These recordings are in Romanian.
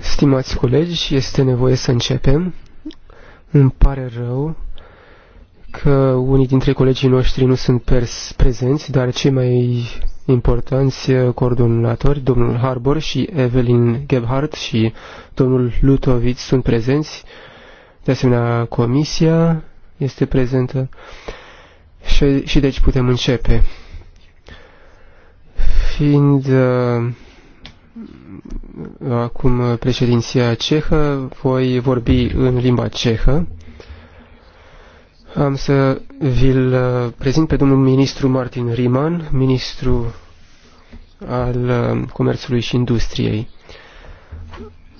Stimați colegi, este nevoie să începem. Îmi pare rău că unii dintre colegii noștri nu sunt prezenți, dar cei mai importanți coordonatori, domnul Harbor și Evelyn Gebhardt și domnul Lutovic sunt prezenți. De asemenea, comisia este prezentă și, și deci putem începe. Fiind uh, acum președinția cehă, voi vorbi în limba cehă. Am să vi-l uh, prezint pe domnul ministru Martin Riman, ministru al uh, Comerțului și Industriei.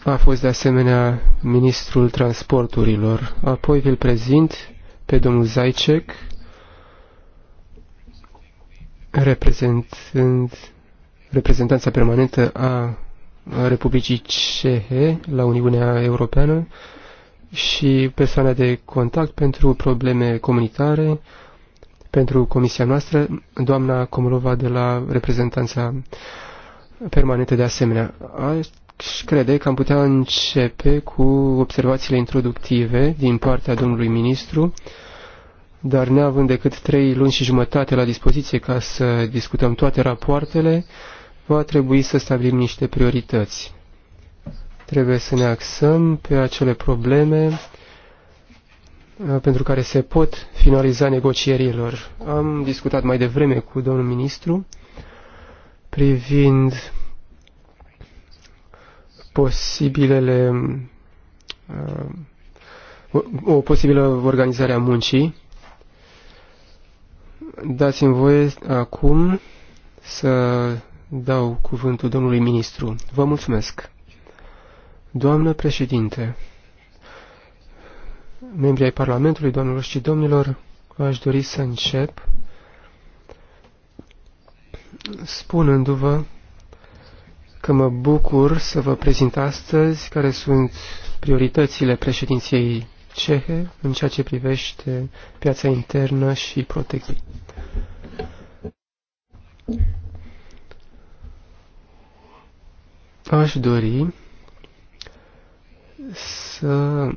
A fost de asemenea ministrul transporturilor. Apoi vi-l prezint pe domnul Zajcek, reprezentând reprezentanța permanentă a Republicii Cehe la Uniunea Europeană și persoana de contact pentru probleme comunitare pentru comisia noastră, doamna Comulova, de la reprezentanța permanentă de asemenea. Aș crede că am putea începe cu observațiile introductive din partea domnului ministru, dar neavând decât trei luni și jumătate la dispoziție ca să discutăm toate rapoartele, va trebui să stabilim niște priorități. Trebuie să ne axăm pe acele probleme uh, pentru care se pot finaliza negocierilor. Am discutat mai devreme cu domnul ministru privind posibilele uh, o, o posibilă organizare a muncii. Dați-mi voie acum să dau cuvântul domnului ministru. Vă mulțumesc. Doamnă președinte, membrii ai Parlamentului, doamnelor și domnilor, aș dori să încep spunându-vă că mă bucur să vă prezint astăzi care sunt prioritățile președinției cehe în ceea ce privește piața internă și protecție. Aș dori să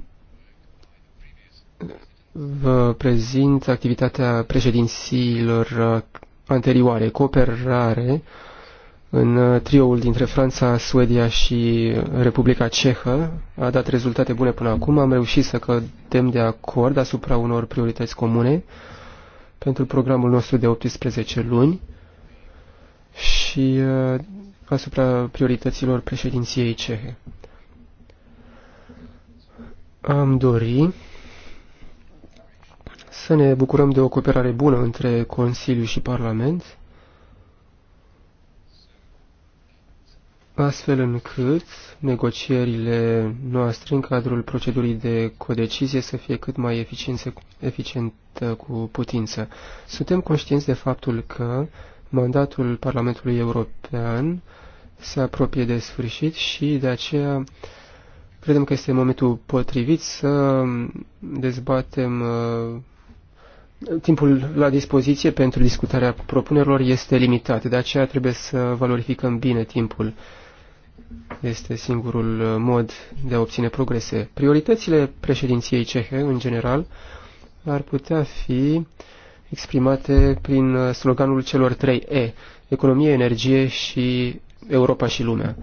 vă prezint activitatea președințiilor anterioare, cooperare în trioul dintre Franța, Suedia și Republica Cehă. A dat rezultate bune până acum. Am reușit să cădem de acord asupra unor priorități comune pentru programul nostru de 18 luni și asupra priorităților președinției cehe. Am dori să ne bucurăm de o cooperare bună între Consiliu și Parlament, astfel încât negocierile noastre în cadrul procedurii de codecizie să fie cât mai eficiență, eficientă cu putință. Suntem conștienți de faptul că mandatul Parlamentului European se apropie de sfârșit și de aceea credem că este momentul potrivit să dezbatem uh, timpul la dispoziție pentru discutarea propunerilor este limitat, de aceea trebuie să valorificăm bine timpul. Este singurul uh, mod de a obține progrese. Prioritățile președinției cehe, în general, ar putea fi exprimate prin uh, sloganul celor trei E, economie, energie și Europa și lumea.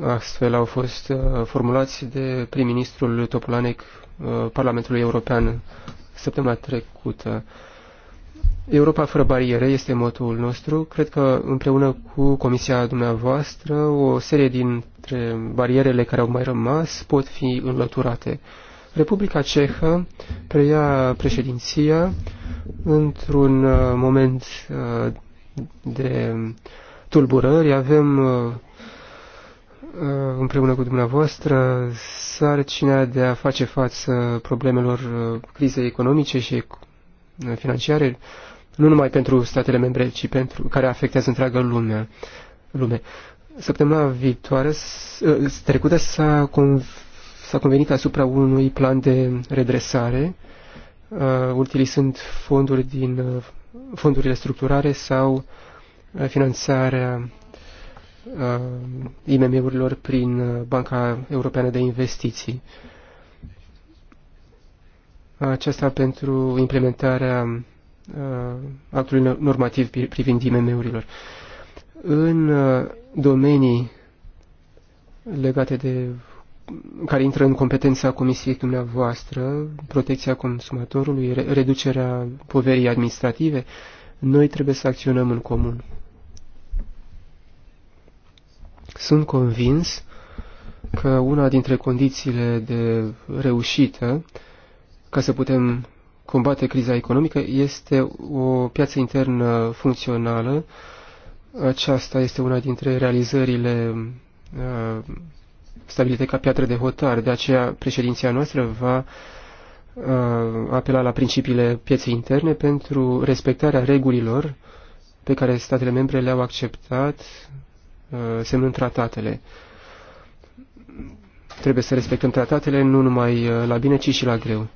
Astfel au fost uh, formulați de prim-ministrul Topolanec uh, Parlamentului European săptămâna trecută. Europa fără bariere este motul nostru. Cred că împreună cu comisia dumneavoastră o serie dintre barierele care au mai rămas pot fi înlăturate. Republica Cehă preia președinția într-un uh, moment de tulburări, avem uh, uh, împreună cu dumneavoastră sarcina de a face față problemelor uh, crizei economice și financiare, nu numai pentru statele membre, ci pentru care afectează întreaga lume. lume. Săptămâna viitoare, trecută, s-a, conv- convenit asupra unui plan de redresare, uh, utilizând fonduri din, uh, fondurile structurare sau uh, finanțarea uh, IMM-urilor prin uh, Banca Europeană de Investiții. Aceasta pentru implementarea uh, actului normativ privind IMM-urilor. În domenii legate de care intră în competența comisiei dumneavoastră, protecția consumatorului, reducerea poverii administrative, noi trebuie să acționăm în comun. Sunt convins că una dintre condițiile de reușită ca să putem combate criza economică este o piață internă funcțională. Aceasta este una dintre realizările uh, stabilite ca piatră de hotar. De aceea președinția noastră va uh, apela la principiile pieței interne pentru respectarea regulilor pe care statele membre le-au acceptat Uh, semnând tratatele. Trebuie să respectăm tratatele nu numai uh, la bine, ci și la greu,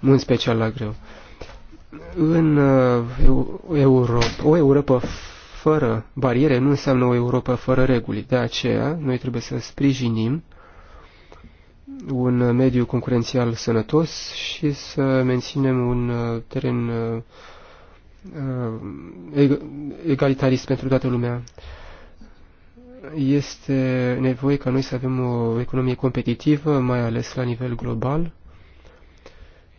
în special la greu. În uh, Europa, o Europa fără bariere nu înseamnă o Europa fără reguli. De aceea, noi trebuie să sprijinim un mediu concurențial sănătos și să menținem un teren egalitarist pentru toată lumea este nevoie ca noi să avem o economie competitivă, mai ales la nivel global.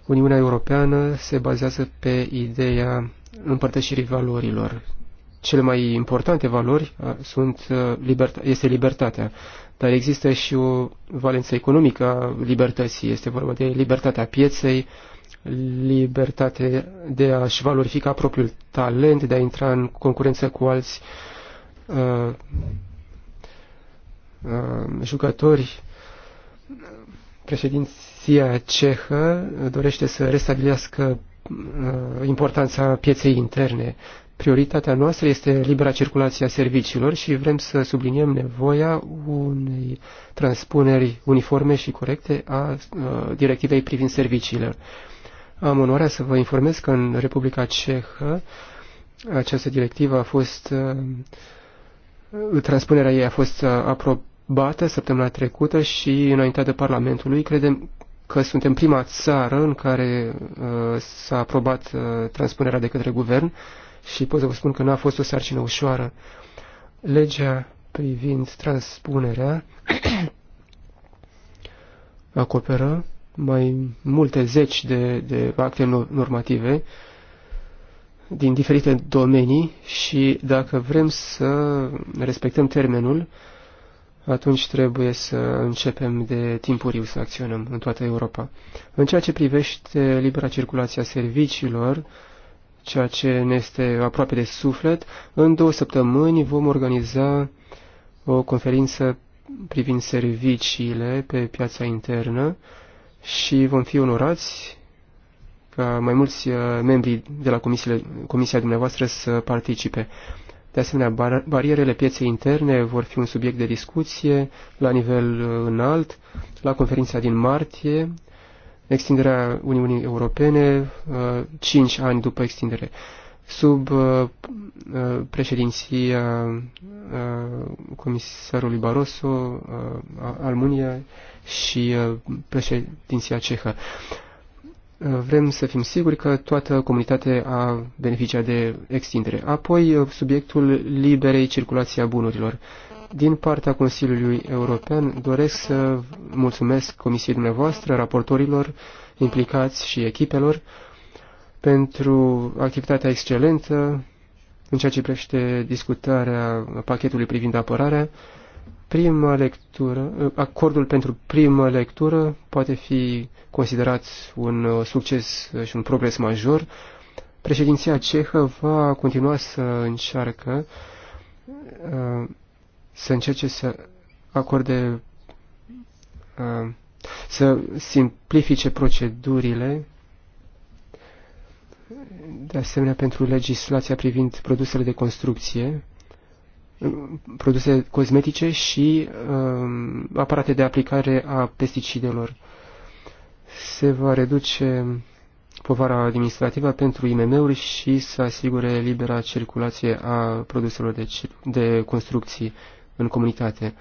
Uniunea Europeană se bazează pe ideea împărtășirii valorilor. Cele mai importante valori sunt, este libertatea, dar există și o valență economică a libertății. Este vorba de libertatea pieței, libertate de a-și valorifica propriul talent, de a intra în concurență cu alți uh, Uh, jucători, președinția cehă dorește să restabilească uh, importanța pieței interne. Prioritatea noastră este libera circulație a serviciilor și vrem să subliniem nevoia unei transpuneri uniforme și corecte a uh, directivei privind serviciile. Am onoarea să vă informez că în Republica Cehă această directivă a fost Transpunerea ei a fost uh, aprobată săptămâna trecută și înaintată Parlamentului. Credem că suntem prima țară în care uh, s-a aprobat uh, transpunerea de către guvern și pot să vă spun că n-a fost o sarcină ușoară. Legea privind transpunerea acoperă mai multe zeci de, de acte normative din diferite domenii și dacă vrem să respectăm termenul, atunci trebuie să începem de timpuriu să acționăm în toată Europa. În ceea ce privește libera circulație a serviciilor, ceea ce ne este aproape de suflet, în două săptămâni vom organiza o conferință privind serviciile pe piața internă și vom fi onorați ca mai mulți uh, membri de la comisiile, comisia dumneavoastră să participe. De asemenea, bar barierele pieței interne vor fi un subiect de discuție la nivel uh, înalt, la conferința din martie, extinderea Uniunii Europene, 5 uh, ani după extindere. Sub președinția comisarului Barroso, Almunia și președinția cehă. Vrem să fim siguri că toată comunitatea a beneficiat de extindere. Apoi, subiectul liberei circulații a bunurilor. Din partea Consiliului European doresc să mulțumesc Comisiei dumneavoastră, raportorilor implicați și echipelor pentru activitatea excelentă în ceea ce privește discutarea pachetului privind apărarea prima lectură, acordul pentru prima lectură poate fi considerat un uh, succes și un progres major. Președinția cehă va continua să încearcă uh, să încerce să acorde uh, să simplifice procedurile de asemenea pentru legislația privind produsele de construcție produse cosmetice și uh, aparate de aplicare a pesticidelor. Se va reduce povara administrativă pentru IMM-uri și să asigure libera circulație a produselor de, de construcții în comunitate.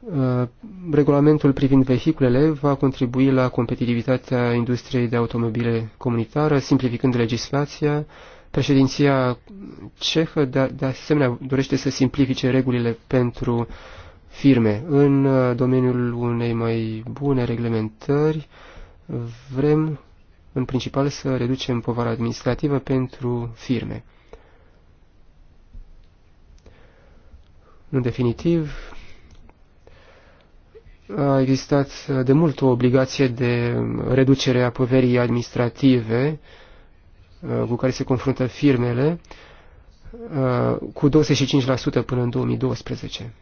Uh, regulamentul privind vehiculele va contribui la competitivitatea industriei de automobile comunitară, simplificând legislația, Președinția cehă de, de asemenea dorește să simplifice regulile pentru firme. În uh, domeniul unei mai bune reglementări vrem în principal să reducem povara administrativă pentru firme. În definitiv, a existat de mult o obligație de reducere a poverii administrative Uh, cu care se confruntă firmele uh, cu 25% până în 2012.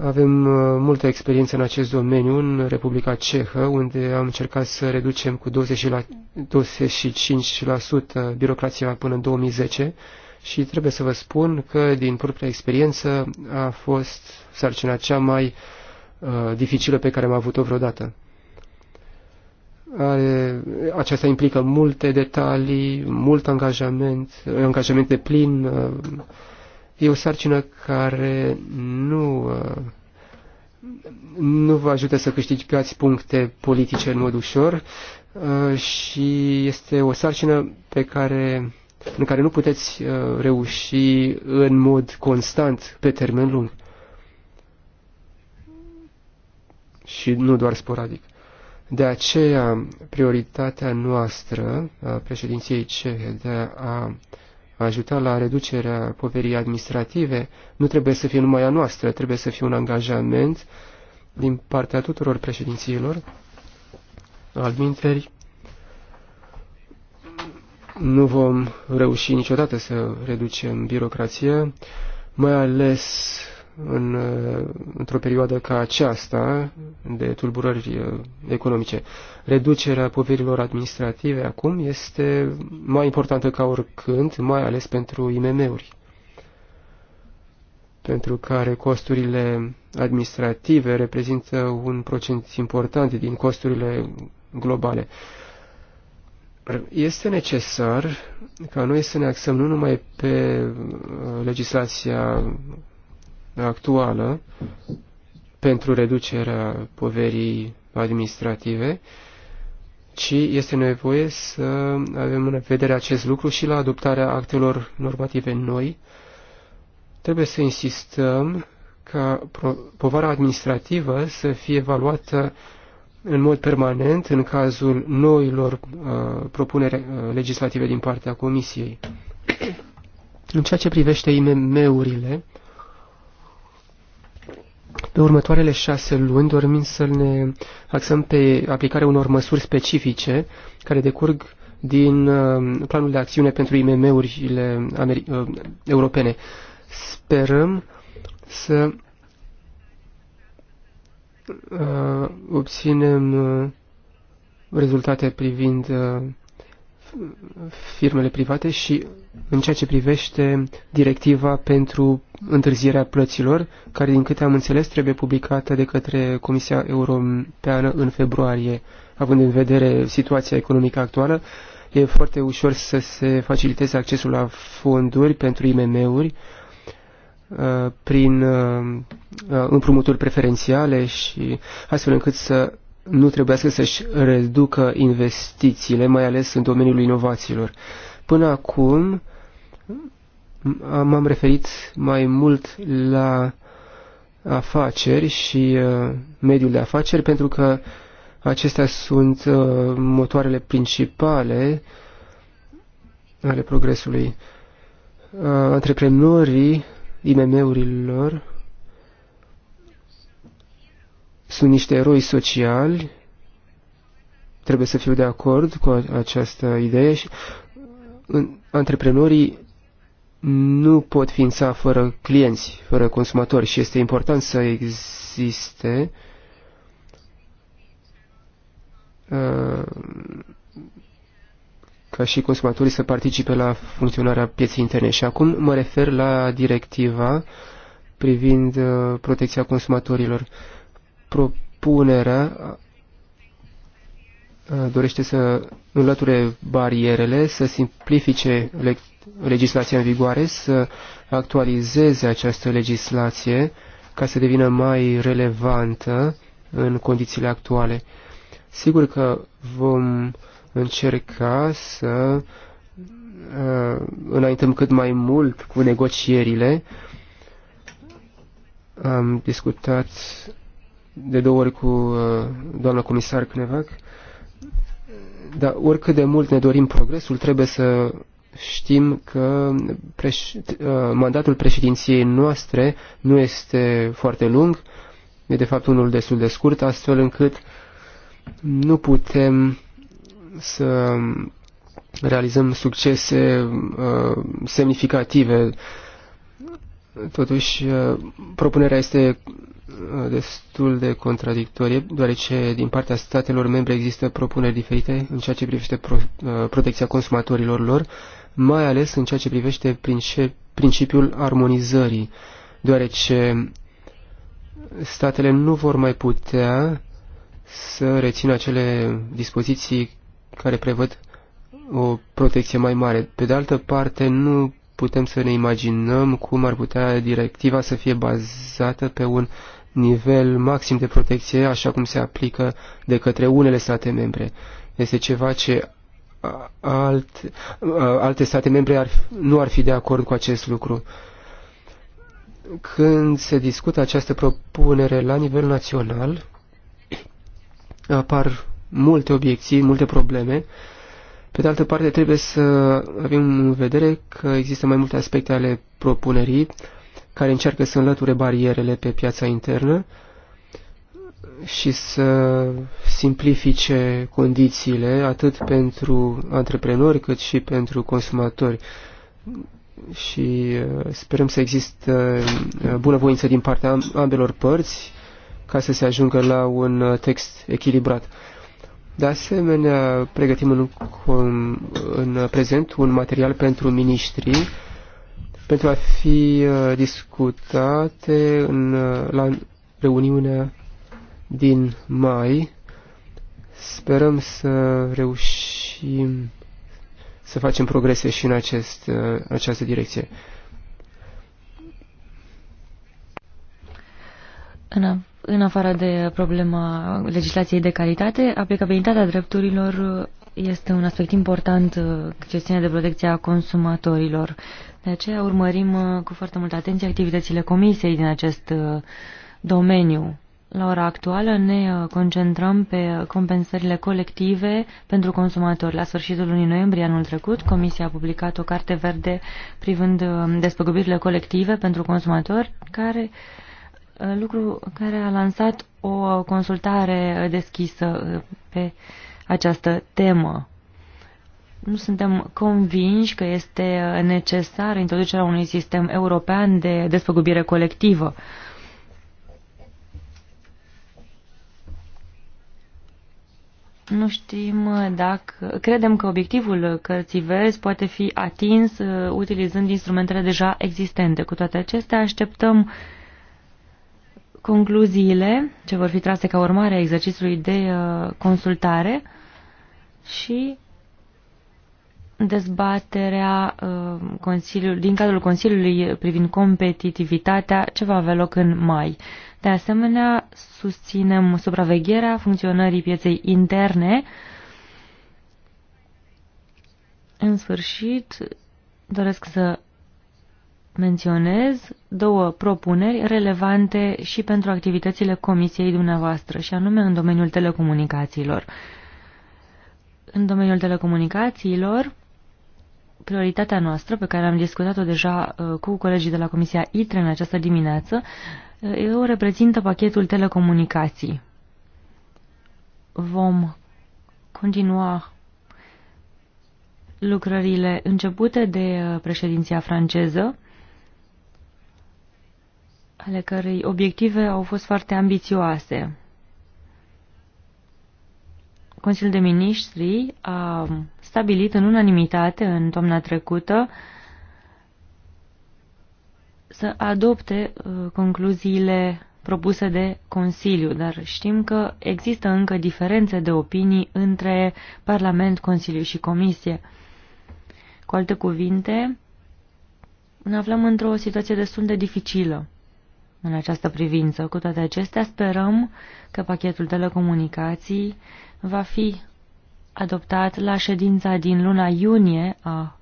Avem uh, multă experiență în acest domeniu în Republica Cehă, unde am încercat să reducem cu 25% birocrația până în 2010 și trebuie să vă spun că din propria experiență a fost sarcina cea mai uh, dificilă pe care am avut-o vreodată are, aceasta implică multe detalii, mult angajament, angajament de plin. Uh, e o sarcină care nu, uh, nu vă ajută să câștigați puncte politice în mod ușor uh, și este o sarcină pe care, în care nu puteți reuși în mod constant pe termen lung. Și nu doar sporadic. De aceea, prioritatea noastră a președinției cehe de a ajuta la reducerea poverii administrative nu trebuie să fie numai a noastră, trebuie să fie un angajament din partea tuturor președințiilor. Alminteri, nu vom reuși niciodată să reducem birocrația, mai ales în, într-o perioadă ca aceasta de tulburări uh, economice. Reducerea poverilor administrative acum este mai importantă ca oricând, mai ales pentru IMM-uri, pentru care costurile administrative reprezintă un procent important din costurile globale. Este necesar ca noi să ne axăm nu numai pe uh, legislația actuală pentru reducerea poverii administrative, ci este nevoie să avem în vedere acest lucru și la adoptarea actelor normative noi. Trebuie să insistăm ca povara administrativă să fie evaluată în mod permanent în cazul noilor uh, propuneri uh, legislative din partea Comisiei. În ceea ce privește IMM-urile, uh, pe următoarele șase luni dorim să ne axăm pe aplicarea unor măsuri specifice care decurg din uh, planul de acțiune pentru IMM-urile uh, europene. Sperăm să uh, obținem rezultate privind firmele private și în ceea ce privește directiva pentru întârzierea plăților, care, din câte am înțeles, trebuie publicată de către Comisia Europeană în februarie. Având în vedere situația economică actuală, e foarte ușor să se faciliteze accesul la fonduri pentru IMM-uri uh, prin uh, uh, împrumuturi preferențiale și astfel încât să nu trebuiască să-și reducă investițiile, mai ales în domeniul inovațiilor. Până acum m-am referit mai mult la afaceri și uh, mediul de afaceri pentru că acestea sunt uh, motoarele principale ale progresului. Uh, antreprenorii IMM-urilor sunt niște eroi sociali, trebuie să fiu de acord cu această idee și antreprenorii nu pot ființa fără clienți, fără consumatori și este important să existe uh, ca și consumatorii să participe la funcționarea pieței interne. Și acum mă refer la directiva privind uh, protecția consumatorilor. Propunerea Uh, dorește să înlăture barierele, să simplifice le legislația în vigoare, să actualizeze această legislație ca să devină mai relevantă în condițiile actuale. Sigur că vom încerca să uh, înaintăm cât mai mult cu negocierile. Am discutat de două ori cu uh, doamna comisar Cnevac dar oricât de mult ne dorim progresul, trebuie să știm că preș uh, mandatul președinției noastre nu este foarte lung, e de fapt unul destul de scurt, astfel încât nu putem să realizăm succese uh, semnificative. Totuși, uh, propunerea este Uh, destul de contradictorie, deoarece din partea statelor membre există propuneri diferite în ceea ce privește pro, uh, protecția consumatorilor lor, mai ales în ceea ce privește principiul armonizării, deoarece statele nu vor mai putea să rețină acele dispoziții care prevăd o protecție mai mare. Pe de altă parte, nu putem să ne imaginăm cum ar putea directiva să fie bazată pe un uh, nivel maxim de protecție, așa cum se aplică de către unele state membre. Este ceva ce alt, alte state membre ar, nu ar fi de acord cu acest lucru. Când se discută această propunere la nivel național, apar multe obiecții, multe probleme. Pe de altă parte, trebuie să avem în vedere că există mai multe aspecte ale propunerii care încearcă să înlăture barierele pe piața internă și să simplifice condițiile atât pentru antreprenori cât și pentru consumatori. Și uh, sperăm să există uh, bunăvoință din partea ambelor părți ca să se ajungă la un uh, text echilibrat. De asemenea, pregătim în, în prezent un material pentru miniștri pentru a fi uh, discutate în, uh, la reuniunea din mai. Sperăm să reușim să facem progrese și în, acest, în uh, această direcție. În, în afară de problema legislației de calitate, aplicabilitatea drepturilor este un aspect important ce ține de a consumatorilor. De aceea urmărim uh, cu foarte multă atenție activitățile comisiei din acest uh, domeniu. La ora actuală ne uh, concentrăm pe compensările colective pentru consumatori. La sfârșitul lunii noiembrie anul trecut, Comisia a publicat o carte verde privind despăgubirile colective pentru consumatori, care, lucru care a lansat o consultare deschisă pe această temă. Nu suntem convinși că este necesar introducerea unui sistem european de despăgubire colectivă. Nu știm dacă... Credem că obiectivul cărții vezi poate fi atins uh, utilizând instrumentele deja existente. Cu toate acestea, așteptăm concluziile ce vor fi trase ca urmare a exercițiului de uh, consultare și dezbaterea uh, Consiliul, din cadrul Consiliului privind competitivitatea ce va avea loc în mai. De asemenea, susținem supravegherea funcționării pieței interne. În sfârșit, doresc să menționez două propuneri relevante și pentru activitățile comisiei dumneavoastră, și anume în domeniul telecomunicațiilor. În domeniul telecomunicațiilor, prioritatea noastră, pe care am discutat-o deja uh, cu colegii de la Comisia ITRE în această dimineață, uh, eu reprezintă pachetul telecomunicații. Vom continua lucrările începute de uh, președinția franceză, ale cărei obiective au fost foarte ambițioase. Consiliul de Ministri a stabilit în unanimitate în toamna trecută să adopte uh, concluziile propuse de Consiliu, dar știm că există încă diferențe de opinii între Parlament, Consiliu și Comisie. Cu alte cuvinte, ne aflăm într-o situație destul de dificilă în această privință. Cu toate acestea, sperăm că pachetul telecomunicații va fi adoptat la ședința din luna iunie a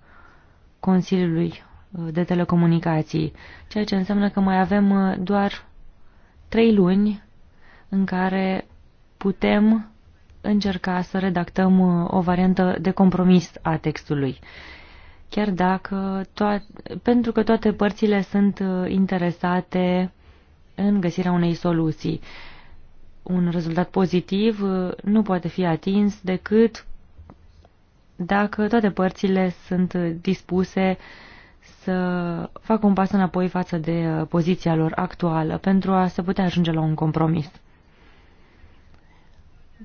Consiliului uh, de Telecomunicații, ceea ce înseamnă că mai avem uh, doar trei luni în care putem încerca să redactăm uh, o variantă de compromis a textului. Chiar dacă, toate pentru că toate părțile sunt interesate în găsirea unei soluții un rezultat pozitiv uh, nu poate fi atins decât dacă toate părțile sunt dispuse să facă un pas înapoi față de uh, poziția lor actuală pentru a se putea ajunge la un compromis.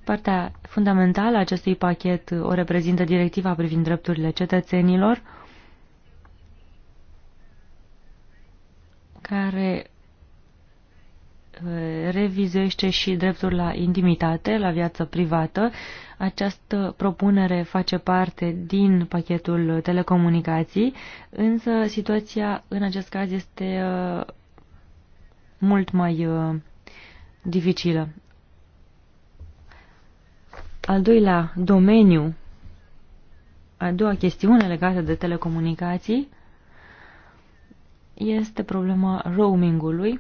Partea fundamentală a acestui pachet uh, o reprezintă directiva privind drepturile cetățenilor, care revizuiește și dreptul la intimitate, la viață privată. Această propunere face parte din pachetul telecomunicații, însă situația în acest caz este uh, mult mai uh, dificilă. Al doilea domeniu, a doua chestiune legată de telecomunicații, este problema roamingului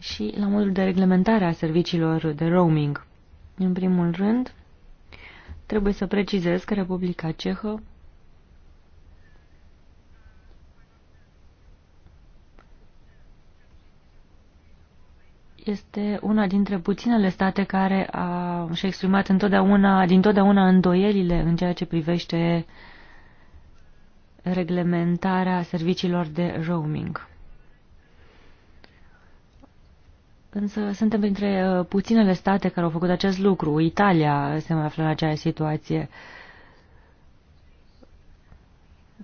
și la modul de reglementare a serviciilor de roaming. În primul rând, trebuie să precizez că Republica Cehă este una dintre puținele state care a, și-a exprimat întotdeauna, din totdeauna îndoielile în ceea ce privește reglementarea serviciilor de roaming. Însă suntem printre uh, puținele state care au făcut acest lucru. Italia se mai află în aceeași situație.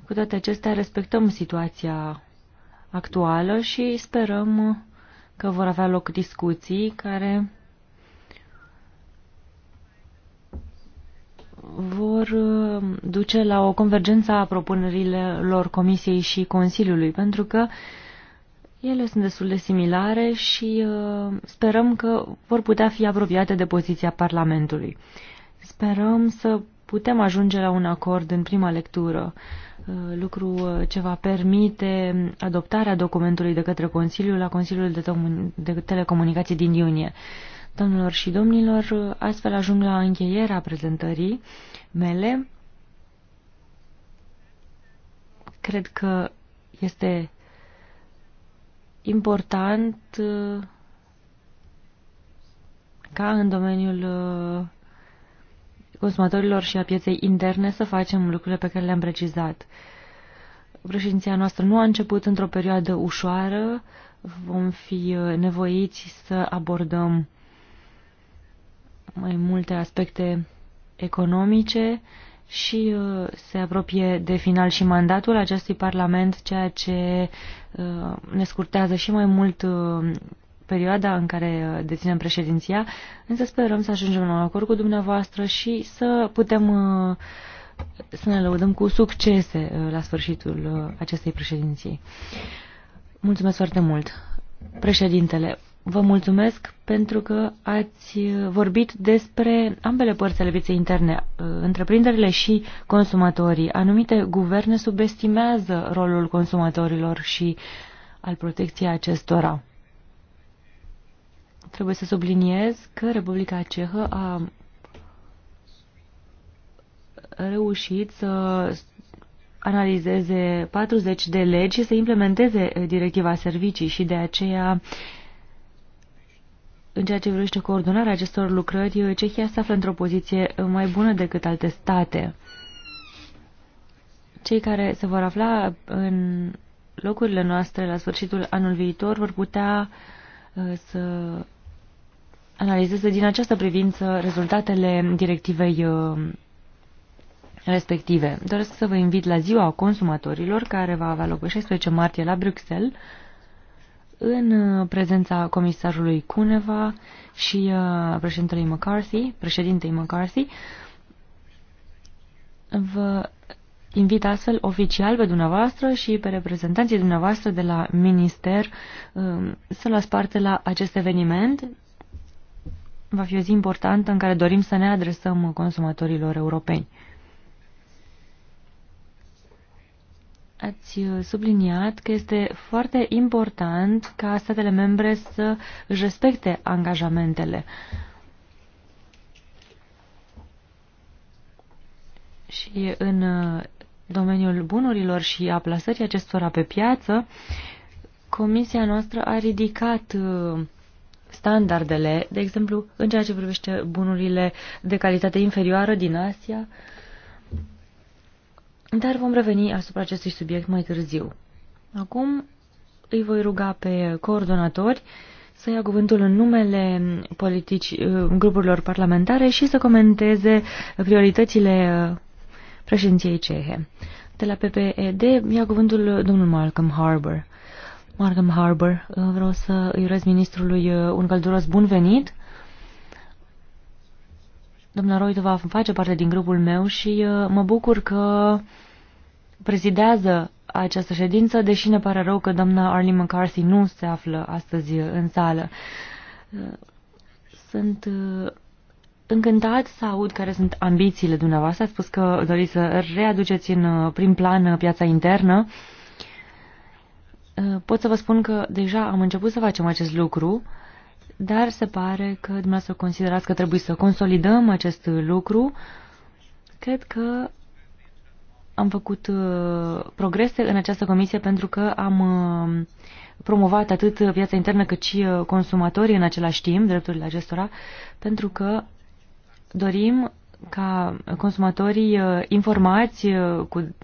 Cu toate acestea, respectăm situația actuală și sperăm că vor avea loc discuții care vor uh, duce la o convergență a propunerilor Comisiei și Consiliului, pentru că uh, ele sunt destul de similare și uh, sperăm că vor putea fi apropiate de poziția Parlamentului. Sperăm să putem ajunge la un acord în prima lectură, uh, lucru uh, ce va permite adoptarea documentului de către Consiliul, la Consiliul de, de Telecomunicații din iunie. Domnilor și domnilor, uh, astfel ajung la încheierea prezentării mele. Cred că este important uh, ca în domeniul uh, consumatorilor și a pieței interne să facem lucrurile pe care le-am precizat. Președinția noastră nu a început într-o perioadă ușoară, vom fi uh, nevoiți să abordăm mai multe aspecte economice și uh, se apropie de final și mandatul acestui Parlament, ceea ce uh, ne scurtează și mai mult uh, perioada în care deținem președinția, însă sperăm să ajungem la un acord cu dumneavoastră și să putem să ne lăudăm cu succese la sfârșitul acestei președinții. Mulțumesc foarte mult. Președintele, Vă mulțumesc pentru că ați uh, vorbit despre ambele părți ale pieței interne, uh, întreprinderile și consumatorii. Anumite guverne subestimează rolul consumatorilor și al protecției acestora. Trebuie să subliniez că Republica Cehă a reușit să analizeze 40 de legi și să implementeze uh, directiva servicii și de aceea uh, în ceea ce privește coordonarea acestor lucrări, Cehia se află într-o poziție mai bună decât alte state. Cei care se vor afla în locurile noastre la sfârșitul anul viitor vor putea uh, să analizeze din această privință rezultatele directivei uh, respective. Doresc să vă invit la ziua consumatorilor, care va avea loc pe 16 martie la Bruxelles, în uh, prezența comisarului Cuneva și uh, președintelui McCarthy, președintei McCarthy, vă invit astfel oficial pe dumneavoastră și pe reprezentanții dumneavoastră de la minister um, să luați parte la acest eveniment. Va fi o zi importantă în care dorim să ne adresăm consumatorilor europeni. ați uh, subliniat că este foarte important ca statele membre să își respecte angajamentele. Și în uh, domeniul bunurilor și a plasării acestora pe piață, comisia noastră a ridicat uh, standardele, de exemplu, în ceea ce privește bunurile de calitate inferioară din Asia, dar vom reveni asupra acestui subiect mai târziu. Acum îi voi ruga pe coordonatori să ia cuvântul în numele politici, uh, grupurilor parlamentare și să comenteze prioritățile uh, președinției cehe. De la PPED ia cuvântul domnul Malcolm Harbour. Malcolm Harbour, uh, vreau să îi urez ministrului un călduros bun venit Doamna Roitu va face parte din grupul meu și uh, mă bucur că prezidează această ședință, deși ne pare rău că doamna Arlene McCarthy nu se află astăzi uh, în sală. Uh, sunt încântat să aud care sunt ambițiile dumneavoastră. Ați spus că doriți să readuceți în prim plan piața internă. Pot să vă spun că deja am început să facem acest lucru dar se pare că dumneavoastră considerați că trebuie să consolidăm acest lucru. Cred că am făcut uh, progrese în această comisie pentru că am uh, promovat atât piața internă cât și uh, consumatorii în același timp, drepturile acestora, pentru că dorim ca consumatorii informați cu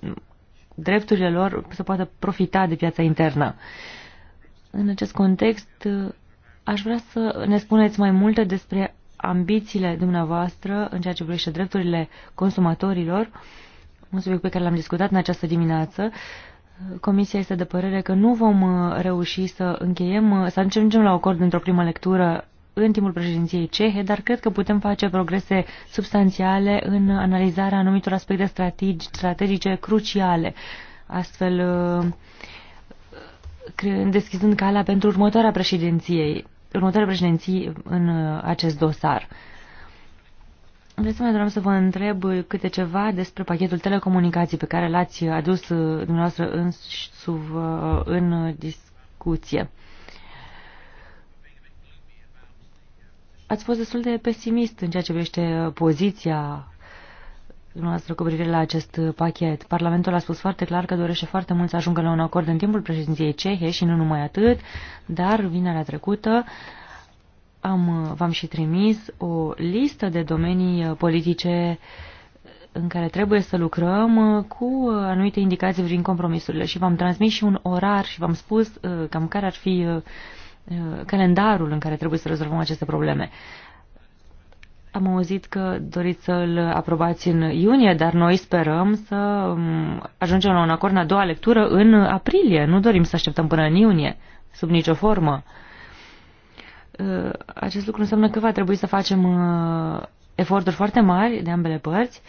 drepturile lor să poată profita de piața internă. În acest context, Aș vrea să ne spuneți mai multe despre ambițiile dumneavoastră în ceea ce privește drepturile consumatorilor, un subiect pe care l-am discutat în această dimineață. Comisia este de părere că nu vom uh, reuși să încheiem, uh, să ajungem la acord într-o primă lectură în timpul președinției cehe, dar cred că putem face progrese substanțiale în analizarea anumitor aspecte strategice, strategice cruciale, astfel uh, deschizând calea pentru următoarea președinției următoare președinții în uh, acest dosar. De asemenea, doream să vă întreb câte ceva despre pachetul telecomunicații pe care l-ați adus uh, dumneavoastră în, sub, uh, în discuție. Ați fost destul de pesimist în ceea ce privește poziția dumneavoastră cu privire la acest uh, pachet. Parlamentul a spus foarte clar că dorește foarte mult să ajungă la un acord în timpul președinției cehe și nu numai atât, dar vinerea trecută am, uh, v-am și trimis o listă de domenii uh, politice în care trebuie să lucrăm cu anumite indicații prin compromisurile și v-am transmis și un orar și v-am spus cam care ar fi calendarul în care trebuie să rezolvăm aceste probleme. Am auzit că doriți să-l aprobați în iunie, dar noi sperăm să mm, ajungem la un acord în a doua lectură în aprilie. Nu dorim să așteptăm până în iunie, sub nicio formă. Ă, acest lucru înseamnă că va trebui să facem ă, eforturi foarte mari de ambele părți.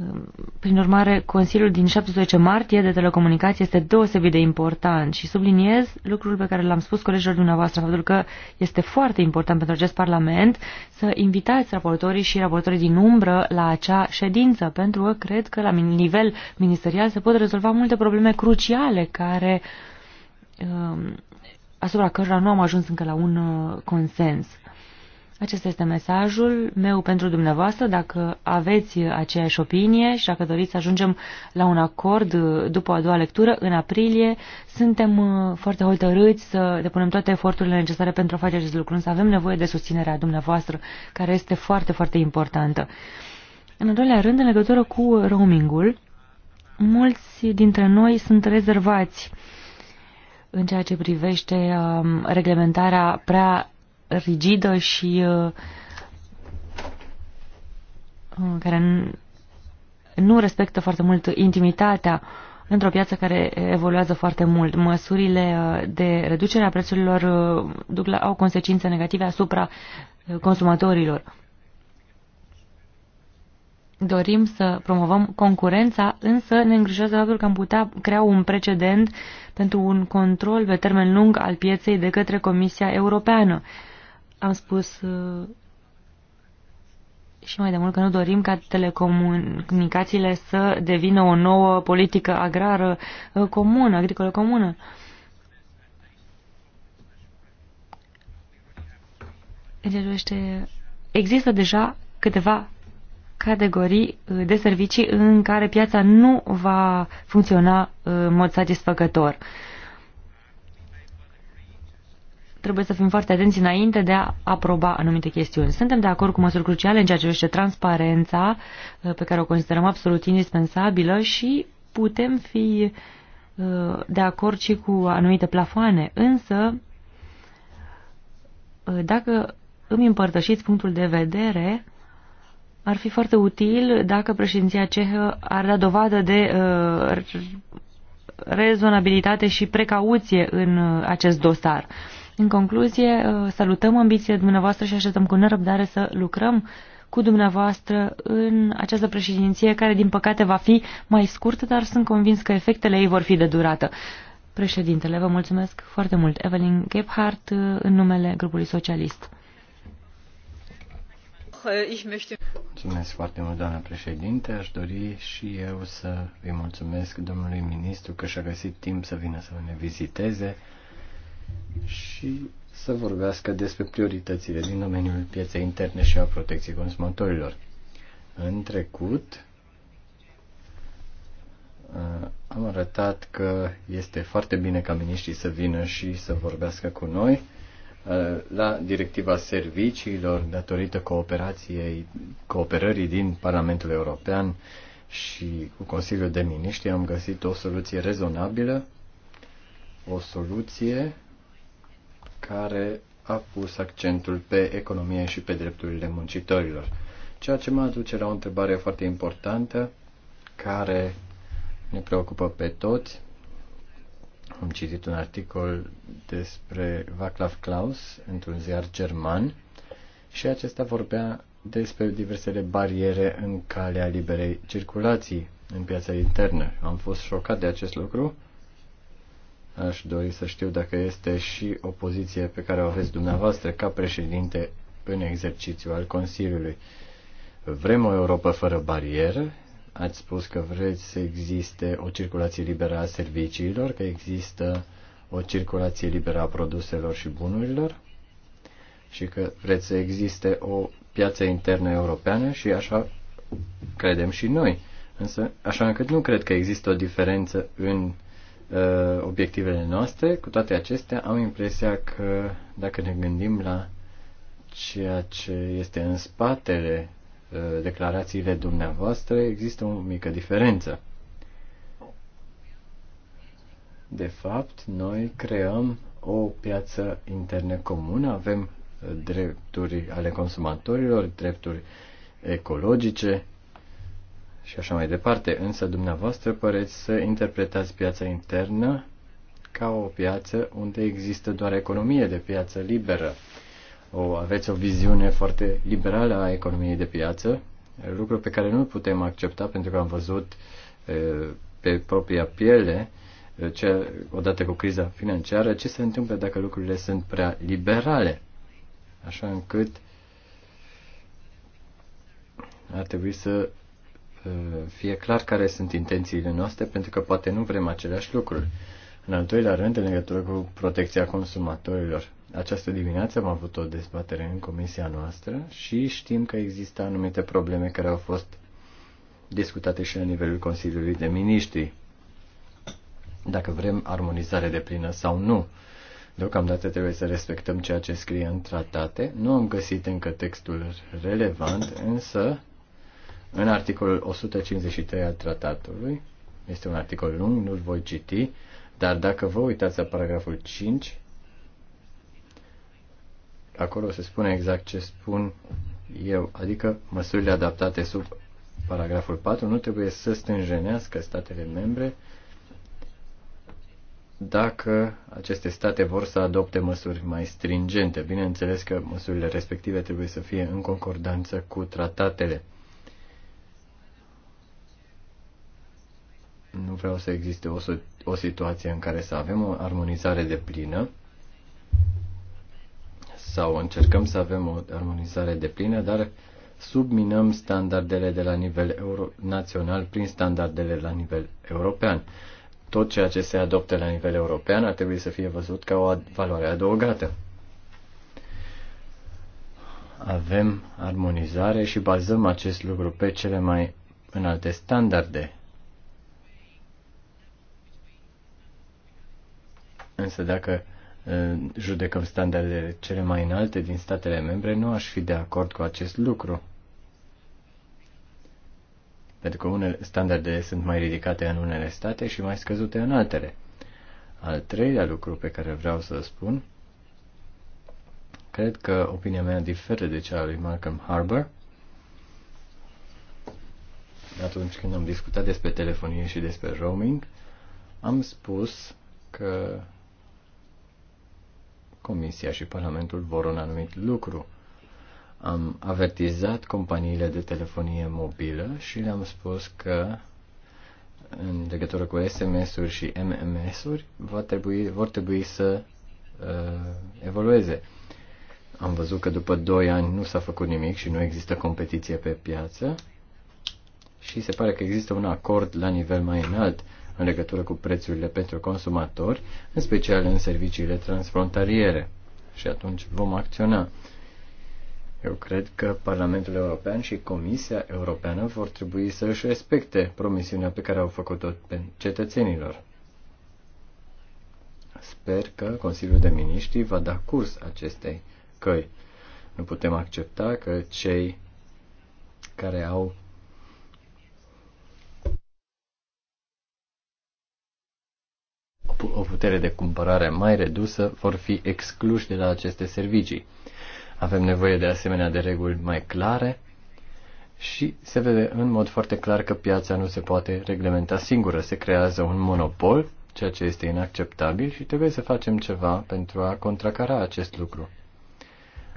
Ehm, prin urmare, Consiliul din 17 martie de telecomunicații este deosebit de important și subliniez lucrul pe care l-am spus colegilor dumneavoastră, faptul că este foarte important pentru acest Parlament să invitați raportorii și raportorii din umbră la acea ședință, pentru că cred că la nivel ministerial se pot rezolva multe probleme cruciale care ehm, asupra cărora nu am ajuns încă la un uh, consens. Acesta este mesajul meu pentru dumneavoastră. Dacă aveți aceeași opinie și dacă doriți să ajungem la un acord după a doua lectură, în aprilie, suntem uh, foarte hotărâți să depunem toate eforturile necesare pentru a face acest lucru, însă avem nevoie de susținerea dumneavoastră, care este foarte, foarte importantă. În al doilea rând, în legătură cu roamingul, mulți dintre noi sunt rezervați în ceea ce privește um, reglementarea prea rigidă și uh, uh, care nu respectă foarte mult intimitatea într-o piață care evoluează foarte mult. Măsurile uh, de reducere a prețurilor duc la, au consecințe negative asupra consumatorilor. Dorim să promovăm concurența, însă ne îngrijează faptul că am putea crea un precedent pentru un control pe termen lung al pieței de către Comisia Europeană. Am spus uh, și mai de mult că nu dorim ca telecomunicațiile să devină o nouă politică agrară uh, comună, agricolă comună. există deja câteva categorii uh, de servicii în care piața nu va funcționa în mod satisfăcător trebuie să fim foarte atenți înainte de a aproba anumite chestiuni. Suntem de acord cu măsuri cruciale în ceea ce privește transparența, uh, pe care o considerăm absolut indispensabilă și putem fi uh, de acord și cu anumite plafoane, însă uh, dacă îmi împărtășiți punctul de vedere, ar fi foarte util dacă președinția cehă ar da dovadă de rezonabilitate și precauție în acest dosar. În concluzie, uh, salutăm ambițiile dumneavoastră și așteptăm cu nerăbdare să lucrăm cu dumneavoastră în această președinție, care din păcate va fi mai scurtă, dar sunt convins că efectele ei vor fi de durată. Președintele, vă mulțumesc foarte mult. Evelyn Gebhardt, uh, în numele grupului socialist. Mulțumesc foarte mult, doamna președinte. Aș dori și eu să îi mulțumesc domnului ministru că și-a găsit timp să vină să ne viziteze și să vorbească despre prioritățile din domeniul pieței interne și a protecției consumatorilor. În trecut uh, am arătat că este foarte bine ca miniștrii să vină și să vorbească cu noi uh, la directiva serviciilor datorită cooperației, cooperării din Parlamentul European și cu Consiliul de Miniștri am găsit o soluție rezonabilă, o soluție care a pus accentul pe economie și pe drepturile muncitorilor. Ceea ce mă aduce la o întrebare foarte importantă care ne preocupă pe toți. Am citit un articol despre Vaclav Klaus într-un ziar german și acesta vorbea despre diversele bariere în calea liberei circulații în piața internă. Am fost șocat de acest lucru Aș dori să știu dacă este și o poziție pe care o aveți dumneavoastră ca președinte în exercițiu al Consiliului. Vrem o Europa fără bariere? Ați spus că vreți să existe o circulație liberă a serviciilor, că există o circulație liberă a produselor și bunurilor și că vreți să existe o piață internă europeană și așa credem și noi. Însă, așa încât nu cred că există o diferență în Uh, obiectivele noastre, cu toate acestea am impresia că dacă ne gândim la ceea ce este în spatele uh, declarațiile dumneavoastră, există o mică diferență. De fapt, noi creăm o piață internet comună, avem drepturi ale consumatorilor, drepturi ecologice, și așa mai departe, însă dumneavoastră păreți să interpretați piața internă ca o piață unde există doar economie de piață liberă. O, aveți o viziune foarte liberală a economiei de piață, lucru pe care nu putem accepta pentru că am văzut pe propria piele, ce, odată cu criza financiară, ce se întâmplă dacă lucrurile sunt prea liberale, așa încât ar trebui să Eh, fie clar care sunt intențiile noastre, pentru că poate nu vrem aceleași lucruri. În al doilea rând, în legătură cu protecția consumatorilor. Această dimineață am avut o dezbatere în comisia noastră și știm că există anumite probleme care au fost discutate și la nivelul Consiliului de Ministri. Dacă vrem armonizare de plină sau nu. Deocamdată trebuie să respectăm ceea ce scrie în tratate. Nu am găsit încă textul relevant, însă în articolul 153 al tratatului. Este un articol lung, nu-l voi citi, dar dacă vă uitați la paragraful 5, acolo se spune exact ce spun eu, adică măsurile adaptate sub paragraful 4 nu trebuie să stânjenească statele membre dacă aceste state vor să adopte măsuri mai stringente. Bineînțeles că măsurile respective trebuie să fie în concordanță cu tratatele. Nu vreau să existe o, o situație în care să avem o armonizare de plină sau încercăm să avem o armonizare de plină, dar subminăm standardele de la nivel euro, național prin standardele la nivel european. Tot ceea ce se adoptă la nivel european ar trebui să fie văzut ca o valoare adăugată. Avem armonizare și bazăm acest lucru pe cele mai înalte standarde Însă dacă judecăm standardele cele mai înalte din statele membre, nu aș fi de acord cu acest lucru. Pentru că unele standarde sunt mai ridicate în unele state și mai scăzute în altele. Al treilea lucru pe care vreau să spun, cred că opinia mea diferă de cea a lui Malcolm Harbour. Atunci când am discutat despre telefonie și despre roaming, am spus că Comisia și Parlamentul vor un anumit lucru. Am avertizat companiile de telefonie mobilă și le-am spus că în legătură cu SMS-uri și MMS-uri vor trebui, vor trebui să uh, evolueze. Am văzut că după 2 ani nu s-a făcut nimic și nu există competiție pe piață și se pare că există un acord la nivel mai înalt în legătură cu prețurile pentru consumatori, în special în serviciile transfrontaliere. Și atunci vom acționa. Eu cred că Parlamentul European și Comisia Europeană vor trebui să își respecte promisiunea pe care au făcut-o cetățenilor. Sper că Consiliul de Miniștri va da curs acestei căi. Nu putem accepta că cei care au o putere de cumpărare mai redusă vor fi excluși de la aceste servicii. Avem nevoie de asemenea de reguli mai clare și se vede în mod foarte clar că piața nu se poate reglementa singură. Se creează un monopol, ceea ce este inacceptabil și trebuie să facem ceva pentru a contracara acest lucru.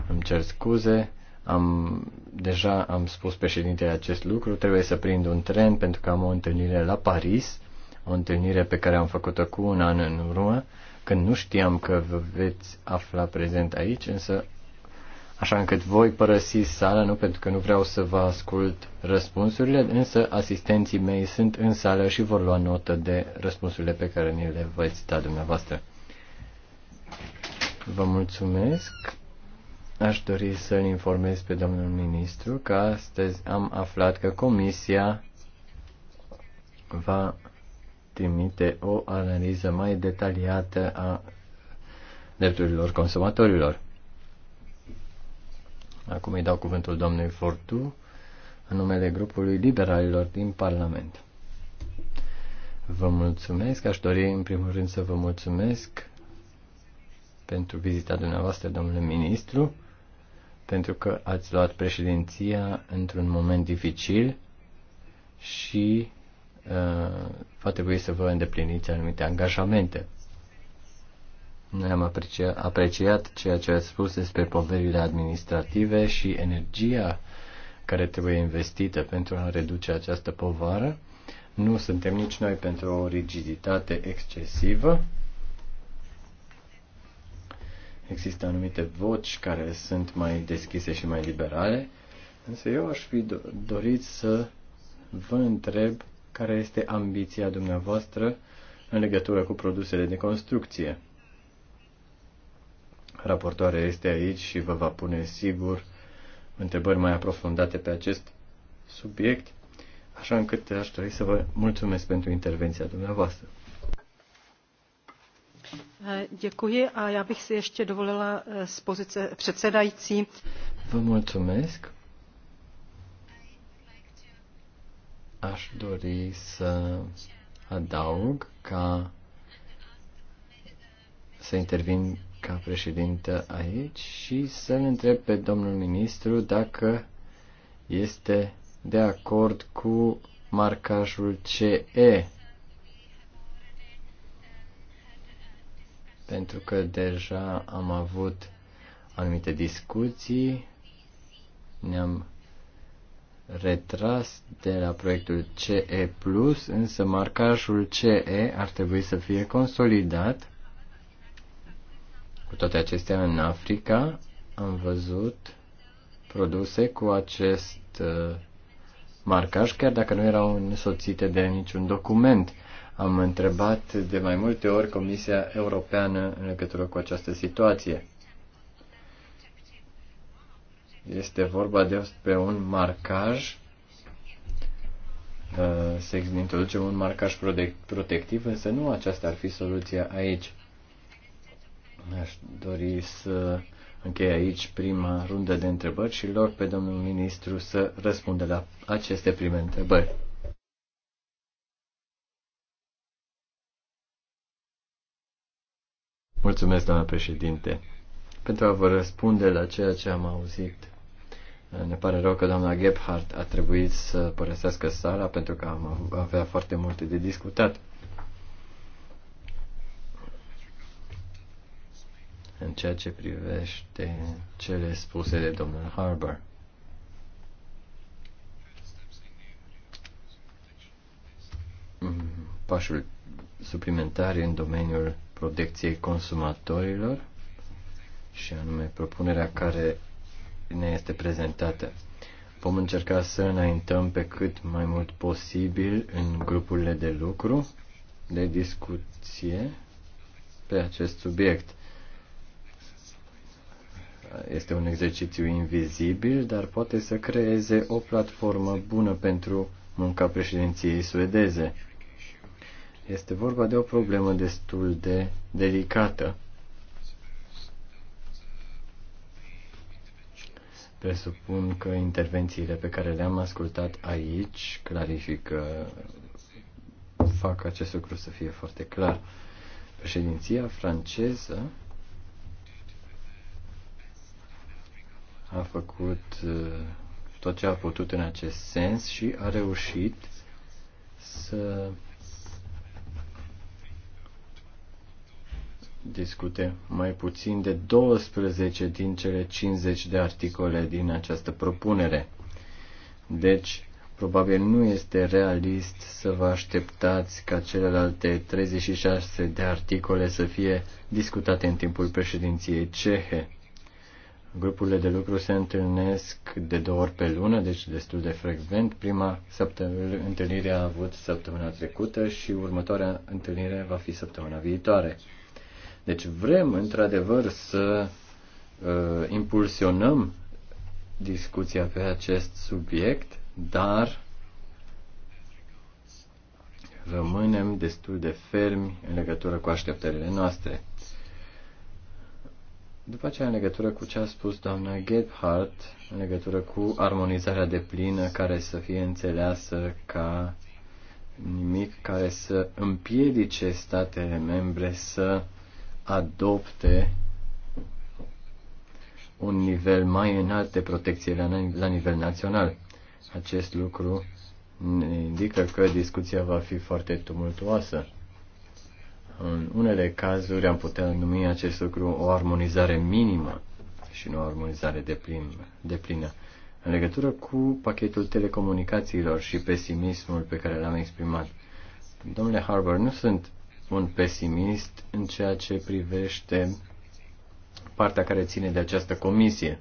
Îmi cer scuze, am, deja am spus președintele acest lucru, trebuie să prind un tren pentru că am o întâlnire la Paris o întâlnire pe care am făcut-o cu un an în urmă, când nu știam că vă veți afla prezent aici, însă așa încât voi părăsi sala, nu pentru că nu vreau să vă ascult răspunsurile, însă asistenții mei sunt în sală și vor lua notă de răspunsurile pe care ni le veți da dumneavoastră. Vă mulțumesc. Aș dori să-l informez pe domnul ministru că astăzi am aflat că comisia va trimite o analiză mai detaliată a drepturilor consumatorilor. Acum îi dau cuvântul domnului Fortu în numele grupului liberalilor din Parlament. Vă mulțumesc. Aș dori în primul rând să vă mulțumesc pentru vizita dumneavoastră, domnule ministru, pentru că ați luat președinția într-un moment dificil și Uh, va trebui să vă îndepliniți anumite angajamente. Noi am aprecia, apreciat ceea ce ați spus despre poverile administrative și energia care trebuie investită pentru a reduce această povară. Nu suntem nici noi pentru o rigiditate excesivă. Există anumite voci care sunt mai deschise și mai liberale, însă eu aș fi dorit să vă întreb care este ambiția dumneavoastră în legătură cu produsele de construcție. Raportoarea este aici și vă va pune sigur întrebări mai aprofundate pe acest subiect, așa încât aș dori să vă mulțumesc pentru intervenția dumneavoastră. Eh, děkuji a já bych si ještě dovolila eh, z pozice předsedající. Vă mulțumesc. Aș dori să adaug ca să intervin ca președinte aici și să-l întreb pe domnul ministru dacă este de acord cu marcajul CE. Pentru că deja am avut anumite discuții, ne-am retras de la proiectul CE+, însă marcajul CE ar trebui să fie consolidat. Cu toate acestea, în Africa am văzut produse cu acest uh, marcaj, chiar dacă nu erau însoțite de niciun document. Am întrebat de mai multe ori Comisia Europeană în legătură cu această situație. Este vorba despre un marcaj uh, se introduce un marcaj protectiv, însă nu aceasta ar fi soluția aici. Aș dori să închei aici prima rundă de întrebări și lor pe domnul ministru să răspundă la aceste prime întrebări. Mulțumesc, doamna președinte, pentru a vă răspunde la ceea ce am auzit ne pare rău că doamna Gebhardt a trebuit să părăsească sala pentru că am avea foarte multe de discutat. În ceea ce privește cele spuse de domnul Harbour. Mm, pașul suplimentar în domeniul protecției consumatorilor și anume propunerea care ne este prezentată. Vom încerca să înaintăm pe cât mai mult posibil în grupurile de lucru, de discuție pe acest subiect. Este un exercițiu invizibil, dar poate să creeze o platformă bună pentru munca președinției suedeze. Este vorba de o problemă destul de delicată Presupun că intervențiile pe care le-am ascultat aici clarifică, fac acest lucru să fie foarte clar. Președinția franceză a făcut uh, tot ce a putut în acest sens și a reușit să discute mai puțin de 12 din cele 50 de articole din această propunere. Deci, probabil nu este realist să vă așteptați ca celelalte 36 de articole să fie discutate în timpul președinției cehe. Grupurile de lucru se întâlnesc de două ori pe lună, deci destul de frecvent. Prima întâlnire a avut săptămâna trecută și următoarea întâlnire va fi săptămâna viitoare. Deci vrem, într-adevăr, să uh, impulsionăm discuția pe acest subiect, dar rămânem destul de fermi în legătură cu așteptările noastre. După aceea, în legătură cu ce a spus doamna Gebhardt, în legătură cu armonizarea de plină care să fie înțeleasă ca nimic care să împiedice statele membre să adopte un nivel mai înalt de protecție la, la nivel național. Acest lucru ne indică că discuția va fi foarte tumultuoasă. În unele cazuri am putea numi acest lucru o armonizare minimă și nu o armonizare de, plin, de plină. În legătură cu pachetul telecomunicațiilor și pesimismul pe care l-am exprimat, domnule Harbour, nu sunt un pesimist în ceea ce privește partea care ține de această comisie.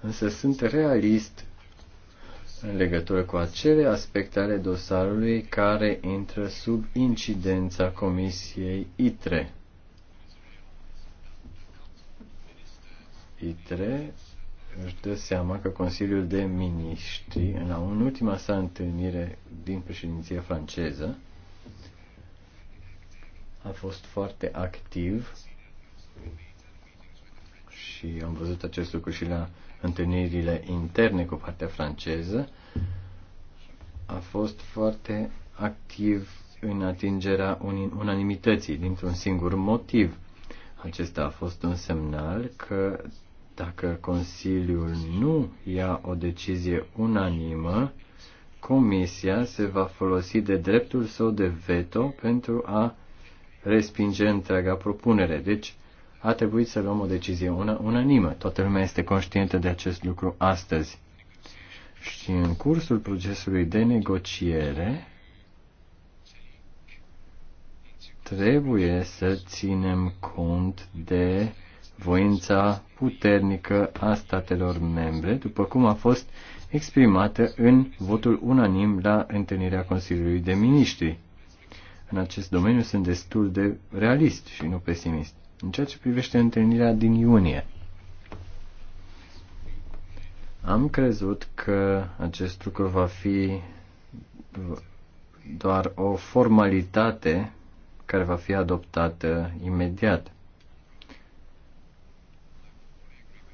Însă sunt realist în legătură cu acele aspecte ale dosarului care intră sub incidența comisiei ITRE. ITRE își dă seama că Consiliul de Miniștri, la în ultima sa întâlnire din președinția franceză, a fost foarte activ și am văzut acest lucru și la întâlnirile interne cu partea franceză. A fost foarte activ în atingerea unanimității dintr-un singur motiv. Acesta a fost un semnal că dacă Consiliul nu ia o decizie unanimă, Comisia se va folosi de dreptul său de veto pentru a respinge întreaga propunere. Deci, a trebuit să luăm o decizie una, unanimă. Toată lumea este conștientă de acest lucru astăzi. Și în cursul procesului de negociere trebuie să ținem cont de voința puternică a statelor membre, după cum a fost exprimată în votul unanim la întâlnirea Consiliului de Miniștri în acest domeniu sunt destul de realist și nu pesimist. În ceea ce privește întâlnirea din iunie, am crezut că acest lucru va fi doar o formalitate care va fi adoptată imediat.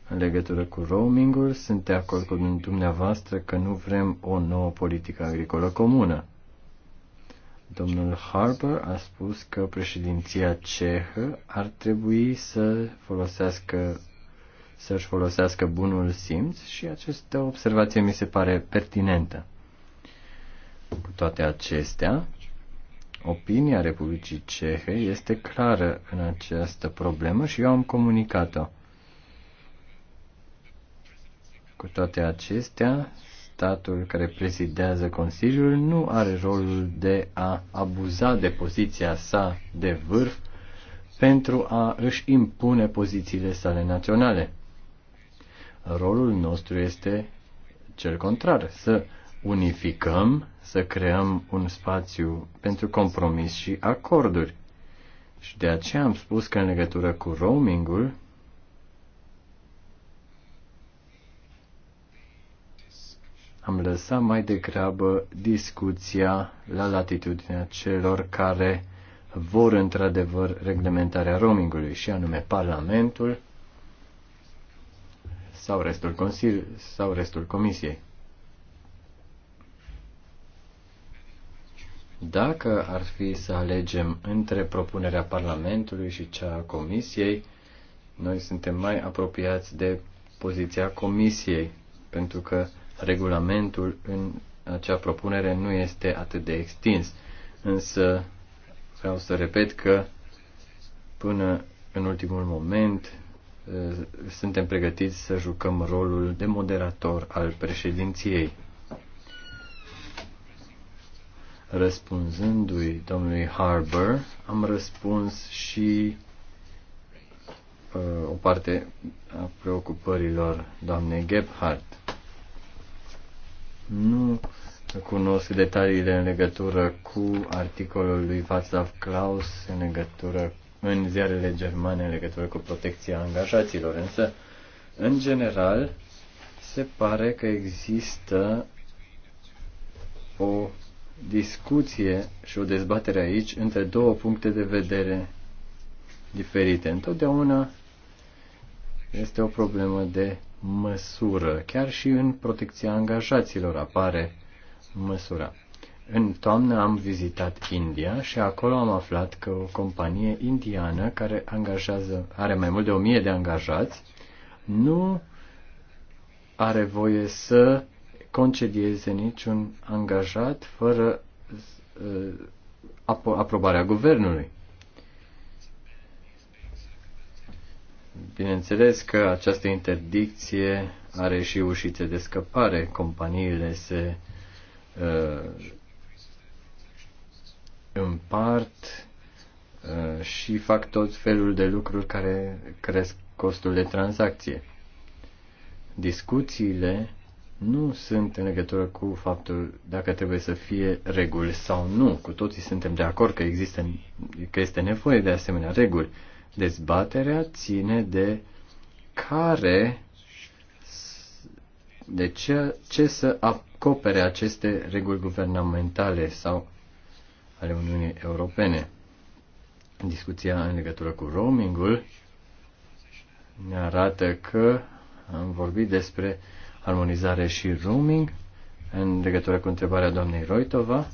În legătură cu roamingul, sunt de acord cu dumneavoastră că nu vrem o nouă politică agricolă comună. Domnul Harper a spus că președinția cehă ar trebui să folosească să-și folosească bunul simț și această observație mi se pare pertinentă. Cu toate acestea, opinia Republicii Cehe este clară în această problemă și eu am comunicat-o. Cu toate acestea, statul care prezidează Consiliul nu are rolul de a abuza de poziția sa de vârf pentru a își impune pozițiile sale naționale. Rolul nostru este cel contrar, să unificăm, să creăm un spațiu pentru compromis și acorduri. Și de aceea am spus că în legătură cu roamingul, am lăsat mai degrabă discuția la latitudinea celor care vor într-adevăr reglementarea roamingului, și anume Parlamentul sau restul Consiliului sau restul Comisiei. Dacă ar fi să alegem între propunerea Parlamentului și cea a Comisiei, noi suntem mai apropiați de poziția Comisiei, pentru că regulamentul în acea propunere nu este atât de extins. Însă vreau să repet că până în ultimul moment eh, suntem pregătiți să jucăm rolul de moderator al președinției. Răspunzându-i domnului Harbour, am răspuns și uh, o parte a preocupărilor doamnei Gebhardt. Nu cunosc detaliile în legătură cu articolul lui Václav Klaus în legătură în ziarele germane în legătură cu protecția angajaților, însă, în general, se pare că există o discuție și o dezbatere aici între două puncte de vedere diferite. Întotdeauna este o problemă de măsură. Chiar și în protecția angajaților apare măsura. În toamnă am vizitat India și acolo am aflat că o companie indiană care angajează, are mai mult de o mie de angajați nu are voie să concedieze niciun angajat fără uh, aprobarea guvernului. Bineînțeles că această interdicție are și ușițe de scăpare. Companiile se uh, împart uh, și fac tot felul de lucruri care cresc costul de tranzacție. Discuțiile nu sunt în legătură cu faptul dacă trebuie să fie reguli sau nu. Cu toții suntem de acord că există că este nevoie de asemenea reguli. Uh, Dezbaterea ține de care, de ce, ce să acopere aceste reguli guvernamentale sau ale Uniunii Europene. Discuția în legătură cu roamingul ne arată că am vorbit despre armonizare și roaming în legătură cu întrebarea doamnei Roitova.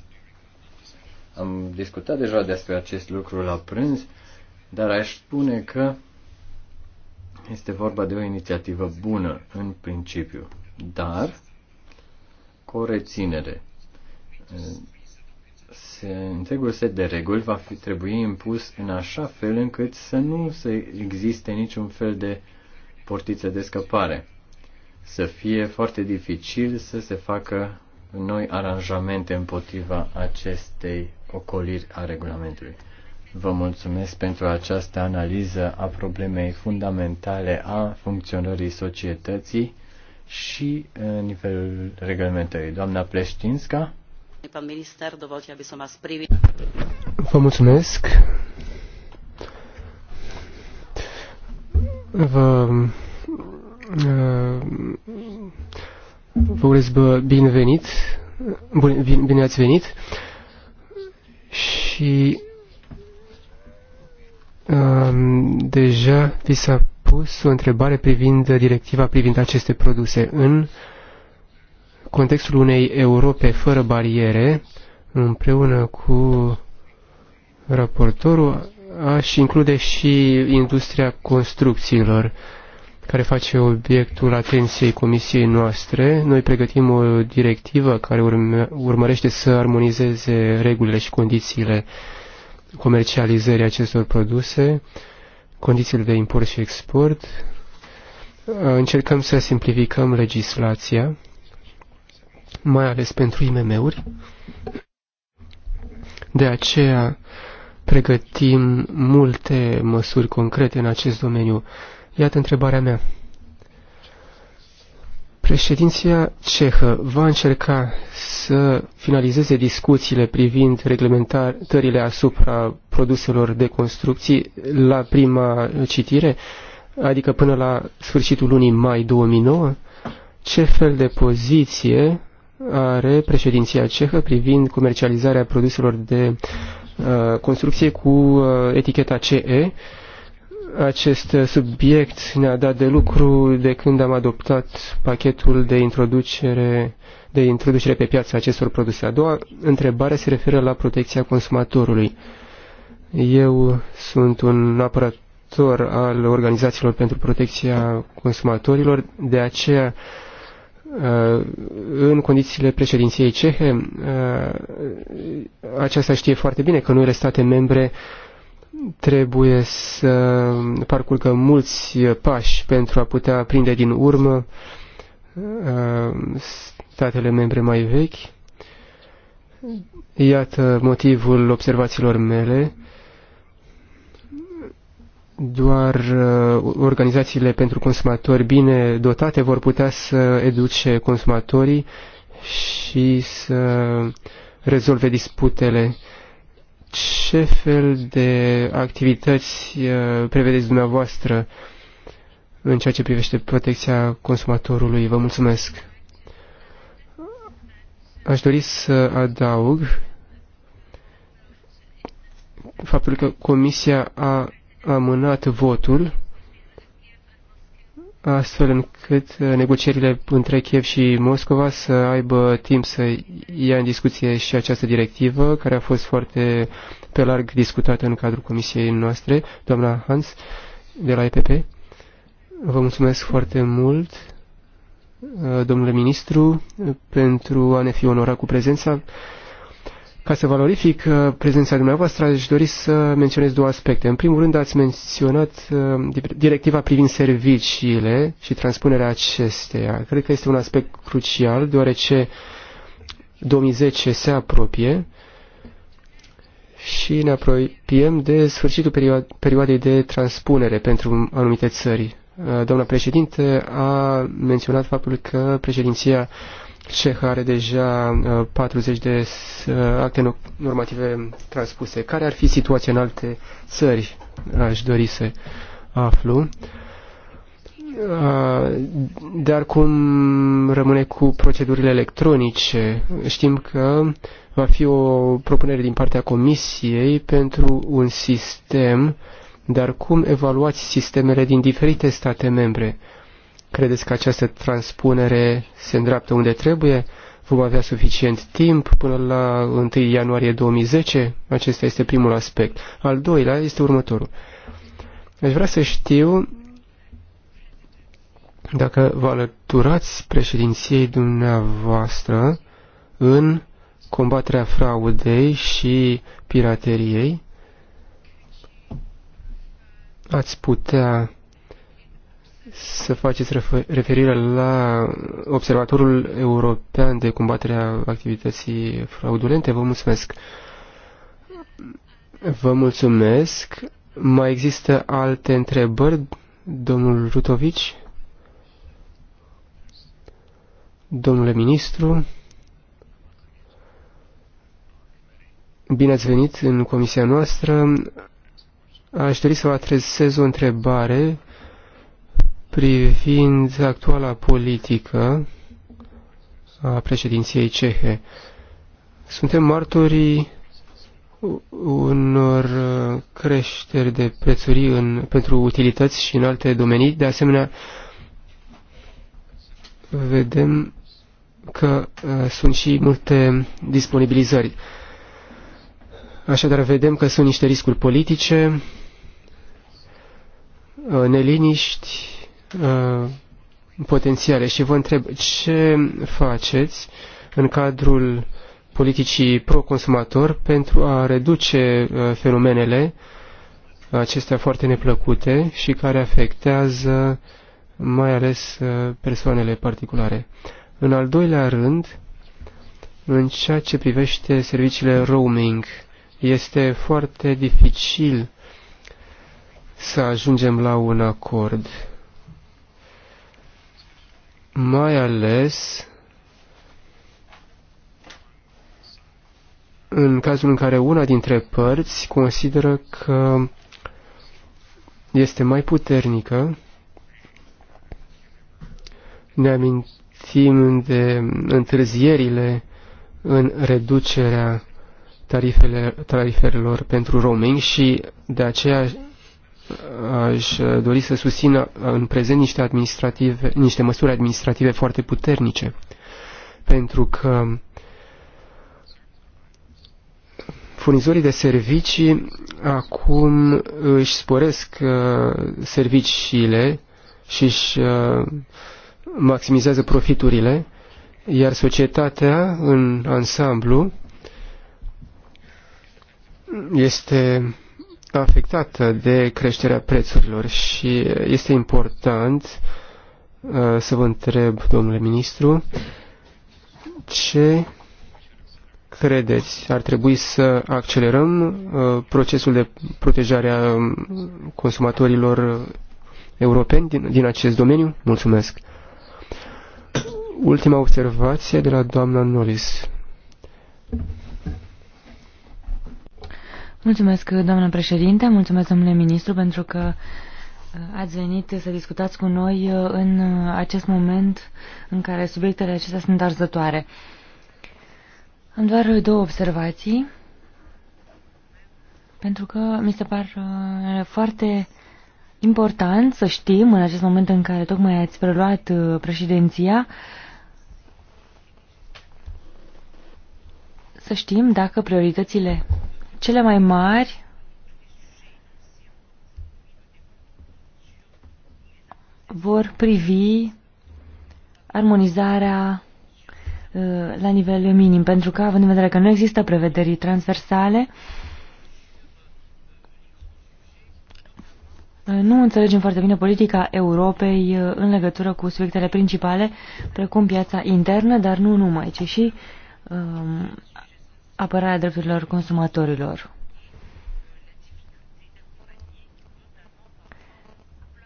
Am discutat deja despre acest lucru la prânz dar aș spune că este vorba de o inițiativă bună în principiu, dar cu o reținere. Se, întregul set de reguli va fi, trebui impus în așa fel încât să nu se existe niciun fel de portiță de scăpare. Să fie foarte dificil să se facă noi aranjamente împotriva acestei ocoliri a regulamentului. Vă mulțumesc pentru această analiză a problemei fundamentale a funcționării societății și nivelul reglementării. Doamna Pleștinska. Vă mulțumesc. Vă, vă urez bine venit, bine, bine ați venit și deja vi s-a pus o întrebare privind directiva privind aceste produse. În contextul unei Europe fără bariere, împreună cu raportorul, aș include și industria construcțiilor, care face obiectul atenției comisiei noastre. Noi pregătim o directivă care urmărește să armonizeze regulile și condițiile uh, comercializării acestor produse, condițiile de import și export. Uh, încercăm să simplificăm legislația, mai ales pentru IMM-uri. De aceea pregătim multe măsuri concrete în acest domeniu. Iată întrebarea mea. Președinția cehă va încerca să finalizeze discuțiile privind reglementările asupra produselor de construcții la prima citire, adică până la sfârșitul lunii mai 2009. Ce fel de poziție are președinția cehă privind comercializarea produselor de uh, construcție cu uh, eticheta CE? acest uh, subiect ne-a dat de lucru de când am adoptat pachetul de introducere, de introducere pe piață acestor produse. A doua întrebare se referă la protecția consumatorului. Eu sunt un apărător al organizațiilor pentru protecția consumatorilor, de aceea uh, în condițiile președinției cehe, uh, aceasta știe foarte bine că noile state membre trebuie să parcurgă mulți pași pentru a putea prinde din urmă uh, statele membre mai vechi. Iată motivul observațiilor mele. Doar uh, organizațiile pentru consumatori bine dotate vor putea să educe consumatorii și să rezolve disputele ce fel de activități uh, prevedeți dumneavoastră în ceea ce privește protecția consumatorului? Vă mulțumesc! Aș dori să adaug faptul că Comisia a amânat votul astfel încât uh, negocierile între Kiev și Moscova să aibă timp să ia în discuție și această directivă, care a fost foarte pe larg discutată în cadrul comisiei noastre. Doamna Hans, de la EPP, vă mulțumesc foarte mult, uh, domnule ministru, pentru a ne fi onorat cu prezența. Ca să valorific uh, prezența dumneavoastră, aș dori să menționez două aspecte. În primul rând, ați menționat uh, directiva privind serviciile și transpunerea acesteia. Cred că este un aspect crucial, deoarece 2010 se apropie și ne apropiem de sfârșitul perioadei de transpunere pentru anumite țări. Uh, doamna președinte a menționat faptul că președinția CEH are deja 40 uh, de uh, acte normative transpuse. Care ar fi situația în alte țări? Aș dori să aflu. Uh, dar cum rămâne cu procedurile electronice? Știm că va fi o propunere din partea Comisiei pentru un sistem, dar cum evaluați sistemele din diferite state membre? Credeți că această transpunere se îndreaptă unde trebuie? Vom avea suficient timp până la 1 ianuarie 2010? Acesta este primul aspect. Al doilea este următorul. Aș vrea să știu dacă vă alăturați președinției dumneavoastră în combaterea fraudei și pirateriei, ați putea să faceți referire la Observatorul European de combatere a activității fraudulente. Vă mulțumesc. Vă mulțumesc. Mai există alte întrebări, domnul Rutovici? Domnule ministru, bine ați venit în comisia noastră. Aș dori să vă adresez o întrebare privind actuala politică a președinției cehe. Suntem martorii unor creșteri de prețuri în, pentru utilități și în alte domenii. De asemenea, vedem că uh, sunt și multe disponibilizări. Așadar, vedem că sunt niște riscuri politice, uh, neliniști, Uh, potențiale și vă întreb ce faceți în cadrul politicii pro-consumator pentru a reduce uh, fenomenele acestea foarte neplăcute și care afectează mai ales uh, persoanele particulare. În al doilea rând, în ceea ce privește serviciile roaming, este foarte dificil să ajungem la un acord mai ales în cazul în care una dintre părți consideră că este mai puternică. Ne amintim de întârzierile în reducerea tarifele, tarifelor pentru roaming și de aceea aș dori să susțină uh, în prezent niște, administrative, niște măsuri administrative foarte puternice, pentru că furnizorii de servicii acum își sporesc uh, serviciile și își uh, maximizează profiturile, iar societatea în ansamblu este afectată de creșterea prețurilor și este important uh, să vă întreb, domnule ministru, ce credeți? Ar trebui să accelerăm uh, procesul de protejare a um, consumatorilor europeni din, din acest domeniu? Mulțumesc! Ultima observație de la doamna Norris. Mulțumesc, doamnă președinte, mulțumesc, domnule ministru, pentru că uh, ați venit să discutați cu noi uh, în uh, acest moment în care subiectele acestea sunt arzătoare. Am doar două observații, pentru că mi se par foarte important să știm în acest moment în care tocmai ați preluat președinția, să știm dacă prioritățile cele mai mari vor privi armonizarea uh, la nivel minim, pentru că, având în vedere că nu există prevederi transversale, uh, nu înțelegem foarte bine politica Europei uh, în legătură cu subiectele principale, precum piața internă, dar nu numai, ci și um, apărarea drepturilor consumatorilor.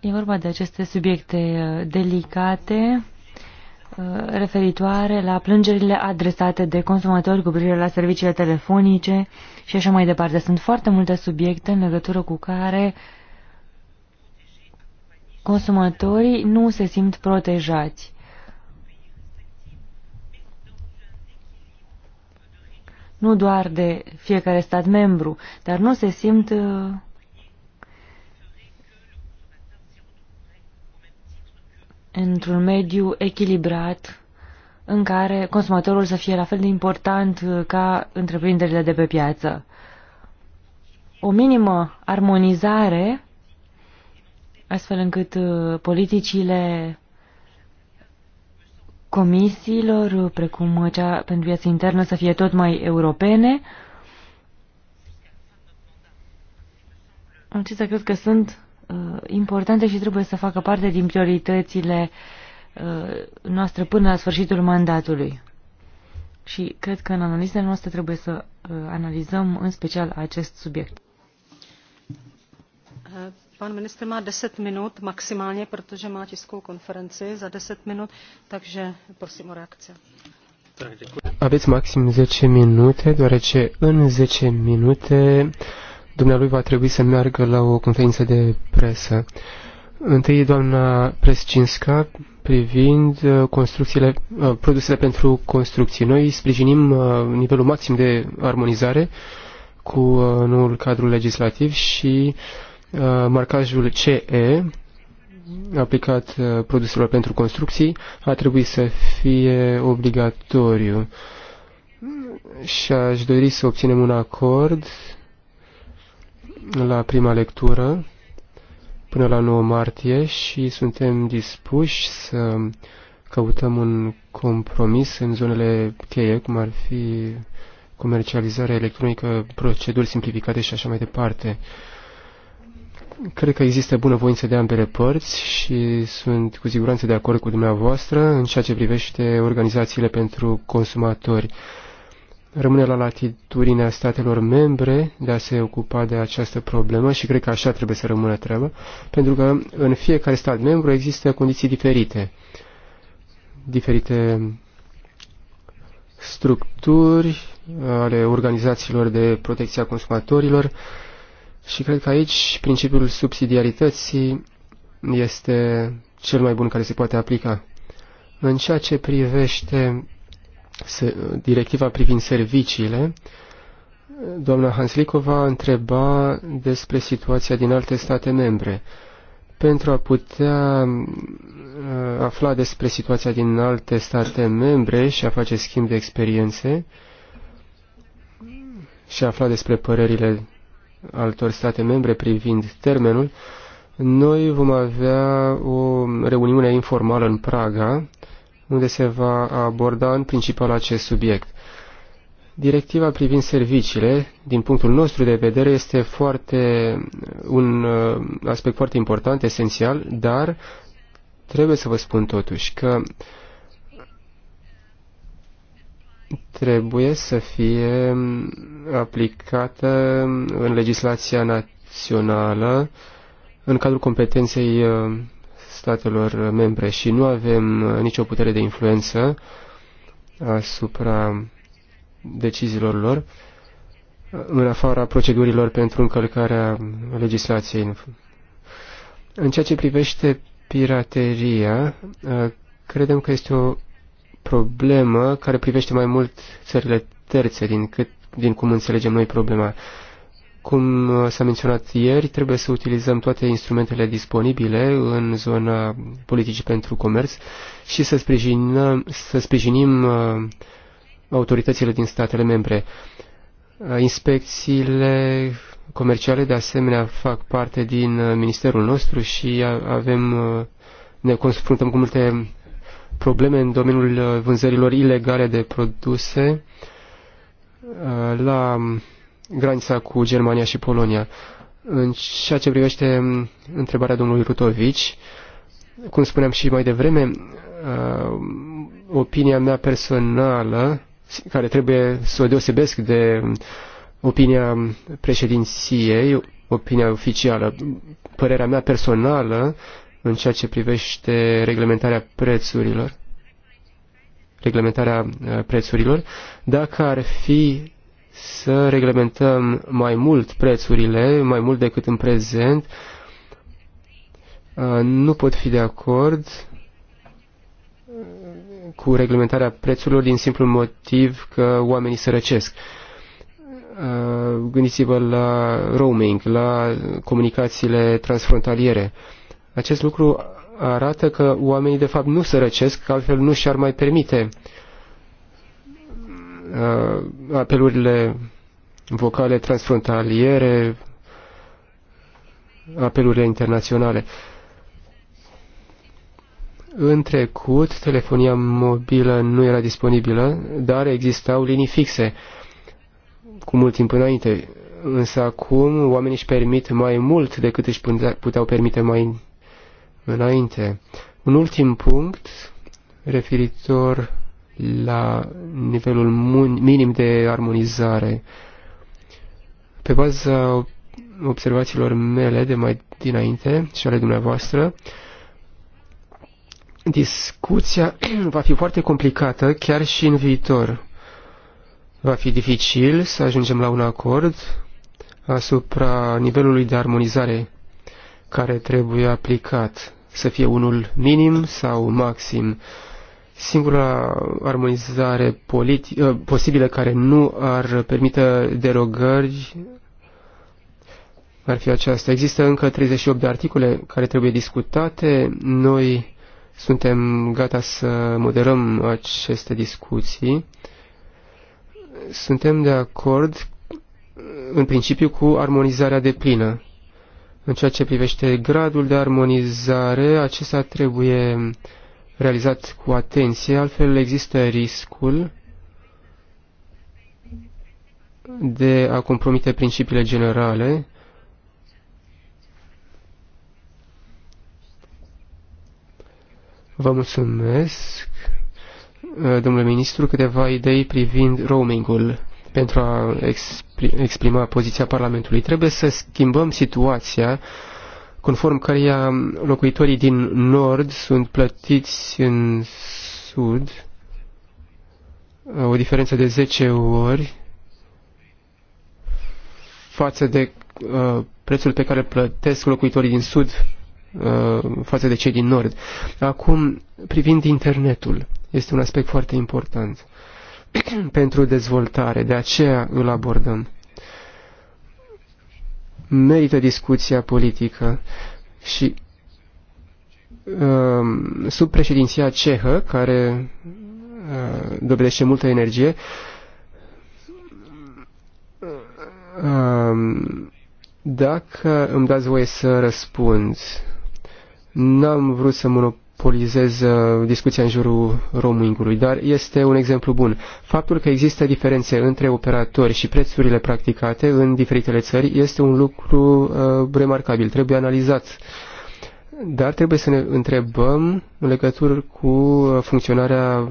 E vorba de aceste subiecte uh, delicate uh, referitoare la plângerile adresate de consumatori cu privire la serviciile telefonice și așa mai departe. Sunt foarte multe subiecte în legătură cu care consumatorii nu se simt protejați. nu doar de fiecare stat membru, dar nu se simt uh, într-un mediu echilibrat în care consumatorul să fie la fel de important uh, ca întreprinderile de pe piață. O minimă armonizare, astfel încât uh, politicile comisiilor, precum cea pentru viața internă, să fie tot mai europene. Acestea cred că sunt uh, importante și trebuie să facă parte din prioritățile uh, noastre până la sfârșitul mandatului. Și cred că în analizele noastre trebuie să uh, analizăm în special acest subiect. Uh pan ministr má deset minut maximálně protože má tiskovou konferenci za deset minut takže prosím o reakci. Aveți maxim 10 minute, deoarece în 10 minute dumnealui va trebui să meargă la o conferință de presă. Întâi doamna Prescinska privind uh, construcțiile, uh, produsele pentru construcții. Noi sprijinim uh, nivelul maxim de armonizare cu noul cadru legislativ și uh, Uh, marcajul CE aplicat uh, produselor pentru construcții a trebuit să fie obligatoriu și aș dori să obținem un acord la prima lectură până la 9 martie și suntem dispuși să căutăm un compromis în zonele cheie, cum ar fi comercializarea electronică, proceduri simplificate și așa mai departe. Cred că există bunăvoință de ambele părți și sunt cu siguranță de acord cu dumneavoastră în ceea ce privește organizațiile pentru consumatori. Rămâne la latitudinea statelor membre de a se ocupa de această problemă și cred că așa trebuie să rămână treaba, pentru că în fiecare stat membru există condiții diferite, diferite structuri ale organizațiilor de protecție a consumatorilor, și cred că aici principiul subsidiarității este cel mai bun care se poate aplica. În ceea ce privește directiva privind serviciile, doamna Hanslikova întreba despre situația din alte state membre. Pentru a putea uh, afla despre situația din alte state membre și a face schimb de experiențe și a afla despre părerile altor state membre privind termenul, noi vom avea o reuniune informală în Praga, unde se va aborda în principal acest subiect. Directiva privind serviciile, din punctul nostru de vedere, este foarte, un uh, aspect foarte important, esențial, dar trebuie să vă spun totuși că uh, trebuie să fie aplicată în legislația națională în cadrul competenței uh, statelor membre și nu avem uh, nicio putere de influență asupra deciziilor lor uh, în afara procedurilor pentru încălcarea legislației. În ceea ce privește pirateria, credem că este o problemă care privește mai mult țările terțe din, cât, din cum înțelegem noi problema. Cum uh, s-a menționat ieri, trebuie să utilizăm toate instrumentele disponibile în zona politicii pentru comerț și să sprijinim, să sprijinim uh, autoritățile din statele membre. Uh, inspecțiile comerciale, de asemenea, fac parte din ministerul nostru și avem, ne confruntăm cu multe probleme în domeniul uh, vânzărilor ilegale de produse uh, la um, granița cu Germania și Polonia. În ceea ce privește um, întrebarea domnului Rutovici, cum spuneam și mai devreme, uh, opinia mea personală, care trebuie să o deosebesc de um, opinia președinției, opinia oficială, părerea mea personală în ceea ce privește reglementarea prețurilor, reglementarea uh, prețurilor, dacă ar fi să reglementăm mai mult prețurile, mai mult decât în prezent, uh, nu pot fi de acord uh, cu reglementarea prețurilor din simplul motiv că oamenii sărăcesc. Gândiți-vă la roaming, la comunicațiile transfrontaliere. Acest lucru arată că oamenii de fapt nu sărăcesc, că altfel nu și-ar mai permite uh, apelurile vocale transfrontaliere, apelurile internaționale. În trecut, telefonia mobilă nu era disponibilă, dar existau linii fixe cu mult timp înainte. Însă acum oamenii își permit mai mult decât își puteau permite mai înainte. Un ultim punct referitor la nivelul minim de armonizare. Pe baza observațiilor mele de mai dinainte și ale dumneavoastră, discuția va fi foarte complicată chiar și în viitor. Va fi dificil să ajungem la un acord asupra nivelului de armonizare care trebuie aplicat să fie unul minim sau maxim. Singura armonizare ă, posibilă care nu ar permite derogări ar fi aceasta. Există încă 38 de articole care trebuie discutate. Noi suntem gata să moderăm aceste discuții. Suntem de acord în principiu cu armonizarea de plină. În ceea ce privește gradul de armonizare, acesta trebuie realizat cu atenție, altfel există riscul de a compromite principiile generale Vă mulțumesc, domnule ministru, câteva idei privind roamingul pentru a exprima poziția Parlamentului. Trebuie să schimbăm situația conform căreia locuitorii din nord sunt plătiți în sud o diferență de 10 ori față de uh, prețul pe care plătesc locuitorii din sud uh, față de cei din nord. Acum, privind internetul, este un aspect foarte important. pentru dezvoltare, de aceea îl abordăm. Merită discuția politică și um, sub președinția cehă, care uh, dobedește multă energie, um, dacă îmi dați voie să răspund, n-am vrut să monop monopolizez uh, discuția în jurul roamingului, dar este un exemplu bun. Faptul că există diferențe între operatori și prețurile practicate în diferitele țări este un lucru uh, remarcabil, trebuie analizat. Dar trebuie să ne întrebăm în legătură cu uh, funcționarea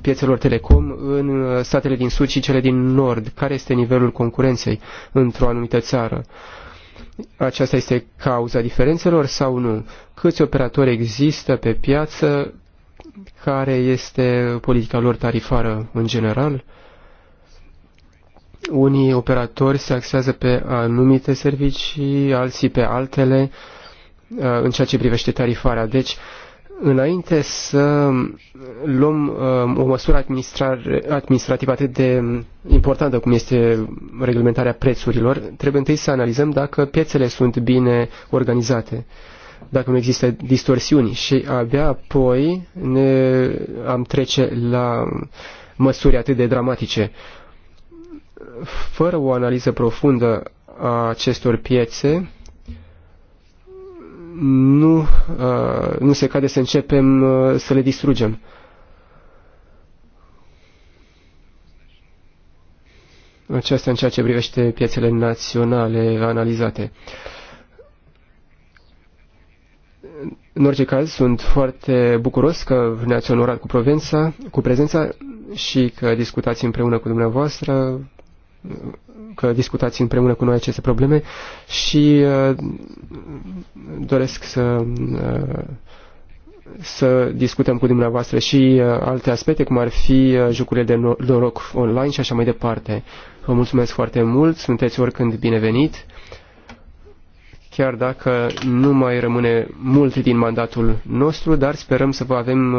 piețelor telecom în statele din sud și cele din nord, care este nivelul concurenței într-o anumită țară aceasta este cauza diferențelor sau nu? Câți operatori există pe piață? Care este politica lor tarifară în general? Unii operatori se axează pe anumite servicii, alții pe altele uh, în ceea ce privește tarifarea. Deci, uh, înainte să luăm um, o măsură administrativă atât de importantă cum este reglementarea prețurilor, trebuie întâi să analizăm dacă piețele sunt bine organizate, dacă nu există distorsiuni și abia apoi ne am trece la măsuri atât de dramatice. Fără o analiză profundă a acestor piețe, nu, uh, nu se cade să începem uh, să le distrugem. Aceasta în ceea ce privește piețele naționale analizate. În orice caz, sunt foarte bucuros că ne-ați onorat cu, provența, cu prezența și că discutați împreună cu dumneavoastră că discutați împreună cu noi aceste probleme și uh, doresc să uh, să discutăm cu dumneavoastră și uh, alte aspecte, cum ar fi jocurile de noroc online și așa mai departe. Vă mulțumesc foarte mult, sunteți oricând binevenit, chiar dacă nu mai rămâne mult din mandatul nostru, dar sperăm să vă avem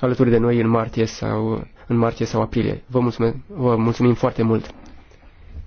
alături de noi în martie sau, în martie sau aprilie. Vă mulțumim, vă mulțumim foarte mult!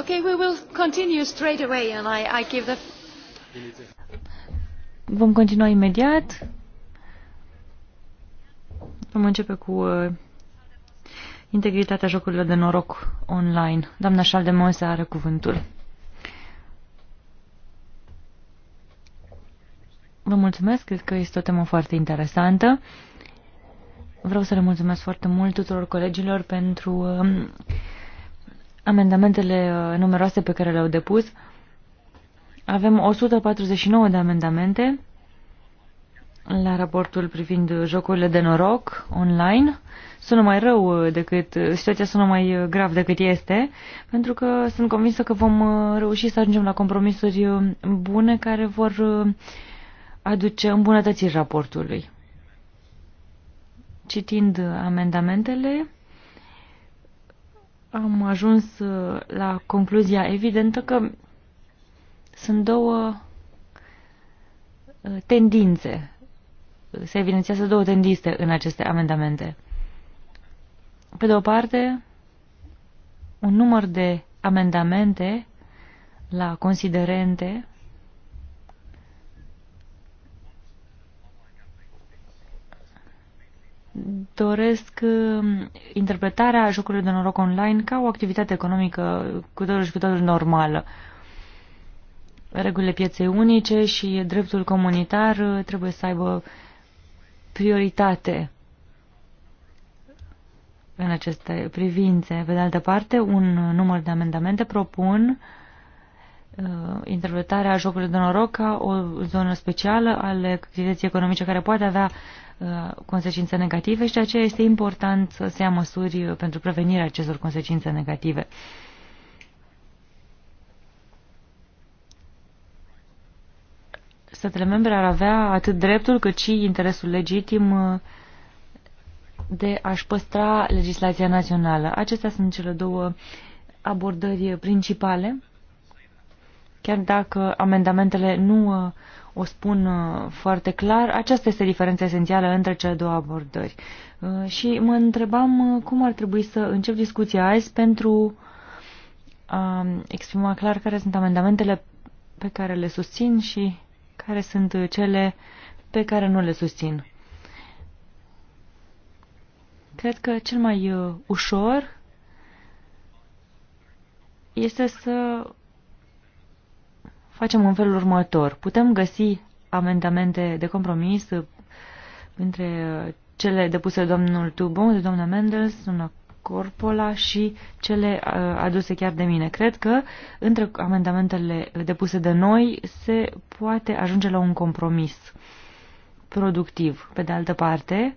Okay, we will continue straight away and I, I give the... Vom continua imediat. Vom începe cu uh, integritatea jocurilor de noroc online. Doamna Șaldemose are cuvântul. Vă mulțumesc, cred că este o temă foarte interesantă. Vreau să le mulțumesc foarte mult tuturor colegilor pentru um, amendamentele uh, numeroase pe care le-au depus. Avem 149 de amendamente la raportul privind jocurile de noroc online. Sună mai rău uh, decât, uh, situația sună mai grav decât este, pentru că sunt convinsă că vom reuși să ajungem la compromisuri bune care vor aduce îmbunătățiri raportului. Citind amendamentele, am ajuns uh, la concluzia evidentă că sunt două uh, tendințe. Se evidențiază două tendințe în aceste amendamente. Pe de o parte, un număr de amendamente la considerente doresc um, interpretarea jocurilor de noroc online ca o activitate economică cu totul și cu totul normală. Regulile pieței unice și dreptul comunitar uh, trebuie să aibă prioritate în aceste privințe. Pe de altă parte, un număr de amendamente propun uh, interpretarea jocului de noroc ca o zonă specială ale activității economice care poate avea uh, consecințe negative și de aceea este important să se ia măsuri uh, pentru prevenirea acestor consecințe negative. Statele membre ar avea atât dreptul cât și interesul legitim uh, de a-și păstra legislația națională. Acestea sunt cele două abordări principale Chiar dacă amendamentele nu uh, o spun uh, foarte clar, aceasta este diferența esențială între cele două abordări. Uh, și mă întrebam cum ar trebui să încep discuția azi pentru a um, exprima clar care sunt amendamentele pe care le susțin și care sunt cele pe care nu le susțin. Cred că cel mai ușor este să facem în felul următor. Putem găsi amendamente de compromis între cele depuse de domnul Tubon, de doamna Mendels, doamna Corpola și cele uh, aduse chiar de mine. Cred că între amendamentele depuse de noi se poate ajunge la un compromis productiv. Pe de altă parte,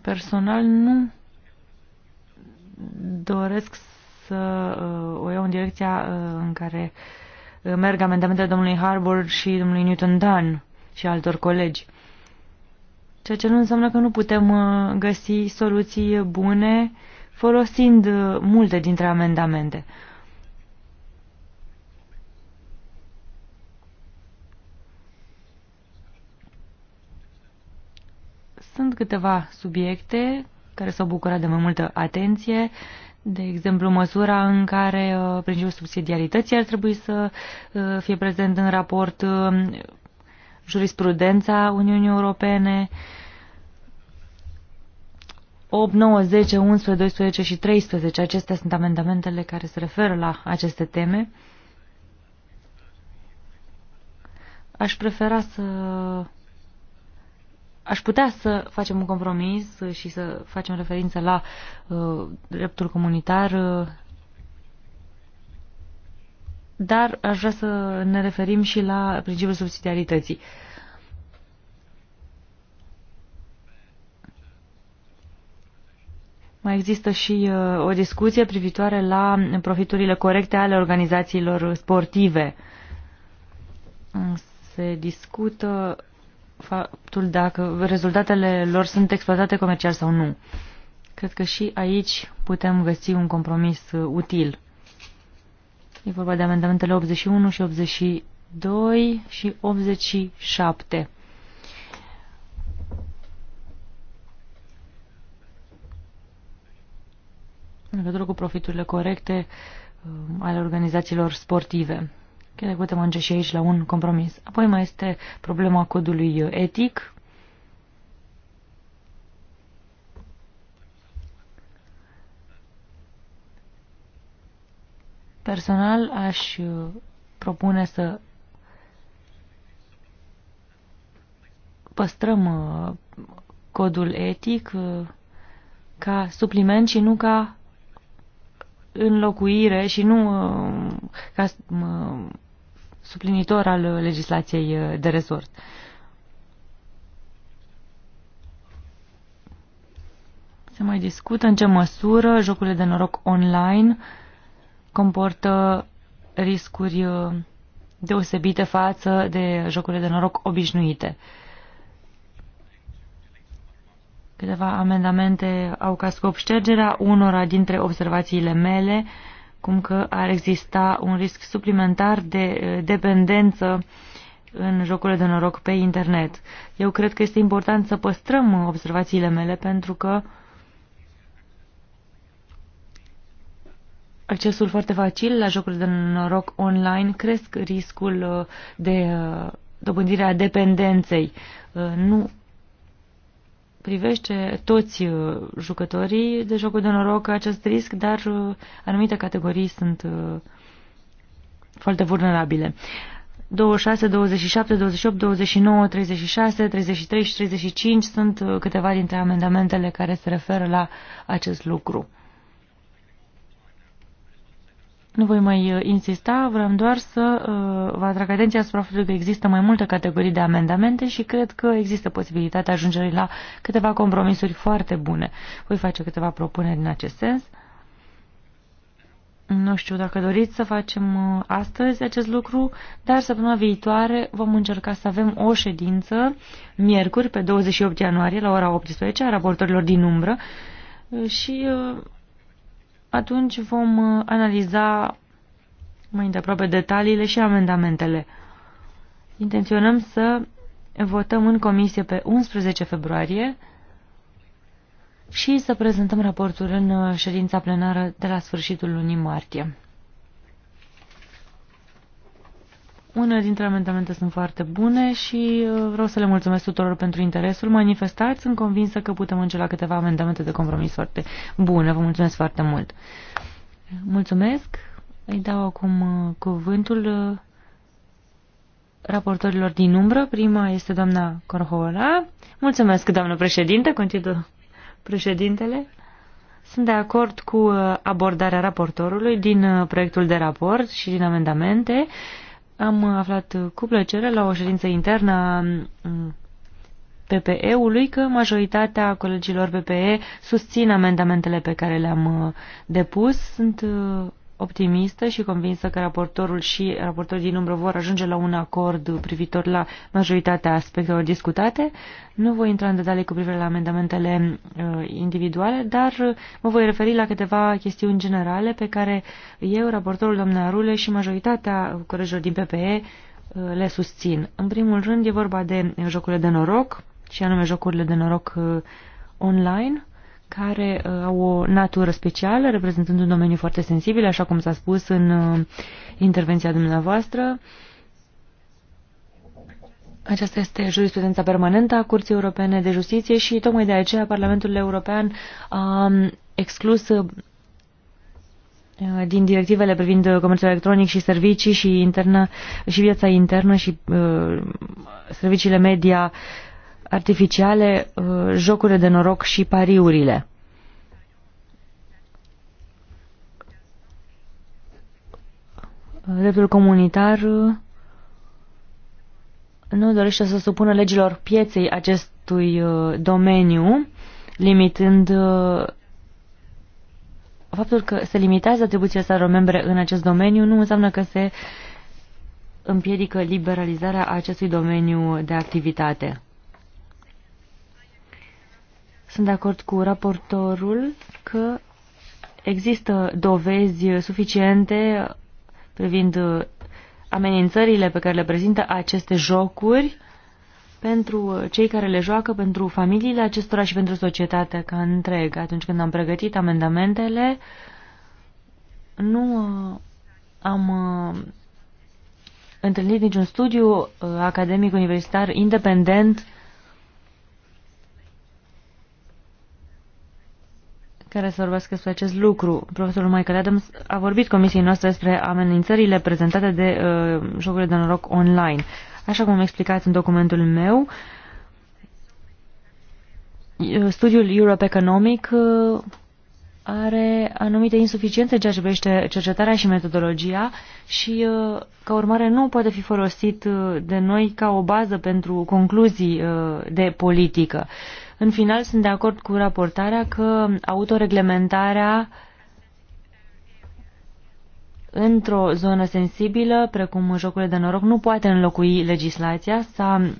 personal nu doresc să uh, o iau în direcția uh, în care uh, merg amendamentele domnului Harbour și domnului Newton Dunn și altor colegi. Ceea ce nu înseamnă că nu putem găsi soluții bune folosind multe dintre amendamente. Sunt câteva subiecte care s-au bucurat de mai multă atenție, de exemplu, măsura în care uh, principiul subsidiarității ar trebui să uh, fie prezent în raport uh, jurisprudența Uniunii Europene, 8, 9, 10, 11, 12 și 13. Acestea sunt amendamentele care se referă la aceste teme. Aș prefera să aș putea să facem un compromis și să facem referință la uh, dreptul comunitar, uh, dar aș vrea să ne referim și la principiul subsidiarității. Mai există și uh, o discuție privitoare la profiturile corecte ale organizațiilor sportive. Se discută faptul dacă rezultatele lor sunt exploatate comercial sau nu. Cred că și aici putem găsi un compromis uh, util. E vorba de amendamentele 81 și 82 și 87. În legătură cu profiturile corecte uh, ale organizațiilor sportive. Chiar dacă putem ajunge și aici la un compromis. Apoi mai este problema codului etic. Personal aș propune să păstrăm uh, codul etic uh, ca supliment și nu ca înlocuire și nu uh, ca suplinitor al uh, legislației uh, de resort. Se mai discută în ce măsură jocurile de noroc online comportă riscuri uh, deosebite față de jocurile de noroc obișnuite. Câteva amendamente au ca scop ștergerea unora dintre observațiile mele cum că ar exista un risc suplimentar de eh, dependență în jocurile de noroc pe internet. Eu cred că este important să păstrăm observațiile mele pentru că accesul foarte facil la jocurile de noroc online cresc riscul eh, de eh, dobândirea dependenței. Nu privește toți uh, jucătorii de jocul de noroc acest risc, dar uh, anumite categorii sunt uh, foarte vulnerabile. 26, 27, 28, 29, 36, 33 și 35 sunt câteva dintre amendamentele care se referă la acest lucru. Nu voi mai uh, insista, vreau doar să uh, vă atrag atenția asupra faptului că există mai multe categorii de amendamente și cred că există posibilitatea ajungerii la câteva compromisuri foarte bune. Voi face câteva propuneri în acest sens. Nu știu dacă doriți să facem uh, astăzi acest lucru, dar săptămâna viitoare vom încerca să avem o ședință, miercuri, pe 28 ianuarie, la ora 18, a raportorilor din umbră uh, și atunci vom uh, analiza mai îndeaproape detaliile și amendamentele. Intenționăm să votăm în comisie pe 11 februarie și să prezentăm raportul în uh, ședința plenară de la sfârșitul lunii martie. Unele dintre amendamente sunt foarte bune și uh, vreau să le mulțumesc tuturor pentru interesul manifestat. Sunt convinsă că putem înce la câteva amendamente de compromis foarte bune. Vă mulțumesc foarte mult. Mulțumesc. Îi dau acum uh, cuvântul uh, raportorilor din umbră. Prima este doamna Corhola. Mulțumesc, doamnă președinte, continuă președintele. Sunt de acord cu abordarea raportorului din proiectul de raport și din amendamente am aflat cu plăcere la o ședință internă a mm, PPE-ului că majoritatea colegilor PPE susțin amendamentele pe care le-am uh, depus. Sunt uh, optimistă și convinsă că raportorul și raportorii din umbră vor ajunge la un acord privitor la majoritatea aspectelor discutate. Nu voi intra în detalii cu privire la amendamentele uh, individuale, dar uh, mă voi referi la câteva chestiuni generale pe care eu, raportorul doamna Arule și majoritatea colegilor din PPE uh, le susțin. În primul rând e vorba de jocurile de noroc, și anume jocurile de noroc uh, online, care uh, au o natură specială, reprezentând un domeniu foarte sensibil, așa cum s-a spus în uh, intervenția dumneavoastră. Aceasta este jurisprudența permanentă a Curții Europene de Justiție și tocmai de aceea Parlamentul European a um, exclus uh, din directivele privind comerțul electronic și servicii și, internă, și viața internă și uh, serviciile media uh, artificiale, uh, jocurile de noroc și pariurile. Dreptul comunitar uh, nu dorește să supună legilor pieței acestui uh, domeniu, limitând faptul că se limitează atribuțiile statelor membre în acest domeniu nu înseamnă că se împiedică liberalizarea acestui domeniu de activitate. Sunt de acord cu raportorul că există dovezi suficiente privind uh, amenințările pe care le prezintă aceste jocuri pentru uh, cei care le joacă, pentru familiile acestora și pentru societatea ca întreg. Atunci când am pregătit amendamentele, nu uh, am întâlnit niciun studiu academic universitar independent care să vorbească despre acest lucru. Profesorul Michael Adams a vorbit comisiei noastre despre amenințările prezentate de uh, jocurile de noroc online. Așa cum am explicat în documentul meu, uh, studiul Europe Economic uh, are anumite insuficiențe în ceea ce privește cercetarea și metodologia și, uh, ca urmare, nu poate fi folosit uh, de noi ca o bază pentru concluzii de politică. Uh, în final, sunt de acord cu raportarea că autoreglementarea într-o zonă sensibilă, precum jocurile de noroc, nu poate înlocui legislația. S-a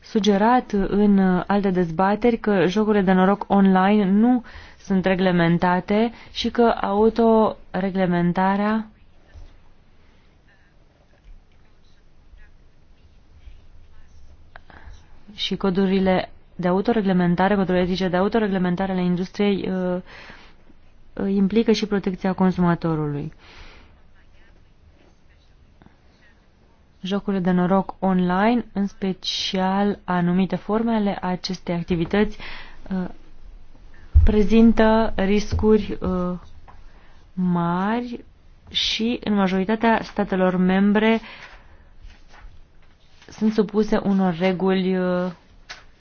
sugerat în alte dezbateri că jocurile de noroc online nu sunt reglementate și că autoreglementarea și codurile de autoreglementare, controlele etice de autoreglementare ale industriei uh, uh, implică și protecția consumatorului. Jocurile de noroc online, în special anumite forme ale acestei activități, uh, prezintă riscuri mari și în majoritatea statelor membre sunt supuse unor reguli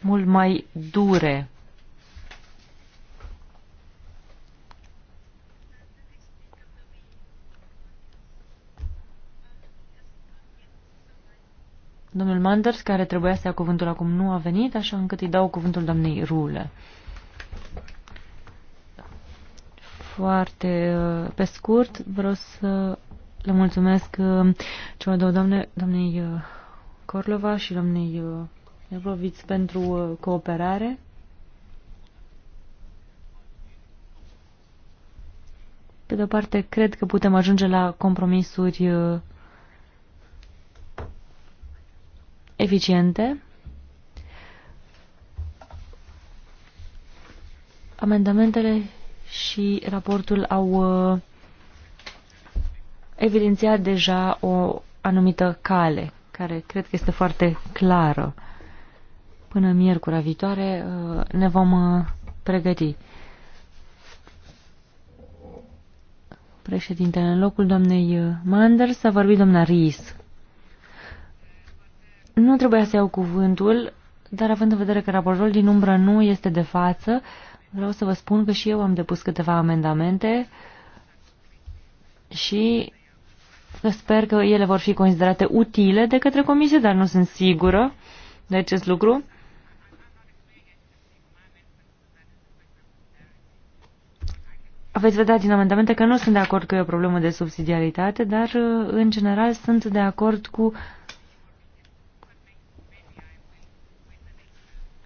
mult mai dure. Domnul Manders, care trebuia să ia cuvântul acum, nu a venit, așa încât îi dau cuvântul doamnei Rule. Foarte uh, pe scurt, vreau să le mulțumesc uh, celor două doamne, doamnei uh, Corlova și doamnei Evroviț pentru uh, cooperare. Pe de-o parte, cred că putem ajunge la compromisuri uh, eficiente. Amendamentele și raportul au uh, evidențiat deja o anumită cale, care cred că este foarte clară. Până miercura viitoare uh, ne vom uh, pregăti. Președintele, în locul doamnei uh, Manders, s-a vorbit doamna Ries. Nu trebuia să iau cuvântul, dar având în vedere că raportul din umbră nu este de față, vreau să vă spun că și eu am depus câteva amendamente și sper că ele vor fi considerate utile de către comisie, dar nu sunt sigură de acest lucru. Veți vedea din amendamente că nu sunt de acord că e o problemă de subsidiaritate, dar uh, în general sunt de acord cu...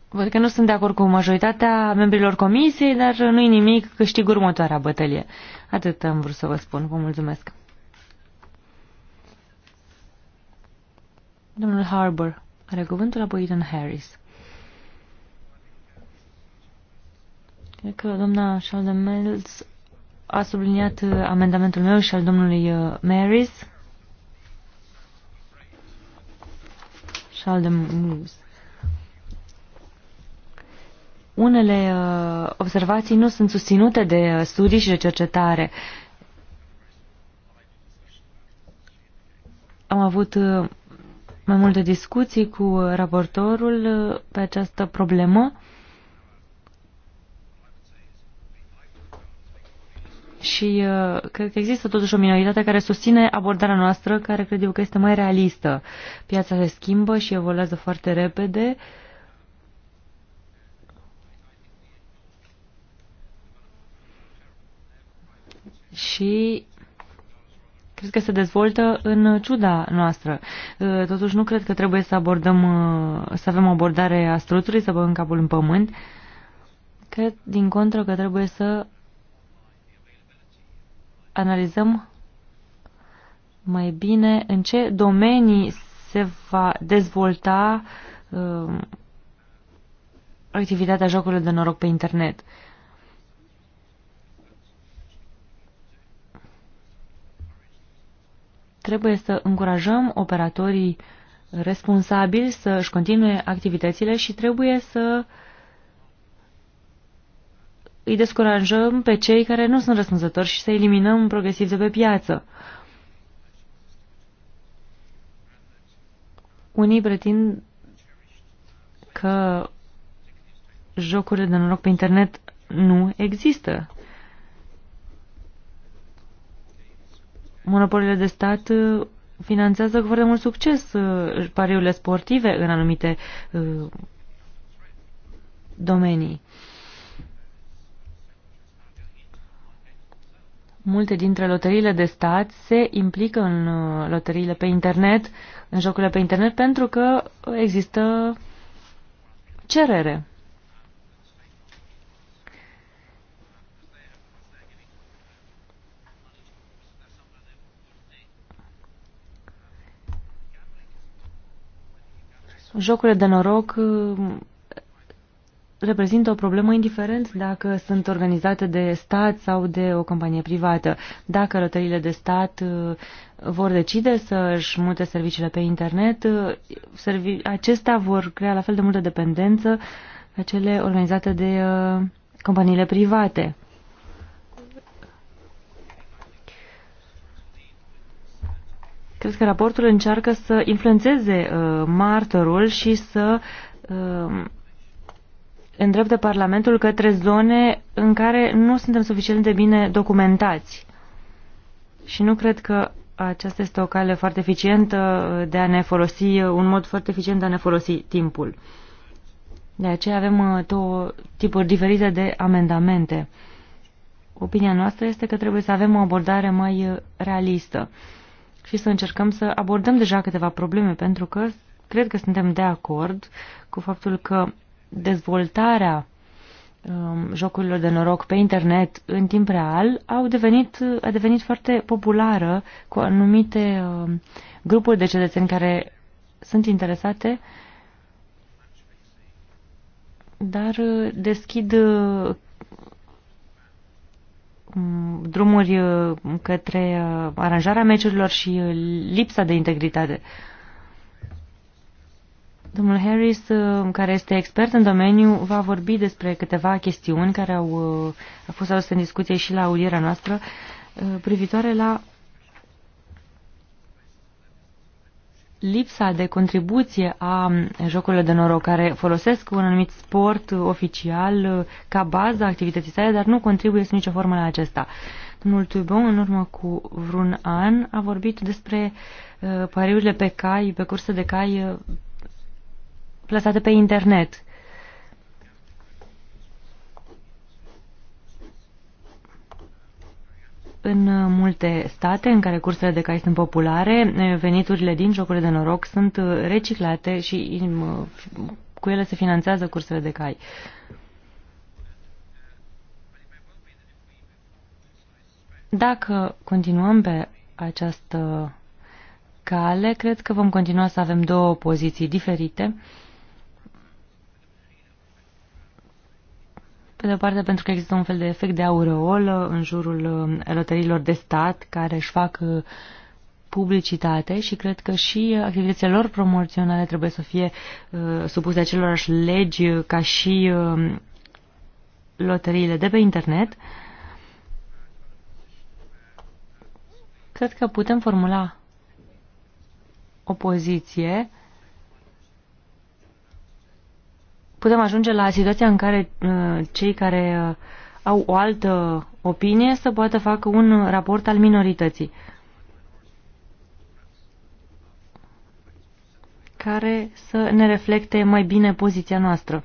Văd că nu sunt de acord cu majoritatea membrilor comisiei, dar uh, nu-i nimic, câștig următoarea bătălie. Atât am vrut să vă spun. Vă mulțumesc. Domnul Harbour are cuvântul apoi în Harris. Cred că doamna Sheldon Mills a subliniat uh, amendamentul meu și al domnului uh, Marys, și al domnului Unele uh, observații nu sunt susținute de studii și de cercetare. Am avut mai multe discuții cu raportorul pe această problemă. și uh, cred că există totuși o minoritate care susține abordarea noastră, care cred eu că este mai realistă. Piața se schimbă și evoluează foarte repede. Și cred că se dezvoltă în ciuda noastră. Uh, totuși nu cred că trebuie să abordăm, uh, să avem abordare a struțului, să băgăm capul în pământ. Cred, din contră, că trebuie să analizăm mai bine în ce domenii se va dezvolta uh, activitatea jocurilor de noroc pe internet. Trebuie să încurajăm operatorii responsabili să-și continue activitățile și trebuie să uh, îi descurajăm pe cei care nu sunt răspunzători și să eliminăm progresiv de pe piață. Unii pretind că jocurile de noroc pe internet nu există. Monopolile de stat uh, finanțează cu foarte mult succes uh, pariurile sportive în anumite uh, domenii. Multe dintre loteriile de stat se implică în uh, loteriile pe internet, în jocurile pe internet, pentru că există cerere. Jocurile de noroc uh, reprezintă o problemă indiferent dacă sunt organizate de stat sau de o companie privată. Dacă rătările de stat uh, vor decide să-și mute serviciile pe internet, uh, acestea vor crea la fel de multă dependență ca cele organizate de uh, companiile private. Cred că raportul încearcă să influențeze uh, martorul și să uh, îndreptă Parlamentul către zone în care nu suntem suficient de bine documentați. Și nu cred că aceasta este o cale foarte eficientă de a ne folosi, un mod foarte eficient de a ne folosi timpul. De aceea avem uh, două tipuri diferite de amendamente. Opinia noastră este că trebuie să avem o abordare mai uh, realistă și să încercăm să abordăm deja câteva probleme, pentru că cred că suntem de acord cu faptul că dezvoltarea um, jocurilor de noroc pe internet în timp real au devenit, a devenit foarte populară cu anumite um, grupuri de cetățeni care sunt interesate, dar uh, deschid uh, mm, drumuri uh, către aranjarea meciurilor și lipsa de integritate. Domnul Harris, uh, care este expert în domeniu, va vorbi despre câteva chestiuni care au, uh, au fost aduse în discuție și la audierea noastră uh, privitoare la lipsa de contribuție a jocurilor de noroc care folosesc un anumit sport oficial ca bază a activității sale, dar nu contribuie sub nicio formă la acesta. Domnul Tubon, în urmă cu vreun an, a vorbit despre pariurile pe cai, pe curse de cai plasate pe internet. În multe state în care cursele de cai sunt populare, veniturile din jocurile de noroc sunt reciclate și cu ele se finanțează cursele de cai. Dacă continuăm pe această cale, cred că vom continua să avem două poziții diferite. Pe de parte, pentru că există un fel de efect de aureolă în jurul uh, loteriilor de stat care își fac uh, publicitate și cred că și activitățile lor promoționale trebuie să fie uh, supuse acelorași legi ca și uh, de pe internet. Cred că putem formula o poziție uh, putem ajunge la situația în care uh, cei care uh, au o altă opinie să poată facă un raport al minorității. care să ne reflecte mai bine poziția noastră.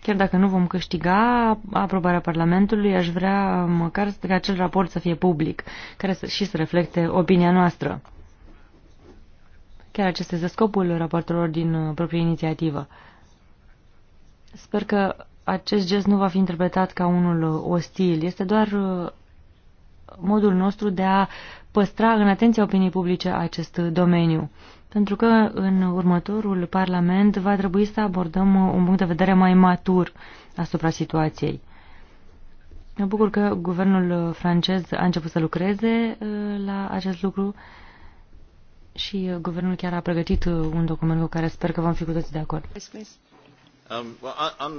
Chiar dacă nu vom câștiga aprobarea Parlamentului, aș vrea măcar ca acel raport să fie public care să, și să reflecte opinia noastră. Chiar acesta este scopul raportorilor din uh, proprie inițiativă. Sper că acest gest nu va fi interpretat ca unul uh, ostil. Este doar uh, modul nostru de a păstra în atenția opiniei publice acest domeniu. Pentru că în următorul Parlament va trebui să abordăm un punct de vedere mai matur asupra situației. Mă bucur că guvernul francez a început să lucreze la acest lucru și uh, guvernul chiar a pregătit uh, un document cu care sper că vom fi cu toți de acord. Um,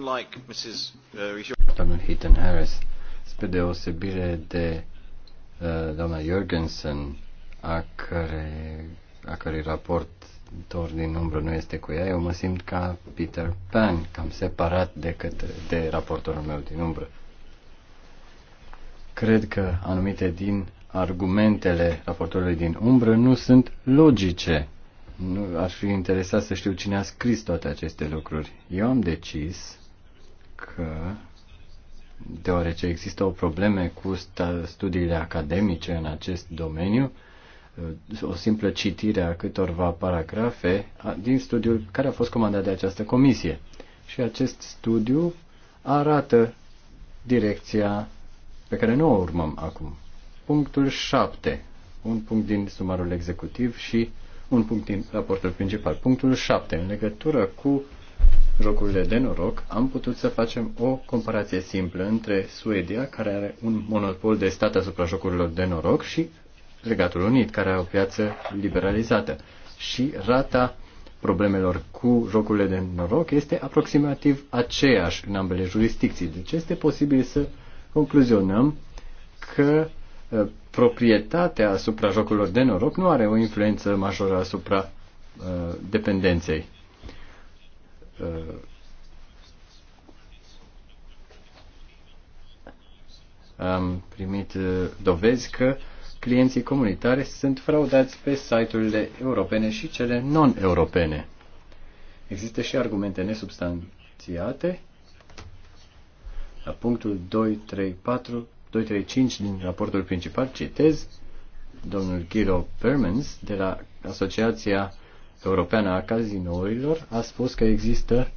uh, Domnul Heaton Harris, spre deosebire de doamna Jorgensen, a cărei, a cărei raport dor din umbră nu este cu ea, eu mă simt ca Peter Pan, cam separat de, către, de raportorul meu din umbră. Cred că anumite din argumentele raportorului din umbră nu sunt logice. Nu, aș fi interesat să știu cine a scris toate aceste lucruri. Eu am decis că, deoarece există o probleme cu studiile academice în acest domeniu, o simplă citire a câtorva paragrafe din studiul care a fost comandat de această comisie. Și acest studiu arată direcția pe care nu o urmăm acum punctul 7, un punct din sumarul executiv și un punct din raportul principal. Punctul 7, în legătură cu jocurile de noroc, am putut să facem o comparație simplă între Suedia, care are un monopol de stat asupra jocurilor de noroc, și Regatul Unit, care are o piață liberalizată. Și rata problemelor cu jocurile de noroc este aproximativ aceeași în ambele jurisdicții. Deci este posibil să concluzionăm că Eh, proprietatea asupra jocurilor de noroc nu are o influență majoră asupra uh, dependenței. Uh, am primit uh, dovezi că clienții comunitari sunt fraudați pe site-urile europene și cele non-europene. Există și argumente nesubstanțiate la punctul 2, 3, 4 235 din raportul principal citez domnul Giro Permans de la Asociația Europeană a Cazinourilor a spus că există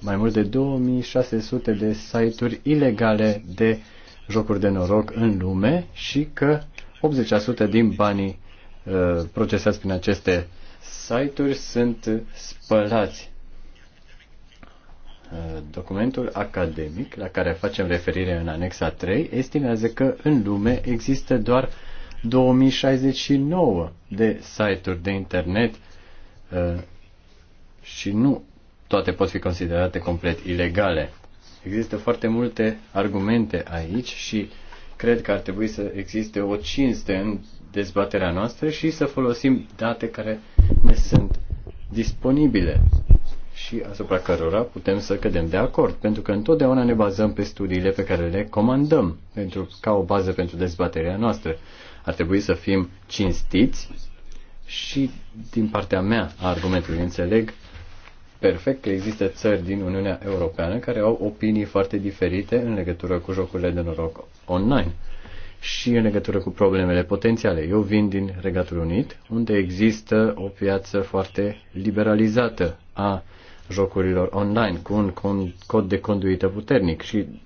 mai mult de 2600 de site-uri ilegale de jocuri de noroc în lume și că 80% din banii uh, procesați prin aceste site-uri sunt spălați. Uh, documentul academic la care facem referire în anexa 3 estimează că în lume există doar 2069 de site-uri de internet uh, și nu toate pot fi considerate complet ilegale. Există foarte multe argumente aici și cred că ar trebui să existe o cinste în dezbaterea noastră și să folosim date care ne sunt disponibile și asupra cărora putem să cădem de acord, pentru că întotdeauna ne bazăm pe studiile pe care le comandăm pentru, ca o bază pentru dezbaterea noastră. Ar trebui să fim cinstiți și din partea mea a argumentului înțeleg perfect că există țări din Uniunea Europeană care au opinii foarte diferite în legătură cu jocurile de noroc online și în legătură cu problemele potențiale. Eu vin din Regatul Unit, unde există o piață foarte liberalizată a jocurilor online cu un cod de conduită puternic și,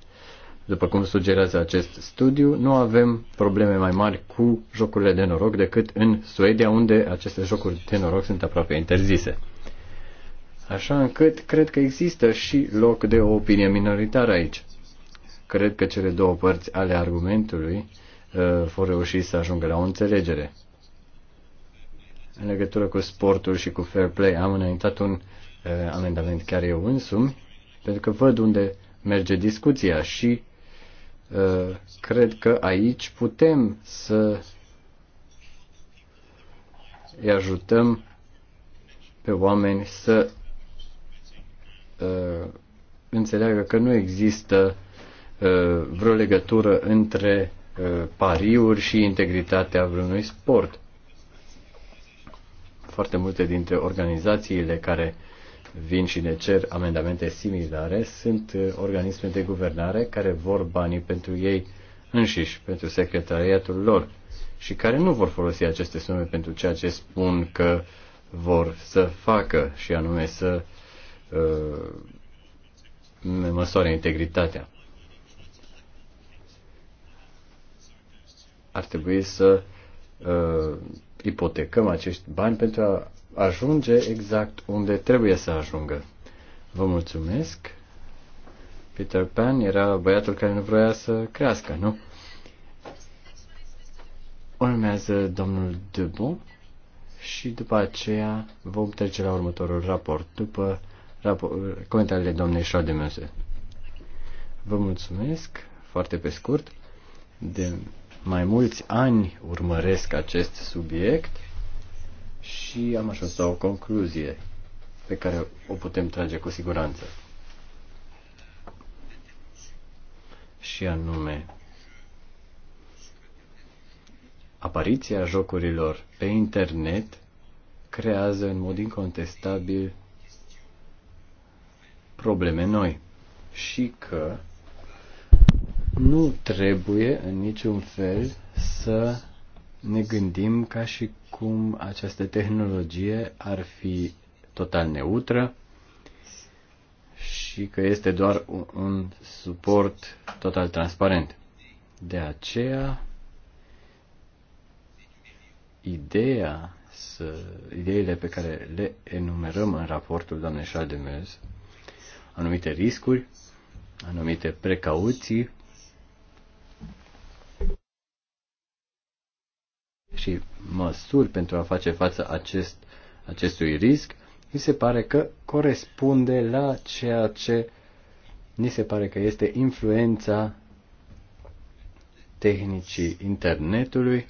după cum sugerează acest studiu, nu avem probleme mai mari cu jocurile de noroc decât în Suedia, unde aceste jocuri de noroc sunt aproape interzise. Așa încât cred că există și loc de o opinie minoritară aici. Cred că cele două părți ale argumentului uh, vor reuși să ajungă la o înțelegere. În legătură cu sportul și cu fair play, am înaintat un uh, Uh, amendament chiar eu însumi, pentru că văd unde merge discuția și uh, cred că aici putem să îi ajutăm pe oameni să uh, înțeleagă că nu există uh, vreo legătură între uh, pariuri și integritatea vreunui sport. Foarte multe dintre organizațiile care vin și ne cer amendamente similare, sunt uh, organisme de guvernare care vor banii pentru ei înșiși, pentru secretariatul lor și care nu vor folosi aceste sume pentru ceea ce spun că vor să facă și anume să uh, măsoare integritatea. Ar trebui să uh, ipotecăm acești bani pentru a ajunge exact unde trebuie să ajungă. Vă mulțumesc. Peter Pan era băiatul care nu vroia să crească, nu? Urmează domnul Dubu și după aceea vom trece la următorul raport, după rapor, comentariile domnului Șodemese. Vă mulțumesc, foarte pe scurt. De mai mulți ani urmăresc acest subiect și am ajuns la o concluzie pe care o putem trage cu siguranță. Și anume, apariția jocurilor pe internet creează în mod incontestabil probleme noi și că nu trebuie în niciun fel să ne gândim ca și cum această tehnologie ar fi total neutră și că este doar un, un suport total transparent. De aceea, ideea să, ideile pe care le enumerăm în raportul doamnei Chaldemers, anumite riscuri, anumite precauții, și măsuri pentru a face față acest, acestui risc, mi se pare că corespunde la ceea ce ni se pare că este influența tehnicii internetului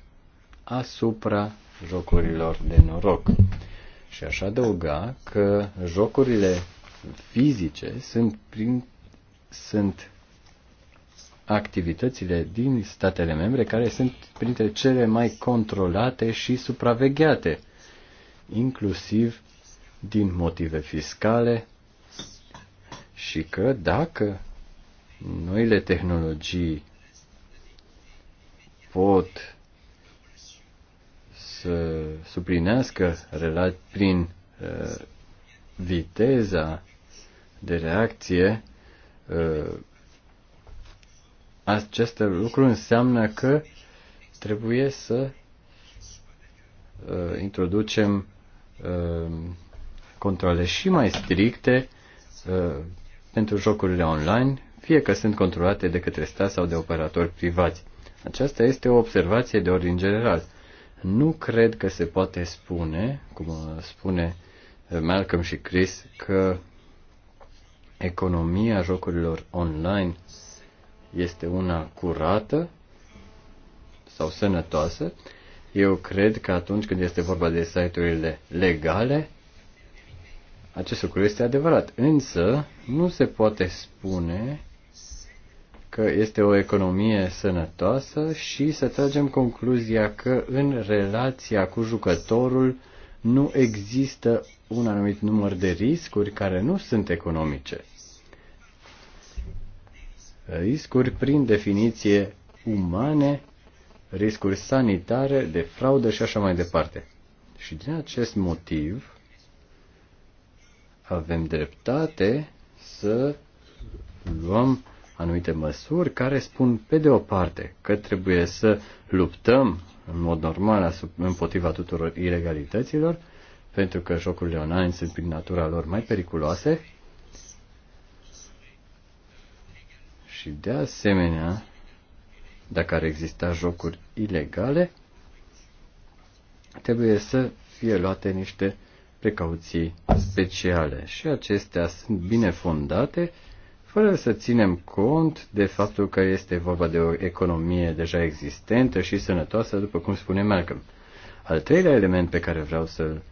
asupra jocurilor de noroc. Și aș adăuga că jocurile fizice sunt, prin, sunt activitățile din statele membre care sunt printre cele mai controlate și supravegheate, inclusiv din motive fiscale și că dacă noile tehnologii pot să suplinească prin uh, viteza de reacție uh, acest lucru înseamnă că trebuie să uh, introducem uh, controle și mai stricte uh, pentru jocurile online, fie că sunt controlate de către stat sau de operatori privați. Aceasta este o observație de ordin general. Nu cred că se poate spune, cum uh, spune uh, Malcolm și Chris, că economia jocurilor online este una curată sau sănătoasă, eu cred că atunci când este vorba de site-urile legale, acest lucru este adevărat. Însă, nu se poate spune că este o economie sănătoasă și să tragem concluzia că în relația cu jucătorul nu există un anumit număr de riscuri care nu sunt economice riscuri prin definiție umane, riscuri sanitare, de fraudă și așa mai departe. Și din acest motiv avem dreptate să luăm anumite măsuri care spun, pe de o parte, că trebuie să luptăm în mod normal împotriva tuturor ilegalităților, pentru că jocurile online sunt prin natura lor mai periculoase Și de asemenea, dacă ar exista jocuri ilegale, trebuie să fie luate niște precauții speciale și acestea sunt bine fondate, fără să ținem cont de faptul că este vorba de o economie deja existentă și sănătoasă, după cum spune Malcolm. Al treilea element pe care vreau să-l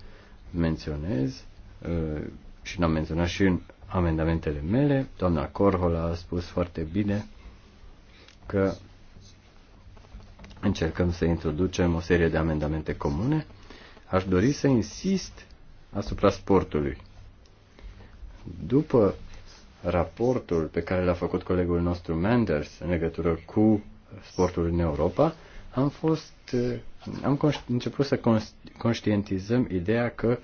menționez uh, și l-am menționat și în amendamentele mele. Doamna Corhol a spus foarte bine că încercăm să introducem o serie de amendamente comune. Aș dori să insist asupra sportului. După raportul pe care l-a făcut colegul nostru Manders în legătură cu sportul în Europa, am fost am început să conștientizăm ideea că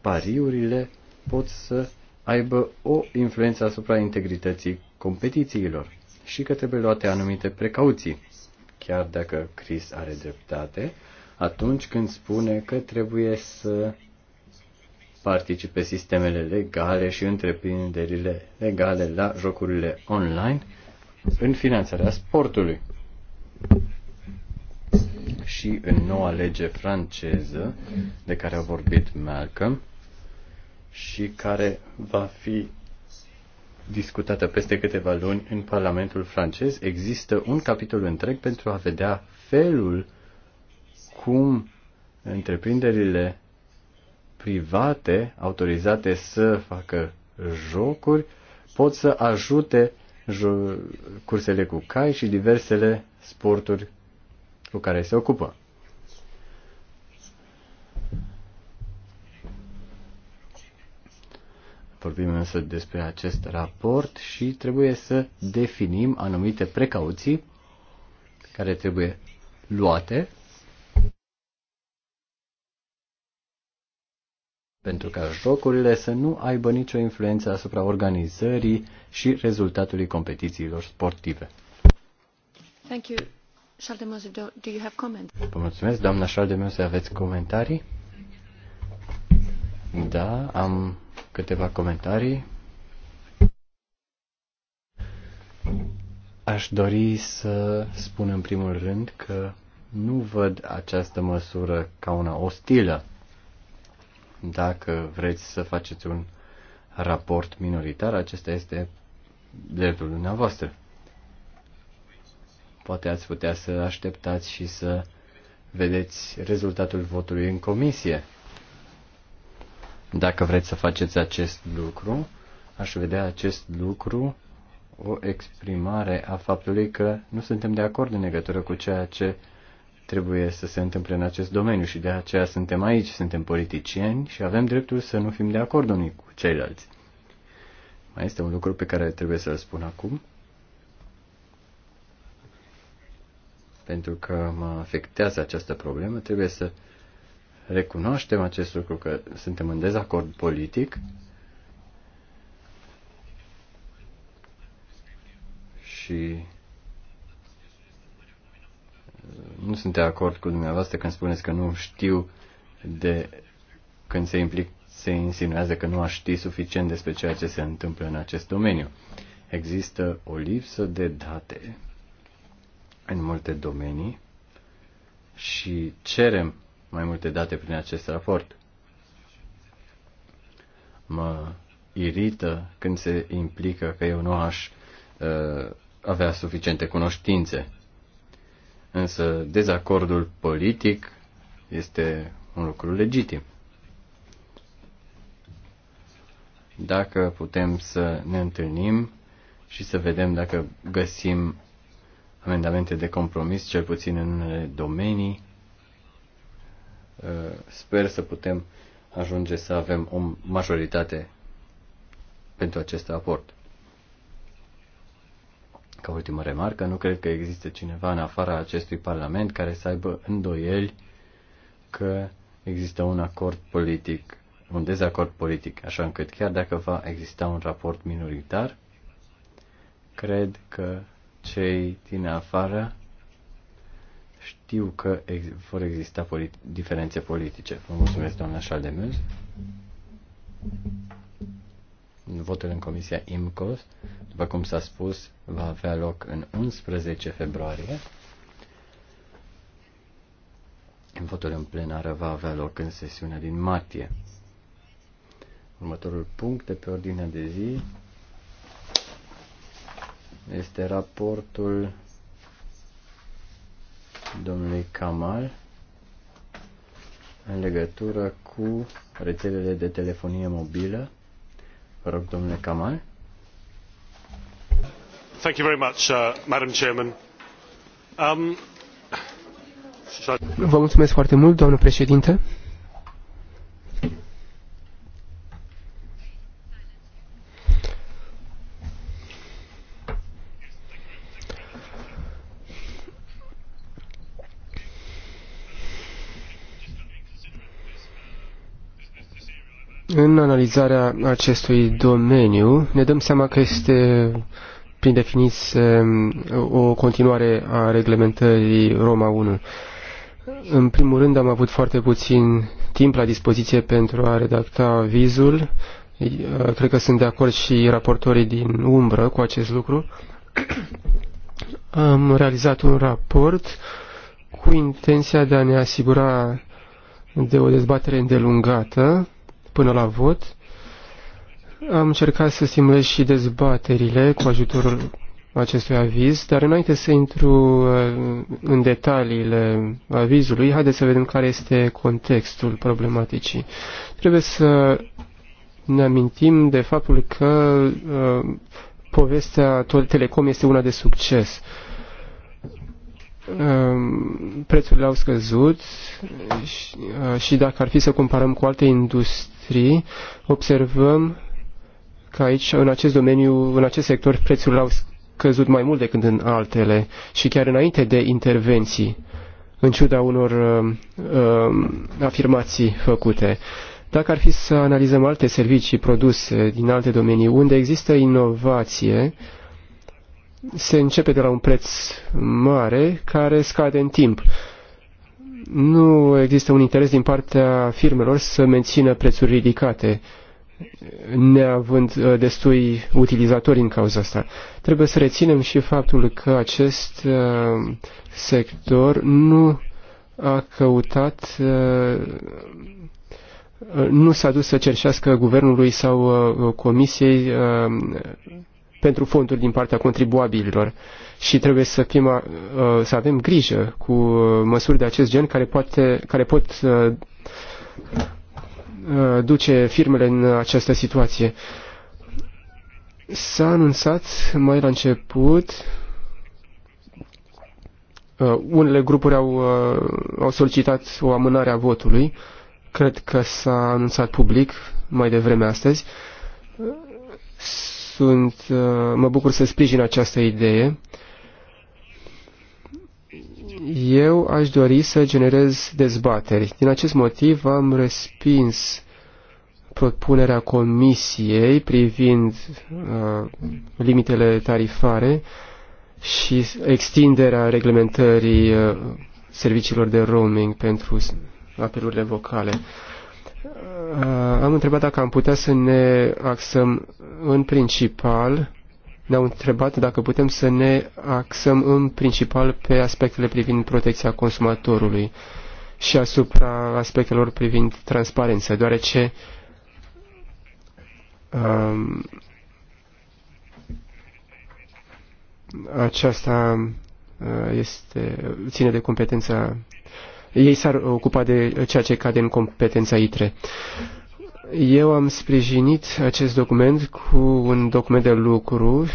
pariurile pot să aibă o influență asupra integrității competițiilor și că trebuie luate anumite precauții. Chiar dacă Chris are dreptate, atunci când spune că trebuie să participe sistemele legale și întreprinderile legale la jocurile online în finanțarea sportului. Și în noua lege franceză de care a vorbit Malcolm, și care va fi discutată peste câteva luni în Parlamentul francez. Există un capitol întreg pentru a vedea felul cum întreprinderile private autorizate să facă jocuri pot să ajute cursele cu cai și diversele sporturi cu care se ocupă. Vorbim însă despre acest raport și trebuie să definim anumite precauții care trebuie luate pentru ca jocurile să nu aibă nicio influență asupra organizării și rezultatului competițiilor sportive. Thank you. Schaldemose, do, you have comments? Vă mulțumesc, doamna Schaldemose, aveți comentarii? Da, am câteva comentarii. Aș dori să spun în primul rând că nu văd această măsură ca una ostilă. Dacă vreți să faceți un raport minoritar, acesta este dreptul dumneavoastră. Poate ați putea să așteptați și să vedeți rezultatul votului în comisie. Dacă vreți să faceți acest lucru, aș vedea acest lucru o exprimare a faptului că nu suntem de acord în legătură cu ceea ce trebuie să se întâmple în acest domeniu și de aceea suntem aici, suntem politicieni și avem dreptul să nu fim de acord unii cu ceilalți. Mai este un lucru pe care trebuie să-l spun acum, pentru că mă afectează această problemă, trebuie să recunoaștem acest lucru, că suntem în dezacord politic și uh, nu sunt de acord cu dumneavoastră când spuneți că nu știu de când se implic, se insinuează că nu aș ști suficient despre ceea ce se întâmplă în acest domeniu. Există o lipsă de date în multe domenii și cerem mai multe date prin acest raport. Mă irită când se implică că eu nu aș uh, avea suficiente cunoștințe. Însă dezacordul politic este un lucru legitim. Dacă putem să ne întâlnim și să vedem dacă găsim amendamente de compromis, cel puțin în unele domenii, Uh, sper să putem ajunge să avem o majoritate pentru acest raport. Ca ultimă remarcă, nu cred că există cineva în afara acestui Parlament care să aibă îndoieli că există un acord politic, un dezacord politic, așa încât chiar dacă va exista un raport minoritar, cred că cei din afară știu că ex- vor exista polit- diferențe politice. Vă mulțumesc, doamna Șaldemuz. Votul în Comisia IMCOS, după cum s-a spus, va avea loc în 11 februarie. Votul în plenară va avea loc în sesiunea din martie. Următorul punct de pe ordinea de zi este raportul domnului Kamal în legătură cu rețelele de telefonie mobilă. Vă rog, domnule Kamal. Thank you very much, uh, Madam Chairman. Um, Vă mulțumesc foarte mult, domnule președinte. În analizarea acestui domeniu ne dăm seama că este prin definiție um, o continuare a reglementării Roma 1. În primul rând am avut foarte puțin timp la dispoziție pentru a redacta vizul. Uh, cred că sunt de acord și raportorii din umbră cu acest lucru. Am realizat un raport cu intenția de a ne asigura de o dezbatere îndelungată până la vot. Am încercat să simulez și dezbaterile cu ajutorul acestui aviz, dar înainte să intru uh, în detaliile avizului, haideți să vedem care este contextul problematicii. Trebuie să ne amintim de faptul că uh, povestea Telecom este una de succes. Uh, Ehm, prețurile au scăzut și, eh, și dacă ar fi să comparăm cu alte industrii, observăm că aici, în acest domeniu, în acest sector, prețurile au scăzut mai mult decât în altele și chiar înainte de intervenții, în ciuda unor uh, afirmații făcute. Dacă ar fi să analizăm alte servicii produse din alte domenii unde există inovație, uh, se începe de la un preț mare care scade în timp. Nu există un interes din partea firmelor să mențină prețuri ridicate, neavând uh, destui utilizatori în cauza asta. Trebuie să reținem și faptul că acest uh, sector nu a căutat, uh, nu s-a dus să cerșească guvernului sau comisiei pentru fonduri din partea contribuabililor și trebuie să, fim, uh, să avem grijă cu uh, măsuri de acest gen care, poate, care pot uh, duce firmele în această situație. S-a anunțat mai la început, unele grupuri au, au solicitat o amânare a votului, cred că s-a anunțat public mai devreme astăzi, uh, sunt, uh, mă bucur să sprijin această idee. Eu aș dori să generez dezbateri. Din acest motiv am respins propunerea comisiei privind uh, limitele tarifare și extinderea reglementării uh, serviciilor de roaming pentru apelurile vocale. Uh, am întrebat dacă am putea să ne axăm în principal, ne-au întrebat dacă putem să ne axăm în principal pe aspectele privind protecția consumatorului și asupra aspectelor privind transparență, deoarece um, aceasta uh, este, ține de competența ei s-ar ocupa de ceea ce cade în competența ITRE. Eu am sprijinit acest document cu un document de lucru,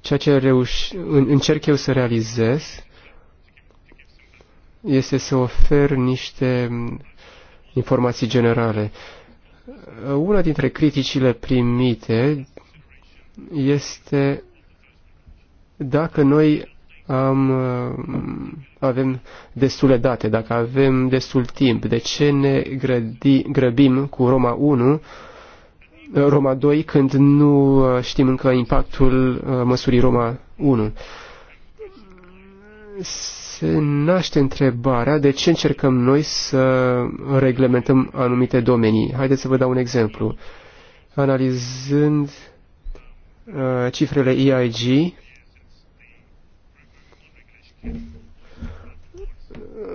ceea ce reuș- încerc eu să realizez este să ofer niște informații generale. Una dintre criticile primite este dacă noi am, uh, avem destule date, dacă avem destul timp, de ce ne grădi, grăbim cu Roma 1, Roma 2, când nu uh, știm încă impactul uh, măsurii Roma 1? Se naște întrebarea de ce încercăm noi să reglementăm anumite domenii. Haideți să vă dau un exemplu. Analizând cifrele EIG,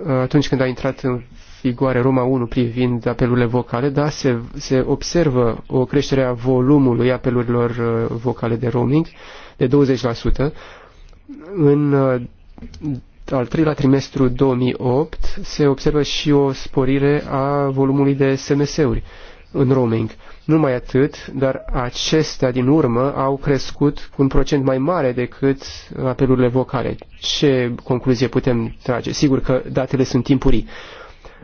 atunci când a intrat în vigoare Roma 1 privind apelurile vocale, da, se, se observă o creștere a volumului apelurilor uh, vocale de roaming de 20%. În uh, al treilea trimestru 2008 se observă și o sporire a volumului de SMS-uri. Uh, în roaming. Numai atât, dar acestea din urmă au crescut cu un procent mai mare decât apelurile vocale. Ce concluzie putem trage? Sigur că datele sunt timpurii,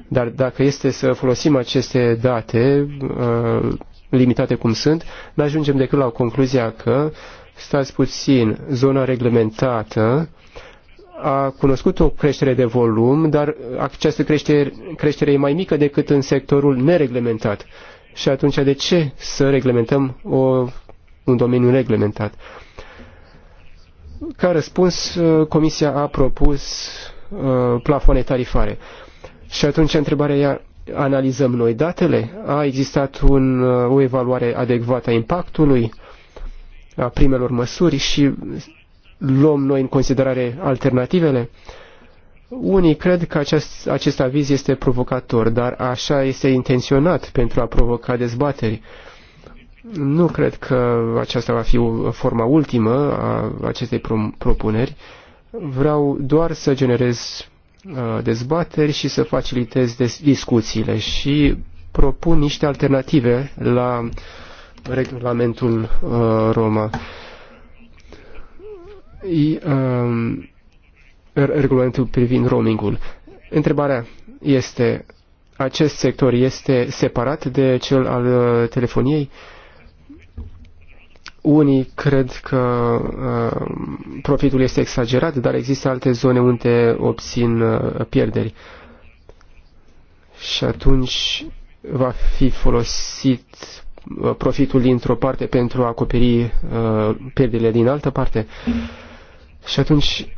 dar dacă este să folosim aceste date, uh, limitate cum sunt, ne ajungem decât la concluzia că, stați puțin, zona reglementată a cunoscut o creștere de volum, dar această creștere, creștere e mai mică decât în sectorul nereglementat. Și atunci de ce să reglementăm o, un domeniu reglementat? Ca răspuns, uh, Comisia a propus uh, plafoane tarifare. Și atunci întrebarea ea, analizăm noi datele? A existat un, uh, o evaluare adecvată a impactului, a primelor măsuri și luăm noi în considerare alternativele? Uh, unii cred că acest, acest aviz este provocator, dar așa este intenționat pentru a provoca dezbateri. Nu cred că aceasta va fi o forma ultimă a acestei pro propuneri. Vreau doar să generez uh, dezbateri și să facilitez discuțiile și propun niște alternative la regulamentul uh, Roma. I, uh, regulamentul privind roamingul. Întrebarea este, acest sector este separat de cel al uh, telefoniei? Unii cred că uh, profitul este exagerat, dar există alte zone unde obțin uh, pierderi. Și atunci va fi folosit uh, profitul dintr-o parte pentru a acoperi uh, pierderile din altă parte. Și atunci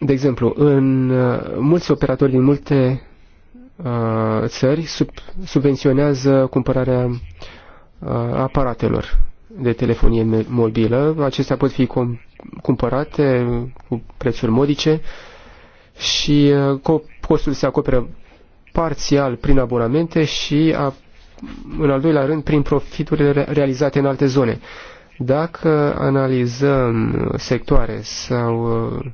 de exemplu, în uh, mulți operatori din multe uh, țări sub, subvenționează cumpărarea uh, aparatelor de telefonie mobilă. Acestea pot fi com, cumpărate cu prețuri modice și uh, costul se acoperă parțial prin abonamente și, a, în al doilea rând, prin profiturile realizate în alte zone. Dacă analizăm sectoare sau uh,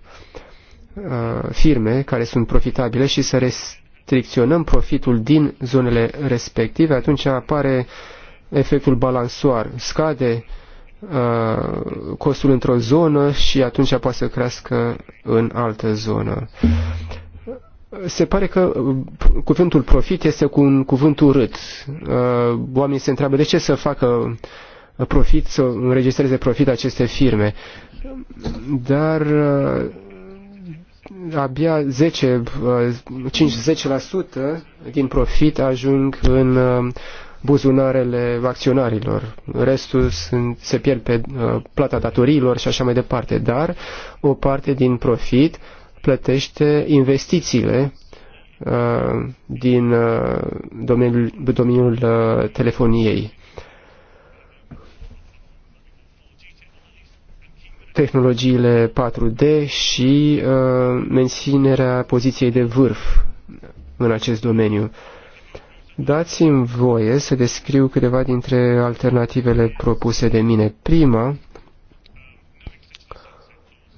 Uh, firme care sunt profitabile și să restricționăm profitul din zonele respective, atunci apare efectul balansoar. Scade uh, costul într-o zonă și atunci poate să crească în altă zonă. Se pare că uh, cuvântul profit este cu un cuvânt urât. Oamenii se întreabă de ce să facă profit, să înregistreze profit aceste firme. Dar abia 5-10% uh, din profit ajung în uh, buzunarele acționarilor. Restul sunt, se pierd pe uh, plata datoriilor și așa mai departe, dar o parte din profit plătește investițiile din domeniul, domeniul telefoniei. tehnologiile 4D și uh, menținerea poziției de vârf în acest domeniu. Dați-mi voie să descriu câteva dintre alternativele propuse de mine. Prima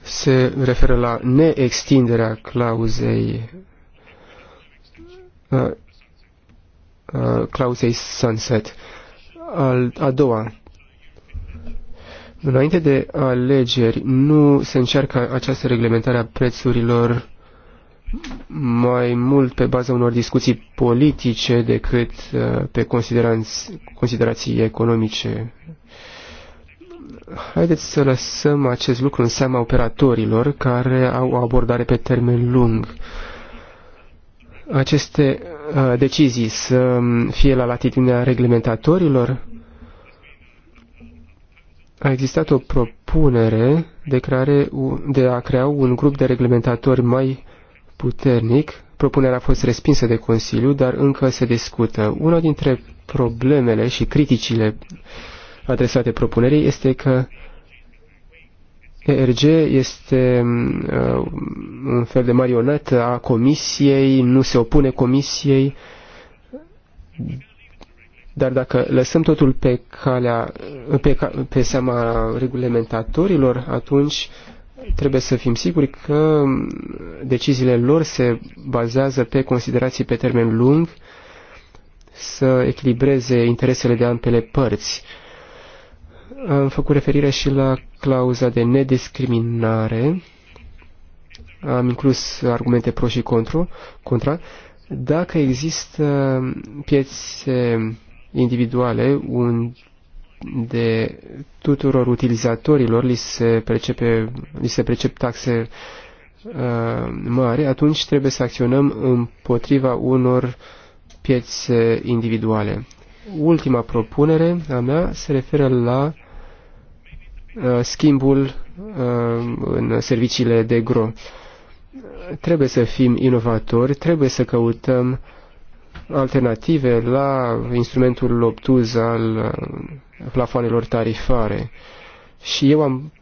se referă la neextinderea clauzei uh, uh, clauzei sunset. a doua Înainte de alegeri, nu se încearcă această reglementare a prețurilor mai mult pe baza unor discuții politice decât uh, pe considerații economice. Haideți să lăsăm acest lucru în seama operatorilor care au o abordare pe termen lung. Aceste uh, decizii să fie la latitudinea reglementatorilor a existat o propunere de, creare, de a crea un grup de reglementatori mai puternic. Propunerea a fost respinsă de Consiliu, dar încă se discută. Una dintre problemele și criticile adresate propunerii este că ERG este uh, un fel de marionetă a comisiei, nu se opune comisiei, dar dacă lăsăm totul pe, calea, pe, pe seama reglementatorilor, atunci trebuie să fim siguri că deciziile lor se bazează pe considerații pe termen lung, să echilibreze interesele de ambele părți. Am făcut referire și la clauza de nediscriminare. Am inclus argumente pro și contra. Dacă există piețe individuale unde tuturor utilizatorilor li se, percepe, li se percep taxe uh, mari, atunci trebuie să acționăm împotriva unor piețe individuale. Ultima propunere a mea se referă la uh, schimbul uh, în serviciile de gro. Trebuie să fim inovatori, trebuie să căutăm uh, alternative la instrumentul obtuz al uh, plafoanelor tarifare. Și eu am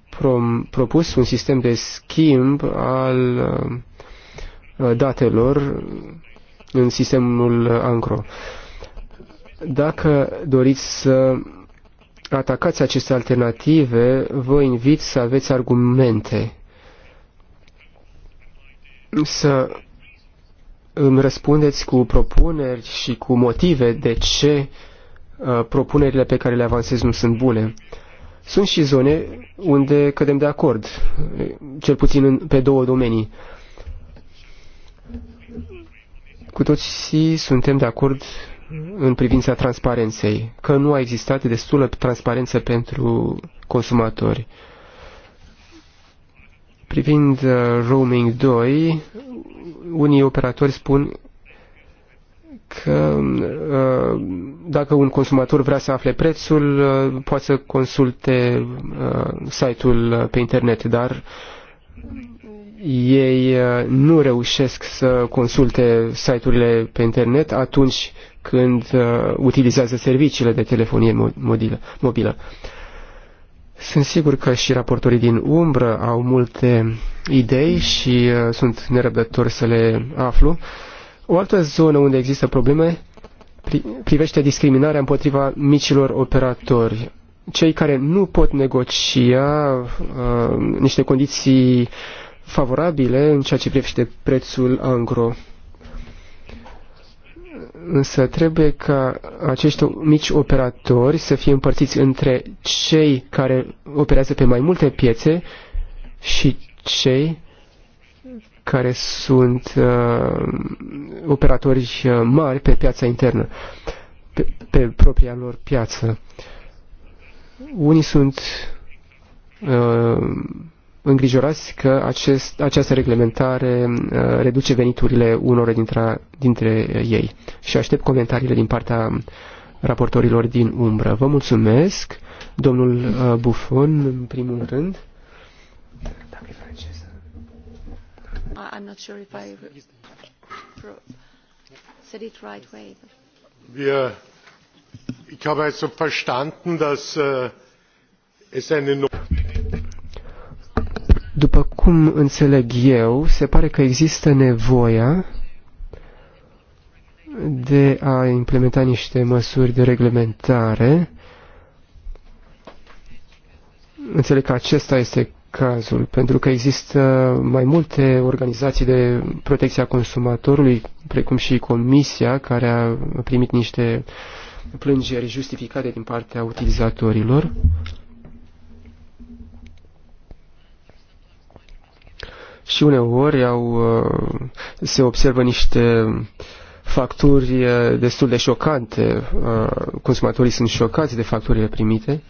propus un sistem de schimb al uh, datelor în sistemul ANCRO. Dacă doriți să atacați aceste alternative, vă invit să aveți argumente, să îmi răspundeți cu propuneri și cu motive de ce uh, propunerile pe care le avansez nu sunt bune. Sunt și zone unde cădem de acord, cel puțin în, pe două domenii. Cu toții suntem de acord în privința transparenței, că nu a existat destulă transparență pentru consumatori. Privind uh, roaming 2, unii operatori spun că uh, dacă un consumator vrea să afle prețul, uh, poate să consulte uh, site-ul pe internet, dar ei nu reușesc să consulte site-urile pe internet atunci când utilizează serviciile de telefonie mobilă. Sunt sigur că și raportorii din umbră au multe idei și uh, sunt nerăbdători să le aflu. O altă zonă unde există probleme privește discriminarea împotriva micilor operatori. Cei care nu pot negocia uh, niște condiții favorabile în ceea ce privește prețul angro. Însă trebuie ca acești mici operatori să fie împărțiți între cei care operează pe mai multe piețe și cei care sunt uh, operatori uh, mari pe piața internă, pe, pe propria lor piață. Unii sunt uh, îngrijorați că acest, această reglementare uh, reduce veniturile unor dintre, dintre ei și aștept comentariile din partea raportorilor din umbră. Vă mulțumesc, domnul uh, Bufon, în primul rând. Dacă e franceză. I'm not sure if I said it right way. Wir, ich habe also verstanden, dass äh, es eine după cum înțeleg eu, se pare că există nevoia de a implementa niște măsuri de reglementare. Înțeleg că acesta este cazul, pentru că există mai multe organizații de protecție a consumatorului, precum și Comisia, care a primit niște plângeri justificate din partea utilizatorilor. și uneori au, uh, se observă niște facturi uh, destul de șocante. Uh, consumatorii sunt șocați de facturile primite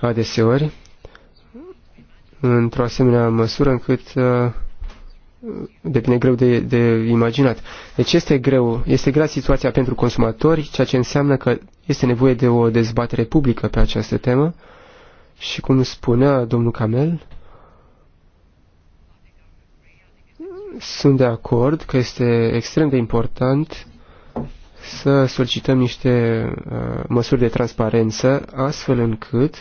adeseori într-o asemenea măsură încât depinde greu de, de imaginat. Deci este greu, este grea situația pentru consumatori, ceea ce înseamnă că este nevoie de o dezbatere publică pe această temă și cum spunea domnul Camel, Sunt de acord că este extrem de important să solicităm niște uh, măsuri de transparență, astfel încât,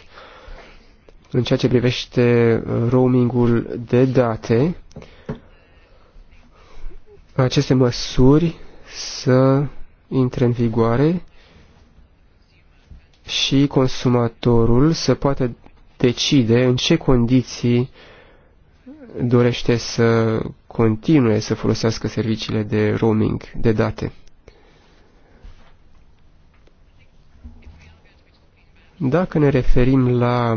în ceea ce privește roamingul de date, aceste măsuri să intre în vigoare și consumatorul să poată decide în ce condiții uh, dorește să continue să folosească serviciile de roaming de date. Dacă ne referim la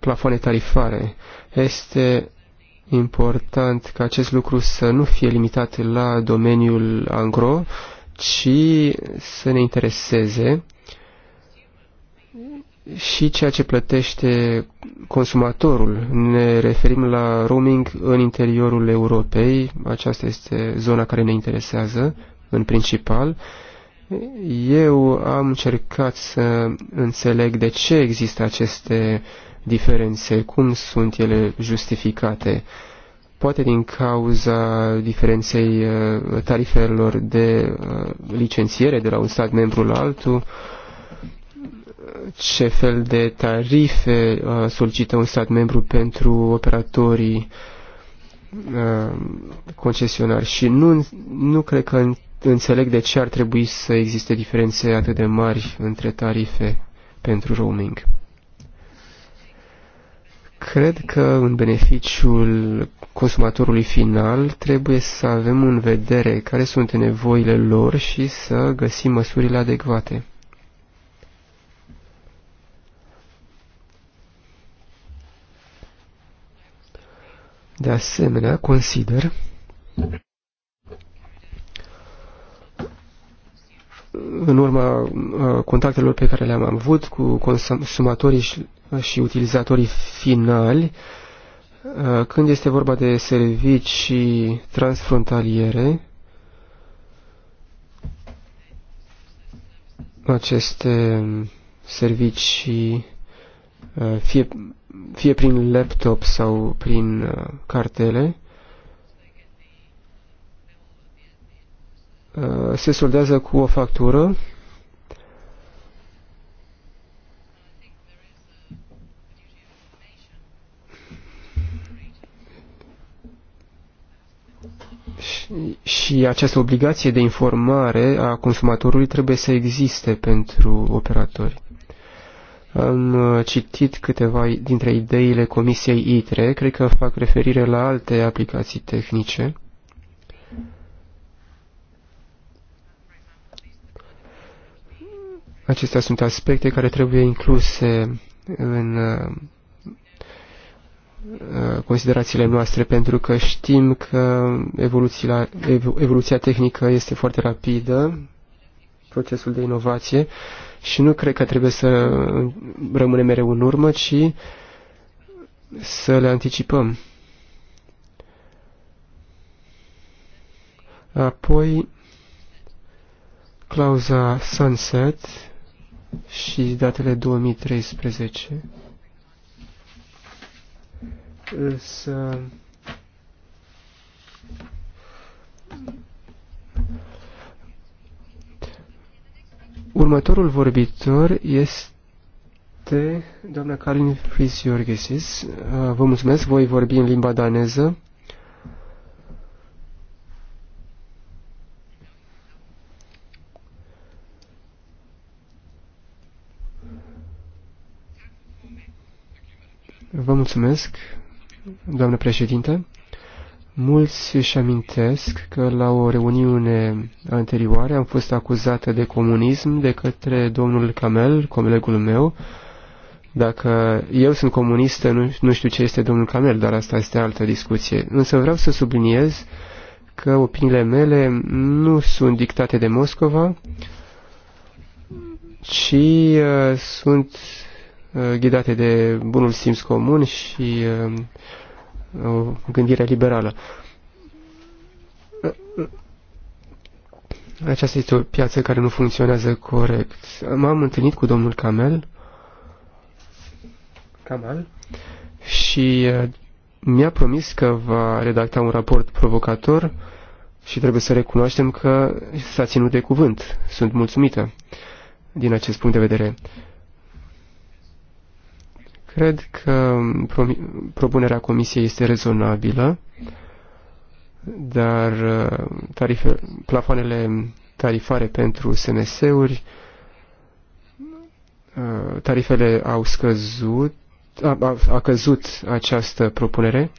plafoane tarifare, este important ca acest lucru să nu fie limitat la domeniul angro, ci să ne intereseze și ceea ce plătește consumatorul. Ne referim la roaming în interiorul Europei, aceasta este zona care ne interesează în principal. Eu am încercat să înțeleg de ce există aceste diferențe, cum sunt ele justificate. Poate din cauza diferenței uh, tarifelor de uh, licențiere de la un stat membru la altul, ce fel de tarife uh, solicită un stat membru pentru operatorii uh, concesionari și nu, nu cred că înțeleg de ce ar trebui să existe diferențe atât de mari între tarife pentru roaming. Cred că în beneficiul consumatorului final trebuie să avem în vedere care sunt nevoile lor și să găsim măsurile adecvate. De asemenea, consider în urma uh, contactelor pe care le-am avut cu consumatorii și, uh, utilizatorii finali, uh, când este vorba de servicii transfrontaliere, aceste servicii Uh, fie, fie prin laptop sau prin uh, cartele, uh, se soldează cu o factură și această obligație de informare a consumatorului trebuie să existe pentru operatori. Am uh, citit câteva dintre ideile Comisiei ITRE, cred că fac referire la alte aplicații tehnice. Acestea sunt aspecte care trebuie incluse în uh, uh, considerațiile noastre, pentru că știm că evoluția, evoluția tehnică este foarte rapidă, procesul de inovație și nu cred că trebuie să rămânem mereu în urmă, ci să le anticipăm. Apoi, clauza Sunset și datele 2013 să Următorul vorbitor este doamna Karin Frisiorgesis. Uh, vă mulțumesc, voi vorbi în limba daneză. Vă mulțumesc, doamnă președinte. Mulți își amintesc că la o reuniune anterioară am fost acuzată de comunism de către domnul Camel, colegul meu. Dacă eu sunt comunistă, nu, nu știu ce este domnul Camel, dar asta este altă discuție. Însă vreau să subliniez că opiniile mele nu sunt dictate de Moscova, ci uh, sunt uh, ghidate de bunul simț comun și uh, gândirea liberală. Aceasta este o piață care nu funcționează corect. M-am întâlnit cu domnul Camel, Camel. și uh, mi-a promis că va redacta un raport provocator și trebuie să recunoaștem că s-a ținut de cuvânt. Sunt mulțumită din acest punct de vedere. Cred că propunerea comisiei este rezonabilă, dar uh, tarife, plafoanele tarifare pentru SMS-uri, uh, tarifele au scăzut, a, a, a căzut această propunere.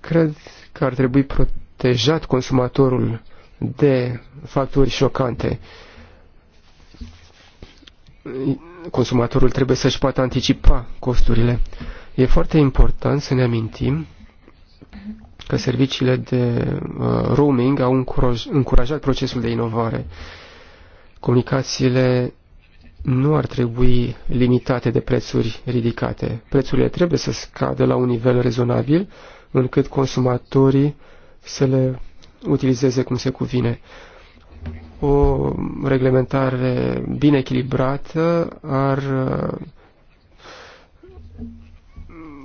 Cred că ar trebui protejat consumatorul de facturi șocante. Uh, consumatorul trebuie să-și poată anticipa costurile. E foarte important să ne amintim că serviciile de uh, roaming au încurajat procesul de inovare. Comunicațiile nu ar trebui limitate de prețuri ridicate. Prețurile trebuie să scadă la un nivel rezonabil, încât consumatorii să le utilizeze cum se cuvine. O reglementare bine echilibrată ar,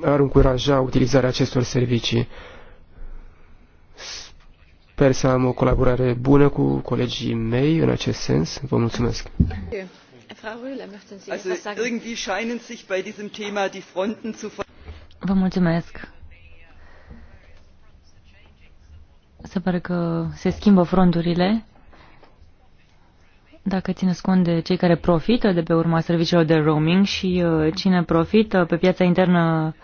ar încuraja utilizarea acestor servicii. Sper să am o colaborare bună cu colegii mei în acest sens. Vă mulțumesc. Vă mulțumesc. Se pare că se schimbă fronturile dacă țineți cont de cei care profită de pe urma serviciilor de roaming și uh, cine profită pe piața internă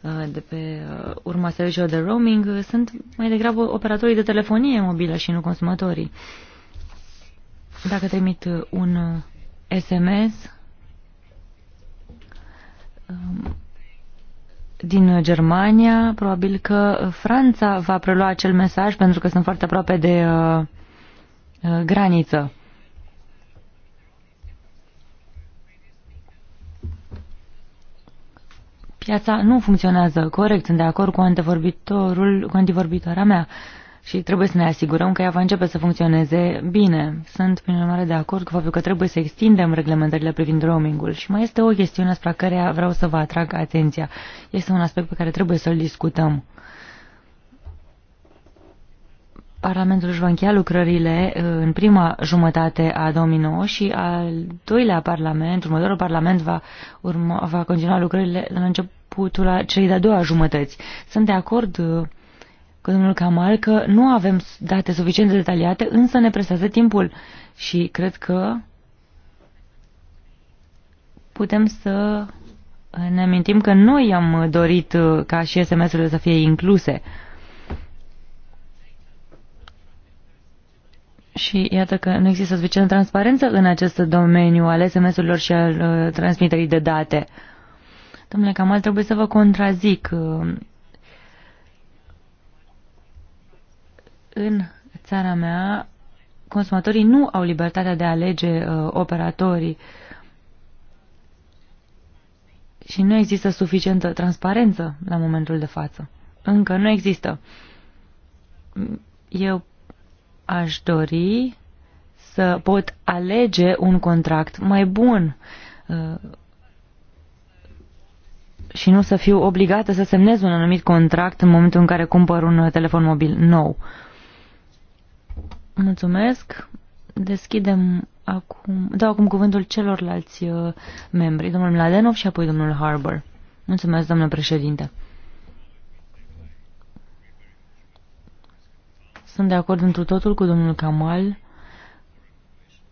uh, de pe uh, urma serviciilor de roaming, sunt mai degrabă operatorii de telefonie mobilă și nu consumatorii. Dacă trimit un SMS um, din Germania, probabil că Franța va prelua acel mesaj pentru că sunt foarte aproape de graniță. Piața nu funcționează corect, sunt de acord cu antevorbitorul, cu antivorbitoarea mea și trebuie să ne asigurăm că ea va începe să funcționeze bine. Sunt, prin urmare, de acord cu faptul că trebuie să extindem reglementările privind roamingul și mai este o chestiune asupra care vreau să vă atrag atenția. Este un aspect pe care trebuie să-l discutăm. Parlamentul își va încheia lucrările uh, în prima jumătate a 2009 și al doilea Parlament, următorul Parlament va, urma, va continua lucrările în încep, începutul cei de-a doua jumătăți. Sunt de acord uh, cu domnul Camal că nu avem date suficient de detaliate, însă ne prestează timpul și cred că putem să ne amintim că noi am dorit uh, ca și SMS-urile să fie incluse. Și iată că nu există suficientă transparență în acest domeniu al SMS-urilor și al uh, transmiterii de date. Domnule Camal, trebuie să vă contrazic. Uh, în țara mea, consumatorii nu au libertatea de a alege uh, operatorii și nu există suficientă transparență la momentul de față. Încă nu există. Eu aș dori să pot alege un contract mai bun uh, și nu să fiu obligată să semnez un anumit contract în momentul în care cumpăr un uh, telefon mobil nou. Mulțumesc. Deschidem acum, dau acum cuvântul celorlalți uh, membri, domnul Mladenov și apoi domnul Harbour. Mulțumesc, domnule președinte. Sunt de acord întru totul cu domnul Kamal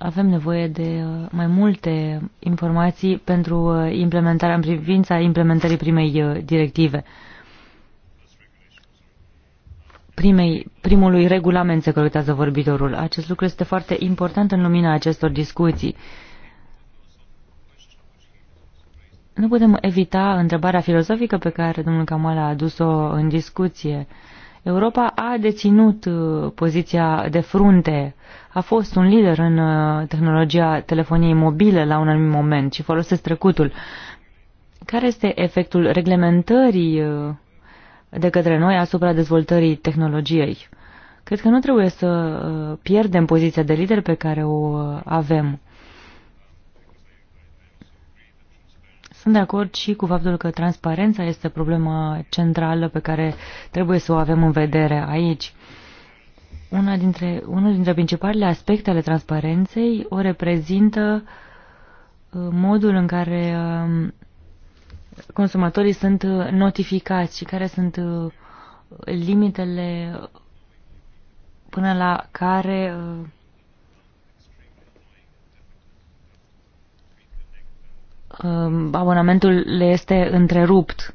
avem nevoie de uh, mai multe informații pentru uh, implementarea în privința implementării primei uh, directive. Primei, primului regulament se corectează vorbitorul. Acest lucru este foarte important în lumina acestor discuții. Nu putem evita întrebarea filozofică pe care domnul Kamal a adus-o în discuție. Europa a deținut poziția de frunte a fost un lider în uh, tehnologia telefoniei mobile la un anumit moment și folosesc trecutul. Care este efectul reglementării uh, de către noi asupra dezvoltării tehnologiei? Cred că nu trebuie să uh, pierdem poziția de lider pe care o avem. Sunt de acord și cu faptul că transparența este problema centrală pe care trebuie să o avem în vedere aici. Una dintre, unul dintre principalele aspecte ale transparenței o reprezintă uh, modul în care um, consumatorii sunt uh, notificați și care sunt uh, limitele până la care um, abonamentul le este întrerupt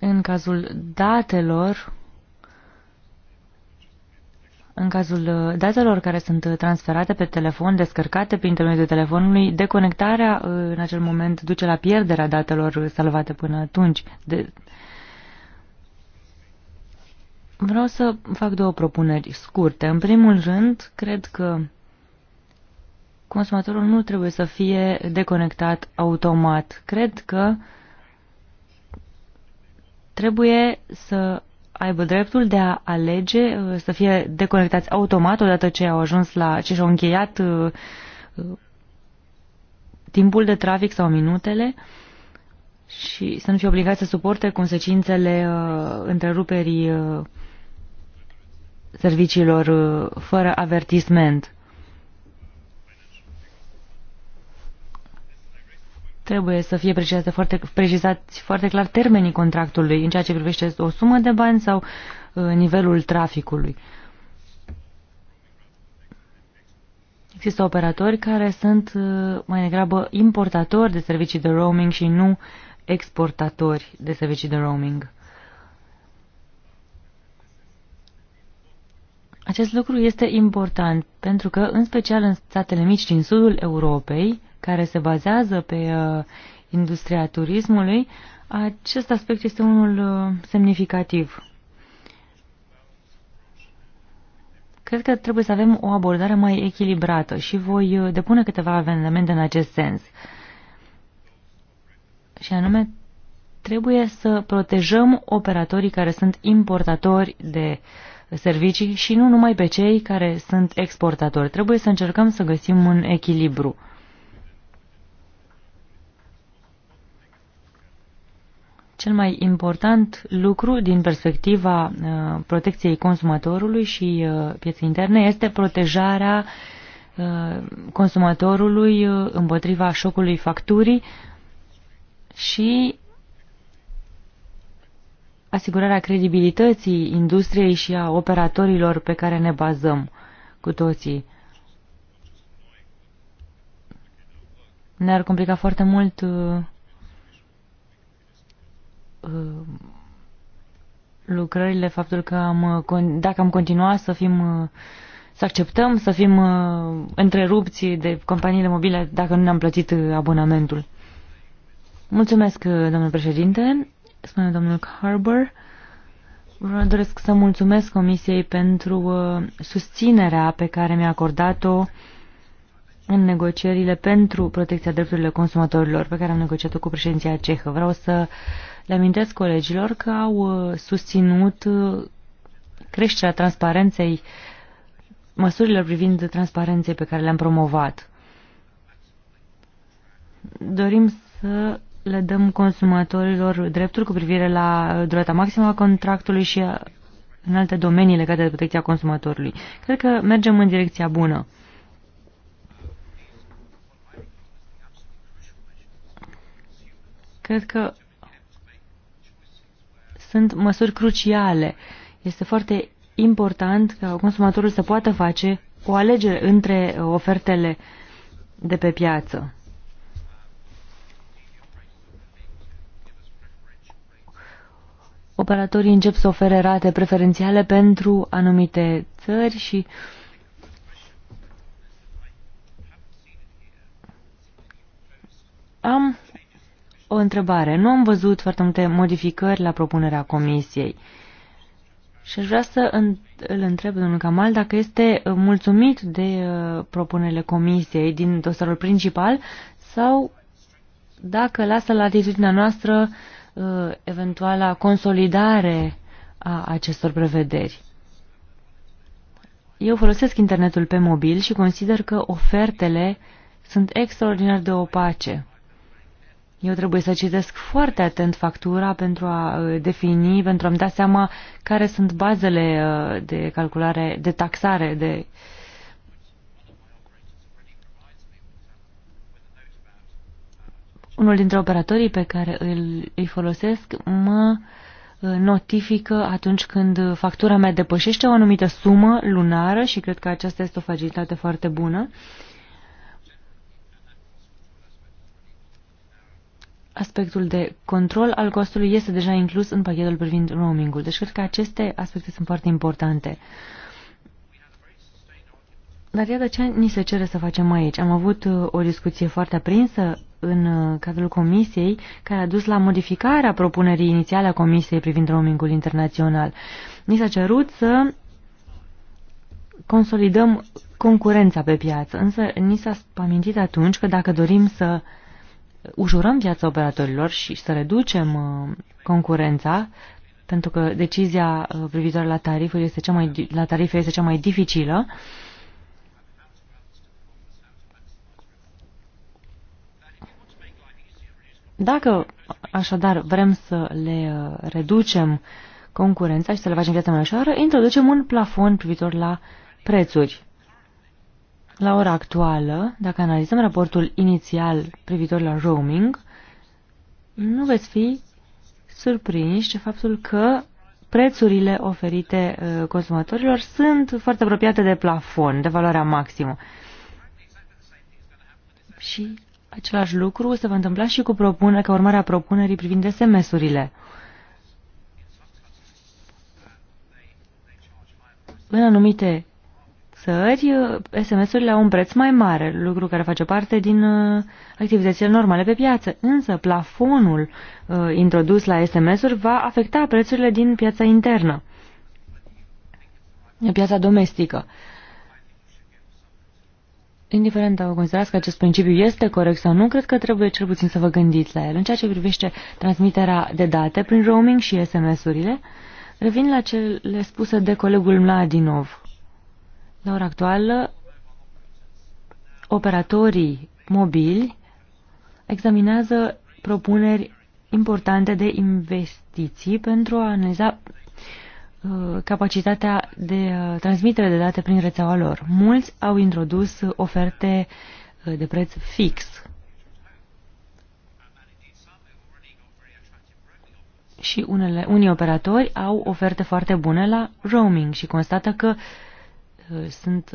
În cazul datelor, în cazul uh, datelor care sunt uh, transferate pe telefon, descărcate prin intermediul de telefonului, deconectarea uh, în acel moment duce la pierderea datelor salvate până atunci. De... Vreau să fac două propuneri scurte. În primul rând, cred că consumatorul nu trebuie să fie deconectat automat. Cred că uh, trebuie să aibă dreptul de a alege uh, să fie deconectați automat odată ce au ajuns la ce și-au încheiat uh, uh, timpul de trafic sau minutele și să nu fie obligați să suporte consecințele întreruperii serviciilor fără avertisment. trebuie să fie precizate foarte, precizați foarte clar termenii contractului în ceea ce privește o sumă de bani sau uh, nivelul traficului. Există operatori care sunt uh, mai degrabă importatori de servicii de roaming și nu exportatori de servicii de roaming. Acest lucru este important pentru că, în special în statele mici din sudul Europei, care se bazează pe uh, industria turismului, acest aspect este unul uh, semnificativ. Cred că trebuie să avem o abordare mai echilibrată și voi uh, depune câteva amendamente în acest sens. Și anume, trebuie să protejăm operatorii care sunt importatori de servicii și nu numai pe cei care sunt exportatori. Trebuie să încercăm să găsim un echilibru. Cel mai important lucru din perspectiva uh, protecției consumatorului și uh, pieței interne este protejarea uh, consumatorului împotriva șocului facturii și asigurarea credibilității industriei și a operatorilor pe care ne bazăm cu toții. Ne-ar complica foarte mult Uh, lucrările, faptul că am, uh, dacă am continuat să fim uh, să acceptăm să fim întrerupți de companiile mobile dacă nu ne-am plătit abonamentul. Mulțumesc, domnul președinte, spune domnul Harbour. Vreau doresc să mulțumesc Comisiei pentru susținerea pe care mi-a acordat-o în negocierile pentru protecția drepturilor consumatorilor pe care am negociat-o cu președinția cehă. Vreau să le amintesc colegilor că au uh, susținut uh, creșterea transparenței, măsurilor privind transparenței pe care le-am promovat. Dorim să le dăm consumatorilor drepturi cu privire la durata maximă a contractului și uh, în alte domenii legate de protecția consumatorului. Cred că mergem în direcția bună. Cred că sunt măsuri cruciale. Este foarte important ca consumatorul să poată face o alegere între uh, ofertele de pe piață. Operatorii încep să ofere rate preferențiale pentru anumite țări și am o întrebare. Nu am văzut foarte multe modificări la propunerea comisiei. Și aș vrea să îl întreb, domnul Camal, dacă este uh, mulțumit de uh, propunerile comisiei din dosarul principal sau dacă lasă la atitudinea noastră uh, eventuala consolidare a acestor prevederi. Eu folosesc internetul pe mobil și consider că ofertele sunt extraordinar de opace. Eu trebuie să citesc foarte atent factura pentru a uh, defini, pentru a-mi da seama care sunt bazele uh, de calculare, de taxare, de Unul dintre operatorii pe care îl, îi folosesc mă uh, notifică atunci când factura mea depășește o anumită sumă lunară și cred că aceasta este o facilitate foarte bună. Uh, aspectul de control al costului este deja inclus în pachetul privind roamingul. Deci cred că aceste aspecte sunt foarte importante. Dar iată ce ni se cere să facem aici. Am avut uh, o discuție foarte aprinsă în uh, cadrul comisiei care a dus la modificarea propunerii inițiale a comisiei privind roamingul internațional. Ni s-a cerut să consolidăm concurența pe piață, însă ni s-a amintit atunci că dacă dorim să uh, ușurăm viața operatorilor și să reducem uh, concurența, pentru că decizia uh, privitoare la tarife este cea mai, la tarife este cea mai dificilă. Dacă așadar vrem să le uh, reducem concurența și să le facem viața mai ușoară, introducem un plafon privitor la prețuri. La ora actuală, dacă analizăm raportul inițial privitor la roaming, nu veți fi surprinși de faptul că prețurile oferite uh, consumatorilor sunt foarte apropiate de plafon, de valoarea maximă. Și același lucru se va întâmpla și cu propunerea, ca urmare a propunerii privind SMS-urile. În anumite țări, SMS-urile au un preț mai mare, lucru care face parte din uh, activitățile normale pe piață. Însă plafonul uh, introdus la SMS-uri va afecta prețurile din piața internă, piața domestică. Indiferent dacă considerați că acest principiu este corect sau nu, cred că trebuie cel puțin să vă gândiți la el. În ceea ce privește transmiterea de date prin roaming și SMS-urile, revin la cele spuse de colegul Mladinov. La ora actuală, operatorii mobili examinează propuneri importante de investiții pentru a analiza uh, capacitatea de uh, transmitere de date prin rețeaua lor. Mulți au introdus oferte uh, de preț fix. Și unele, unii operatori au oferte foarte bune la roaming și constată că uh, Uh, sunt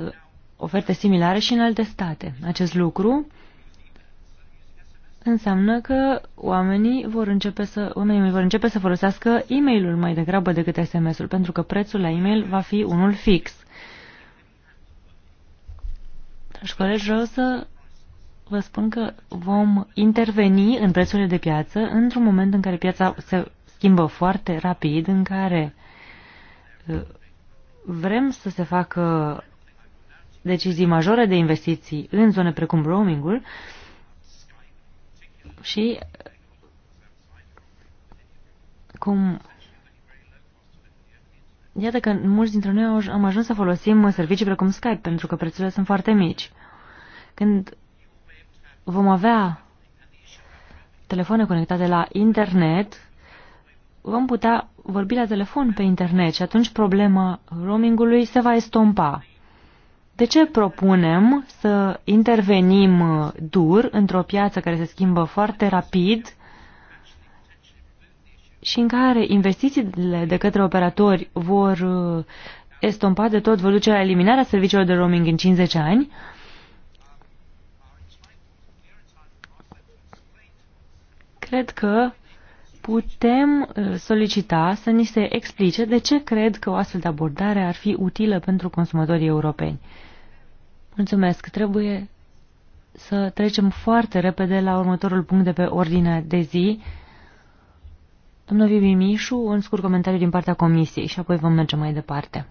oferte similare și în alte state. Acest lucru înseamnă că oamenii vor începe să, oamenii vor începe să folosească e mail mai degrabă decât SMS-ul, pentru că prețul la e-mail va fi unul fix. Dragi colegi, vreau să vă spun că vom interveni în prețurile de piață într-un moment în care piața se schimbă foarte rapid, în care uh, vrem să se facă decizii majore de investiții în zone precum roamingul și cum Iată că mulți dintre noi am ajuns să folosim servicii precum Skype, pentru că prețurile sunt foarte mici. Când vom avea telefoane conectate la internet, vom putea vorbi la telefon pe internet și atunci problema roamingului se va estompa. De ce propunem să intervenim uh, dur într-o piață care se schimbă foarte rapid și în care investițiile de către operatori vor uh, estompa de tot, vor duce la eliminarea serviciilor de roaming în 50 ani? Cred că putem uh, solicita să ni se explice de ce cred că o astfel de abordare ar fi utilă pentru consumatorii europeni. Mulțumesc. Trebuie să trecem foarte repede la următorul punct de pe ordinea de zi. Domnul Vivi Mișu, un scurt comentariu din partea Comisiei și apoi vom merge mai departe.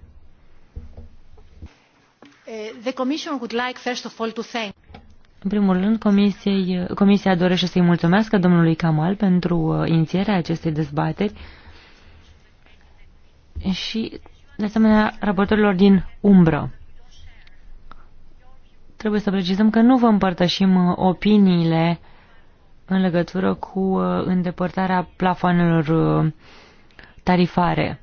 Eh, the Commission would like first of all to thank în primul rând, comisiei, Comisia dorește să-i mulțumească domnului Kamal pentru uh, inițierea acestei dezbateri și, de asemenea, raportorilor din umbră. Trebuie să precizăm că nu vă împărtășim uh, opiniile în legătură cu uh, îndepărtarea plafoanelor tarifare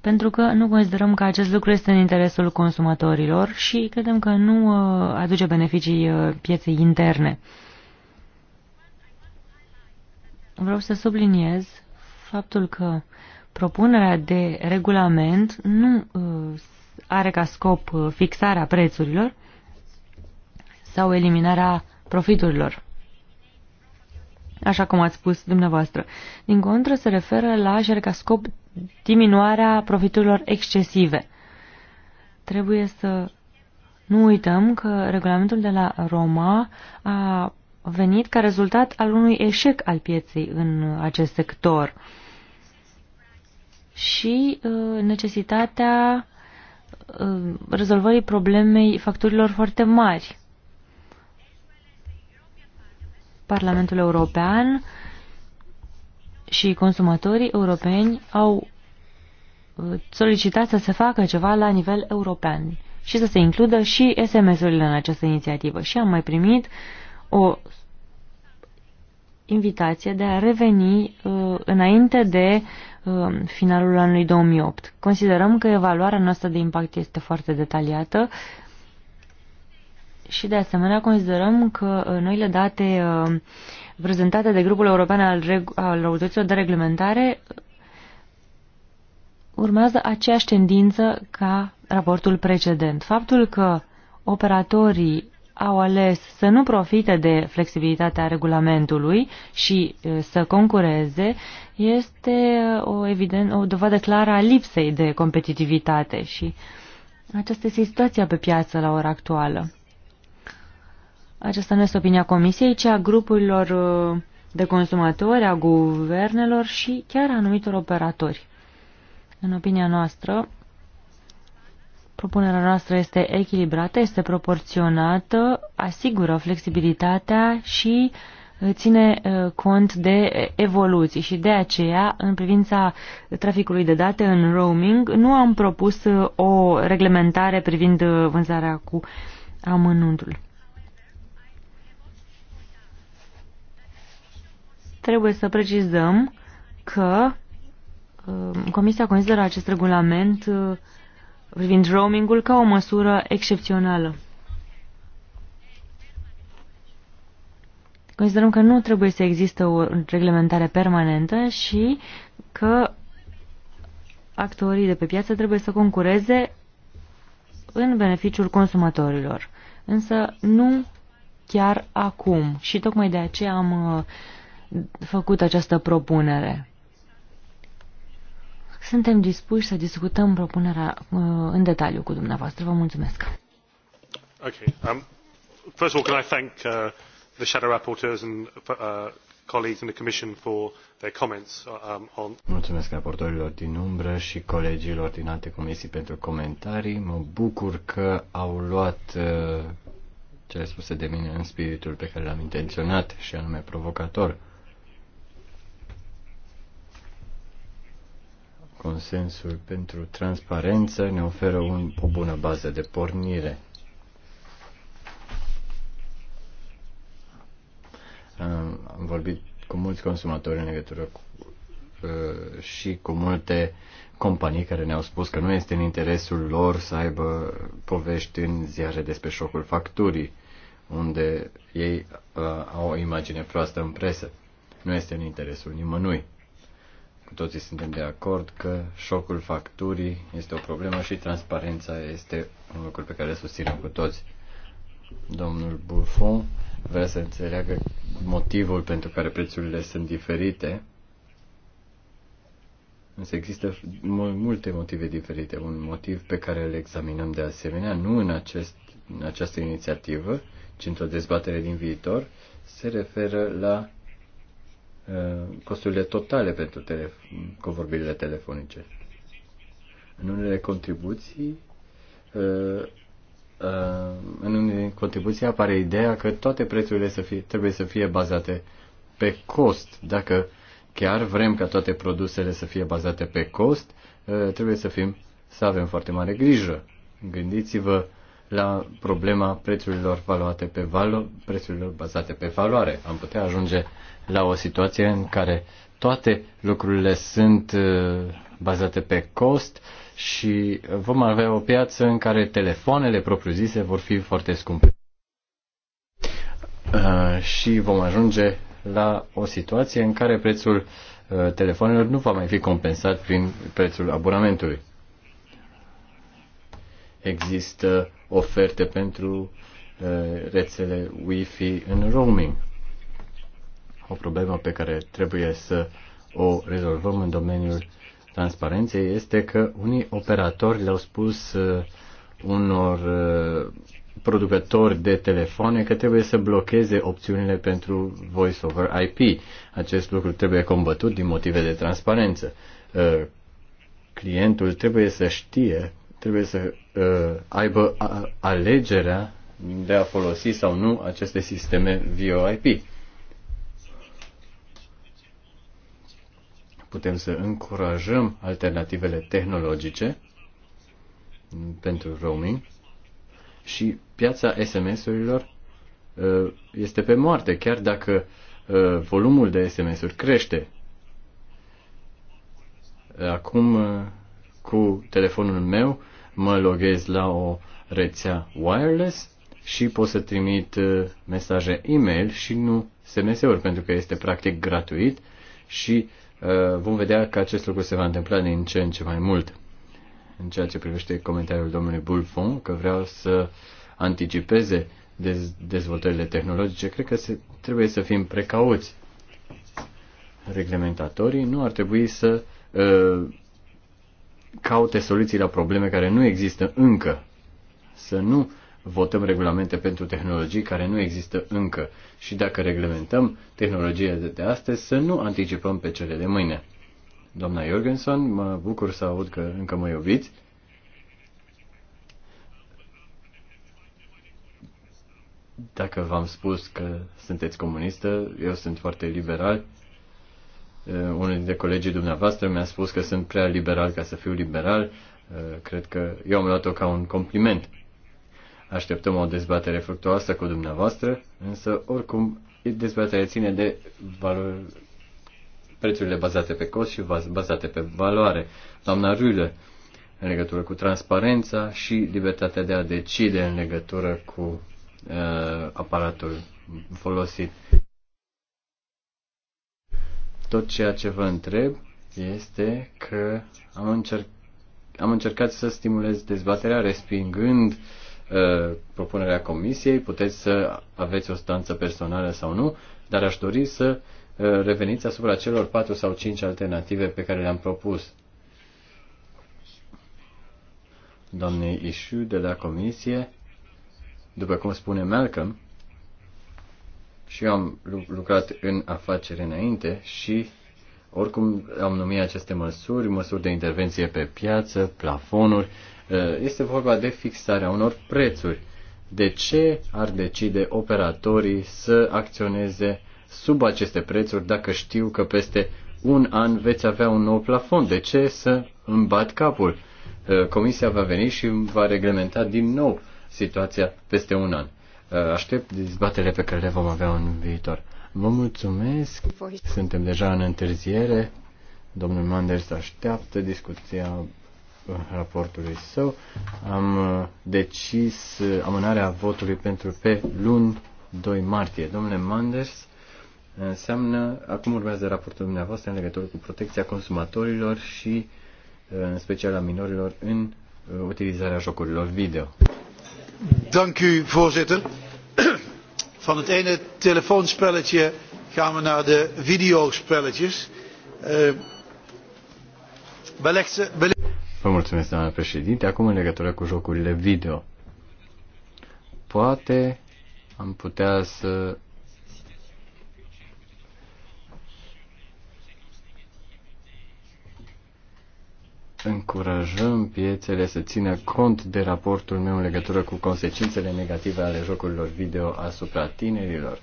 pentru că nu considerăm că acest lucru este în interesul consumatorilor și credem că nu uh, aduce beneficii uh, pieței interne. Vreau să subliniez faptul că propunerea de regulament nu uh, are ca scop fixarea prețurilor sau eliminarea profiturilor așa cum ați spus dumneavoastră. Din contră, se referă la și are ca scop diminuarea profiturilor excesive. Trebuie să nu uităm că regulamentul de la Roma a venit ca rezultat al unui eșec al pieței în acest sector și uh, necesitatea uh, rezolvării problemei facturilor foarte mari. Parlamentul European și consumatorii europeni au uh, solicitat să se facă ceva la nivel european și să se includă și SMS-urile în această inițiativă. Și am mai primit o invitație de a reveni uh, înainte de uh, finalul anului 2008. Considerăm că evaluarea noastră de impact este foarte detaliată și de asemenea considerăm că uh, noile date uh, prezentate de grupul european al, reg al autorităților de reglementare urmează aceeași tendință ca raportul precedent. Faptul că operatorii au ales să nu profite de flexibilitatea regulamentului și să concureze este o, evident, o dovadă clară a lipsei de competitivitate și aceasta este situația pe piață la ora actuală. Aceasta nu este opinia Comisiei, ci a grupurilor uh, de consumatori, a guvernelor și chiar a anumitor operatori. În opinia noastră, propunerea noastră este echilibrată, este proporționată, asigură flexibilitatea și uh, ține uh, cont de evoluții și de aceea, în privința traficului de date în roaming, nu am propus o reglementare privind vânzarea cu amănuntul. trebuie să precizăm că um, Comisia consideră acest regulament uh, privind roamingul ca o măsură excepțională. Considerăm că nu trebuie să existe o reglementare permanentă și că actorii de pe piață trebuie să concureze în beneficiul consumatorilor. Însă nu chiar acum. Și tocmai de aceea am uh, făcut această propunere. Suntem dispuși să discutăm propunerea uh, în detaliu cu dumneavoastră. Vă mulțumesc. Okay. Um, first of all, can I thank uh, the shadow rapporteurs and uh, colleagues in the Commission for their comments uh, um, on. Mulțumesc raportorilor din umbră și colegilor din alte comisii pentru comentarii. Mă bucur că au luat uh, cele spuse de mine în spiritul pe care l-am intenționat și anume provocator. Consensul pentru transparență ne oferă un, o bună bază de pornire. Am vorbit cu mulți consumatori în legătură cu, uh, și cu multe companii care ne-au spus că nu este în interesul lor să aibă povești în ziare despre șocul facturii, unde ei uh, au o imagine proastă în presă. Nu este în interesul nimănui. Cu toții suntem de acord că șocul facturii este o problemă și transparența este un lucru pe care îl susținem cu toți. Domnul Buffon vrea să înțeleagă motivul pentru care prețurile sunt diferite. Însă există multe motive diferite. Un motiv pe care îl examinăm de asemenea, nu în, acest, în această inițiativă, ci într-o dezbatere din viitor, se referă la Uh, costurile totale pentru telef- convorbirile telefonice. În unele contribuții uh, uh, în unele contribuții apare ideea că toate prețurile să fie, trebuie să fie bazate pe cost. Dacă chiar vrem ca toate produsele să fie bazate pe cost, trebuie să fim să avem foarte mare grijă. Gândiți-vă la problema prețurilor valuate pe valo, prețurilor bazate pe valoare. Am putea ajunge la o situație în care toate lucrurile sunt uh, bazate pe cost și vom avea o piață în care telefoanele propriu-zise vor fi foarte scumpe. Uh, și vom ajunge la o situație în care prețul uh, telefonelor nu va mai fi compensat prin prețul abonamentului există oferte pentru eh, rețele Wi-Fi în roaming. O problemă pe care trebuie să o rezolvăm în domeniul transparenței este că unii operatori le-au spus eh, unor eh, producători de telefoane că trebuie să blocheze opțiunile pentru voice over IP. Acest lucru trebuie combătut din motive de transparență. Clientul trebuie să știe trebuie să uh, aibă a, alegerea de a folosi sau nu aceste sisteme VOIP. Putem să încurajăm alternativele tehnologice pentru roaming și piața SMS-urilor uh, este pe moarte, chiar dacă uh, volumul de SMS-uri crește. Acum uh, cu telefonul meu, mă loghez la o rețea wireless și pot să trimit uh, mesaje e-mail și nu SMS-uri, pentru că este practic gratuit și uh, vom vedea că acest lucru se va întâmpla din ce în ce mai mult. În ceea ce privește comentariul domnului Bulfon, că vreau să anticipeze dez- dezvoltările tehnologice, cred că se, trebuie să fim precauți. Reglementatorii nu ar trebui să uh, caute soluții la probleme care nu există încă. Să nu votăm regulamente pentru tehnologii care nu există încă și dacă reglementăm tehnologia de, de astăzi, să nu anticipăm pe cele de mâine. Doamna Jorgenson, mă bucur să aud că încă mă iubiți. Dacă v-am spus că sunteți comunistă, eu sunt foarte liberal Eh, unul dintre colegii dumneavoastră mi-a spus că sunt prea liberal ca să fiu liberal. Eh, cred că eu am luat-o ca un compliment. Așteptăm o dezbatere fructuoasă cu dumneavoastră, însă oricum dezbaterea ține de valori, prețurile bazate pe cost și bazate pe valoare. Doamna Rulă, în legătură cu transparența și libertatea de a decide în legătură cu uh, aparatul folosit. Tot ceea ce vă întreb este că am, încerc, am încercat să stimulez dezbaterea respingând uh, propunerea comisiei. Puteți să aveți o stanță personală sau nu, dar aș dori să uh, reveniți asupra celor patru sau cinci alternative pe care le-am propus. Doamnei Ișu de la comisie, după cum spune Malcolm, și eu am lucrat în afaceri înainte și oricum am numit aceste măsuri, măsuri de intervenție pe piață, plafonuri, uh, este vorba de fixarea unor prețuri. De ce ar decide operatorii să acționeze sub aceste prețuri dacă știu că peste un an veți avea un nou plafon? De ce să îmi bat capul? Uh, comisia va veni și va reglementa din nou situația peste un an. Uh, aștept dezbaterile pe care le vom avea în viitor. Vă mulțumesc. Suntem deja în întârziere. Domnul Manders așteaptă discuția uh, raportului său. Am uh, decis amânarea votului pentru pe luni 2 martie. Domnule Manders, înseamnă, acum urmează raportul dumneavoastră în legătură cu protecția consumatorilor și în special a minorilor în utilizarea jocurilor video voorzitter. Van het ene telefoonspelletje gaan we naar de videospelletjes. Uh, eh, belegse, eh, Vă mulțumesc, doamnă președinte. Acum, în legătură cu jocurile video, poate am putea să încurajăm piețele să țină cont de raportul meu în legătură cu consecințele negative ale jocurilor video asupra tinerilor.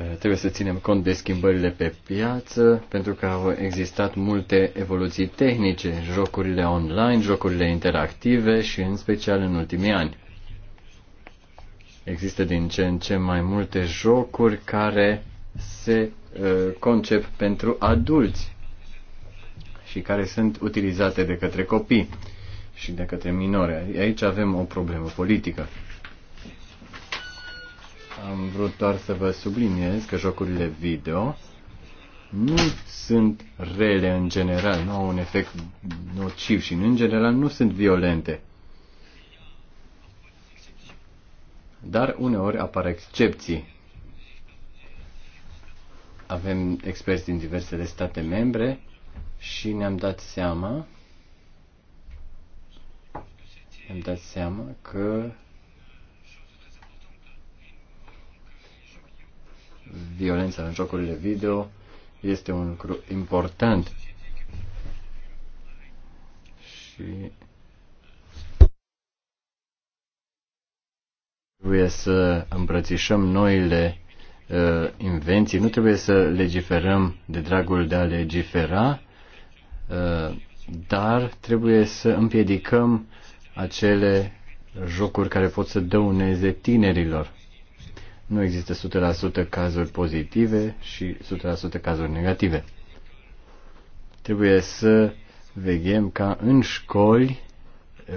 Uh, trebuie să ținem cont de schimbările pe piață, pentru că au existat multe evoluții tehnice, jocurile online, jocurile interactive și în special în ultimii ani. Există din ce în ce mai multe jocuri care se uh, concep pentru adulți și care sunt utilizate de către copii și de către minore. Aici avem o problemă politică. Am vrut doar să vă subliniez că jocurile video nu sunt rele în general, nu au un efect nociv și în general nu sunt violente. Dar uneori apar excepții. Avem experți din diversele state membre și ne-am dat seama ne-am dat seama că violența în jocurile video este un lucru important și trebuie să îmbrățișăm noile uh, invenții, nu trebuie să legiferăm de dragul de a legifera, Uh, dar trebuie să împiedicăm acele jocuri care pot să dăuneze tinerilor. Nu există 100% cazuri pozitive și 100% cazuri negative. Trebuie să veghem ca în școli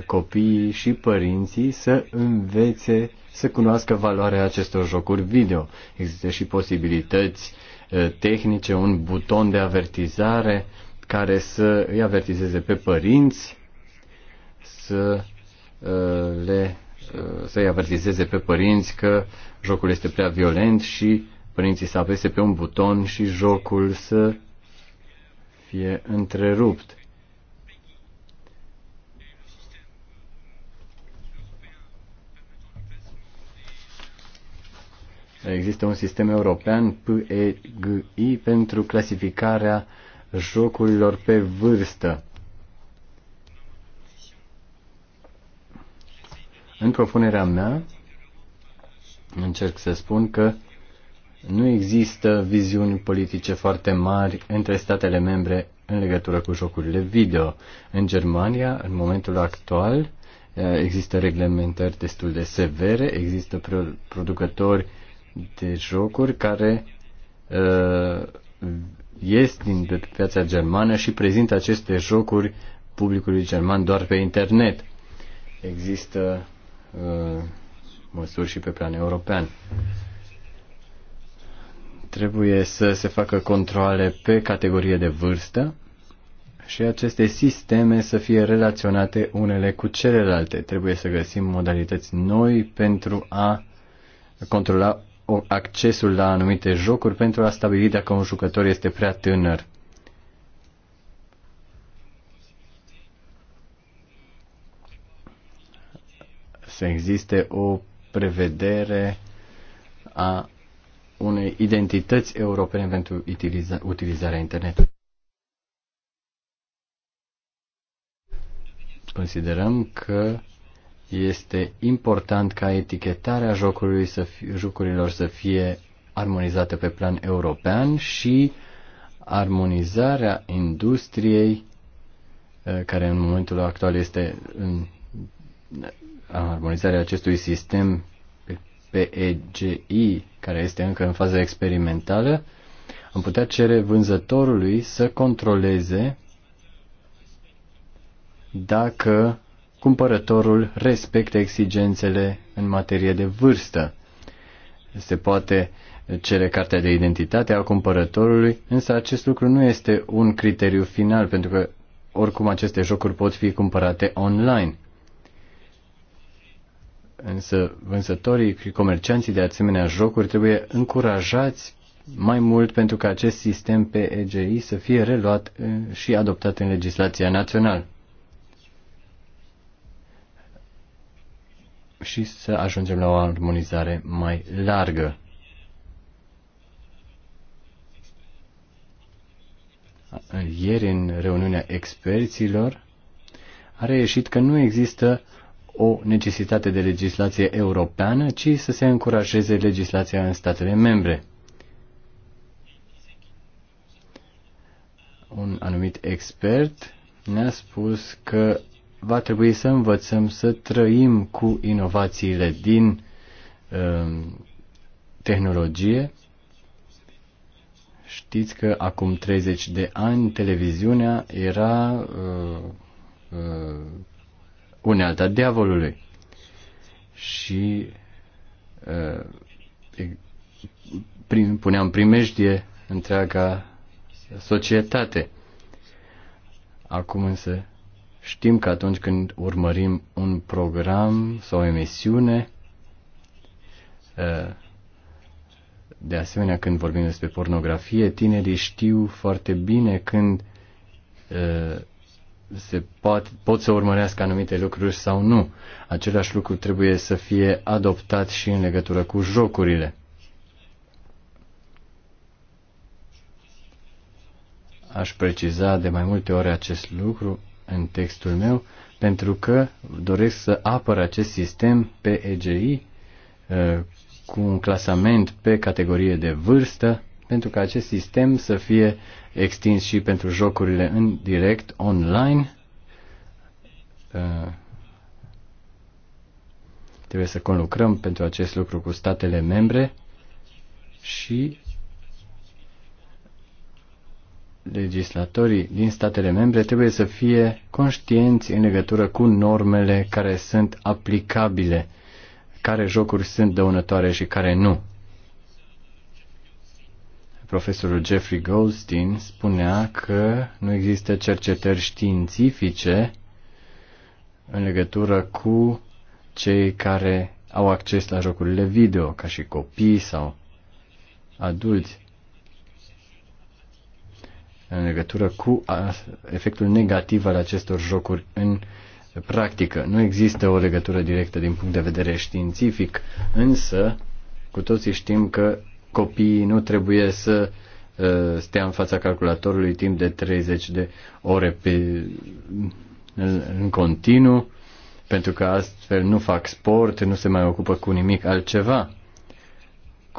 copiii și părinții să învețe să cunoască valoarea acestor jocuri video. Există și posibilități uh, tehnice, un buton de avertizare, care să îi avertizeze pe părinți, să uh, le uh, să-i avertizeze pe părinți că jocul este prea violent și părinții să apese pe un buton și jocul să fie întrerupt. Există un sistem european PEGI pentru clasificarea uh, jocurilor pe vârstă. În propunerea mea încerc să spun că nu există viziuni politice foarte mari între statele membre în legătură cu jocurile video. În Germania, în momentul actual, există reglementări destul de severe, există producători de jocuri care uh, ies din piața germană și prezintă aceste jocuri publicului german doar pe internet. Există uh, măsuri și pe plan european. Trebuie să se facă controle pe categorie de vârstă și aceste sisteme să fie relaționate unele cu celelalte. Trebuie să găsim modalități noi pentru a controla accesul la anumite jocuri pentru a stabili dacă un jucător este prea tânăr. Să existe o prevedere a unei identități europene pentru utiliza- utilizarea internetului. Considerăm că este important ca etichetarea jocului să fie, jocurilor să fie armonizată pe plan european și armonizarea industriei uh, care în momentul actual este în uh, armonizarea acestui sistem PEGI, care este încă în fază experimentală, am putea cere vânzătorului să controleze dacă cumpărătorul respectă exigențele în materie de vârstă. Se poate cere cartea de identitate a cumpărătorului, însă acest lucru nu este un criteriu final, pentru că oricum aceste jocuri pot fi cumpărate online. Însă vânzătorii și comercianții de asemenea jocuri trebuie încurajați mai mult pentru ca acest sistem PEGI să fie reluat eh, și adoptat în legislația națională. și să ajungem la o armonizare mai largă. Ieri, în reuniunea experților, a reieșit că nu există o necesitate de legislație europeană, ci să se încurajeze legislația în statele membre. Un anumit expert ne-a spus că va trebui să învățăm să trăim cu inovațiile din uh, tehnologie. Știți că acum 30 de ani televiziunea era uh, uh, unealta diavolului și uh, prim, puneam primejdie întreaga societate. Acum însă Știm că atunci când urmărim un program sau o emisiune, ă, de asemenea când vorbim despre pornografie, tinerii știu foarte bine când ă, se pot, pot să urmărească anumite lucruri sau nu. Același lucru trebuie să fie adoptat și în legătură cu jocurile. Aș preciza de mai multe ori acest lucru în textul meu, pentru că doresc să apăr acest sistem pe EGI uh, cu un clasament pe categorie de vârstă, pentru că acest sistem să fie extins și pentru jocurile în direct, online. Uh, trebuie să conlucrăm pentru acest lucru cu statele membre și legislatorii din statele membre trebuie să fie conștienți în legătură cu normele care sunt aplicabile, care jocuri sunt dăunătoare și care nu. Profesorul Jeffrey Goldstein spunea că nu există cercetări științifice în legătură cu cei care au acces la jocurile video, ca și copii sau adulți în legătură cu efectul negativ al acestor jocuri în practică. Nu există o legătură directă din punct de vedere științific, însă cu toții știm că copiii nu trebuie să ă, stea în fața calculatorului timp de 30 de ore pe, în continuu, pentru că astfel nu fac sport, nu se mai ocupă cu nimic altceva.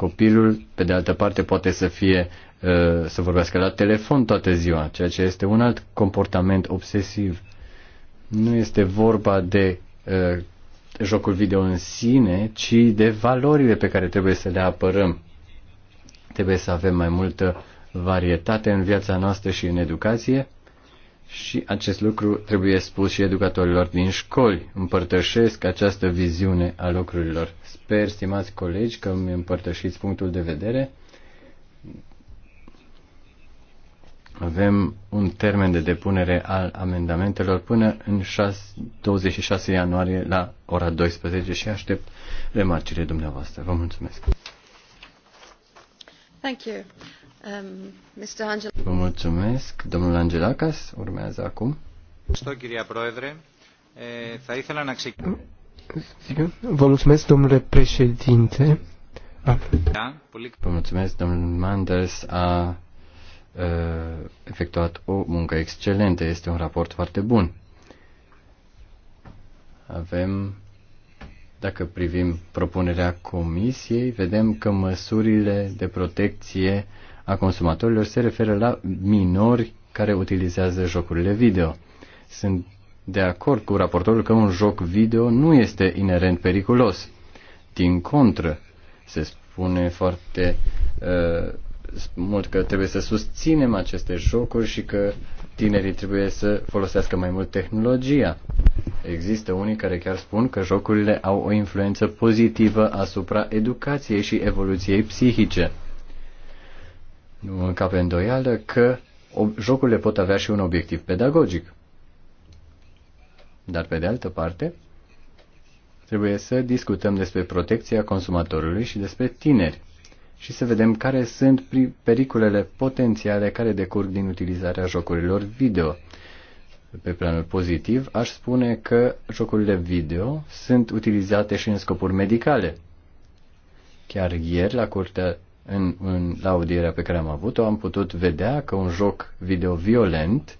Copilul, pe de altă parte, poate să fie uh, să vorbească la telefon toată ziua, ceea ce este un alt comportament obsesiv. Nu este vorba de uh, jocul video în sine, ci de valorile pe care trebuie să le apărăm. Trebuie să avem mai multă varietate în viața noastră și în educație și acest lucru trebuie spus și educatorilor din școli. Împărtășesc această viziune a lucrurilor. Sper, stimați colegi, că îmi împărtășiți punctul de vedere. Avem un termen de depunere al amendamentelor până în 6, 26 ianuarie la ora 12 și aștept remarcile dumneavoastră. Vă mulțumesc. Thank you. Um, Mr. Angel... Vă mulțumesc. Domnul Angelakis urmează acum. Eh, Vă mulțumesc, domnule președinte. Ah. Da, Vă mulțumesc, domnul Manders a eh, efectuat o muncă excelentă. Este un raport foarte bun. Avem, dacă privim propunerea comisiei, vedem că măsurile de protecție uh, a consumatorilor se referă la minori care utilizează jocurile video. Sunt de acord cu raportorul că un joc video nu este inerent periculos. Din contră, se spune foarte uh, mult că trebuie să susținem aceste jocuri și că tinerii trebuie să folosească mai mult tehnologia. Există unii care chiar spun că jocurile au o influență pozitivă asupra educației și evoluției psihice încape îndoială că jocurile pot avea și un obiectiv pedagogic. Dar pe de altă parte, trebuie să discutăm despre protecția consumatorului și despre tineri și să vedem care sunt pericolele potențiale care decurg din utilizarea jocurilor video. Pe planul pozitiv, aș spune că jocurile video sunt utilizate și în scopuri medicale. Chiar ieri, la Curtea în, în, la audierea pe care am avut-o, am putut vedea că un joc video violent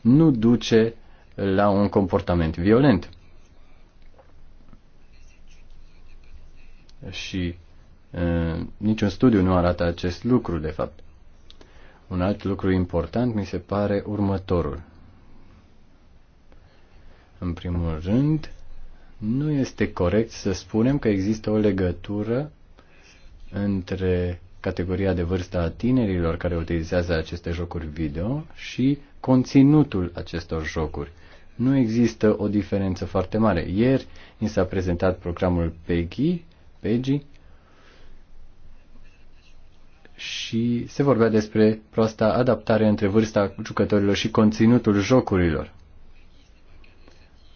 nu duce la un comportament violent. Și uh, niciun studiu nu arată acest lucru, de fapt. Un alt lucru important mi se pare următorul. În primul rând, nu este corect să spunem că există o legătură între categoria de vârstă a tinerilor care utilizează aceste jocuri video și conținutul acestor jocuri. Nu există o diferență foarte mare. Ieri ni s-a prezentat programul PEGI, PEGI și se vorbea despre proasta adaptare între vârsta jucătorilor și conținutul jocurilor.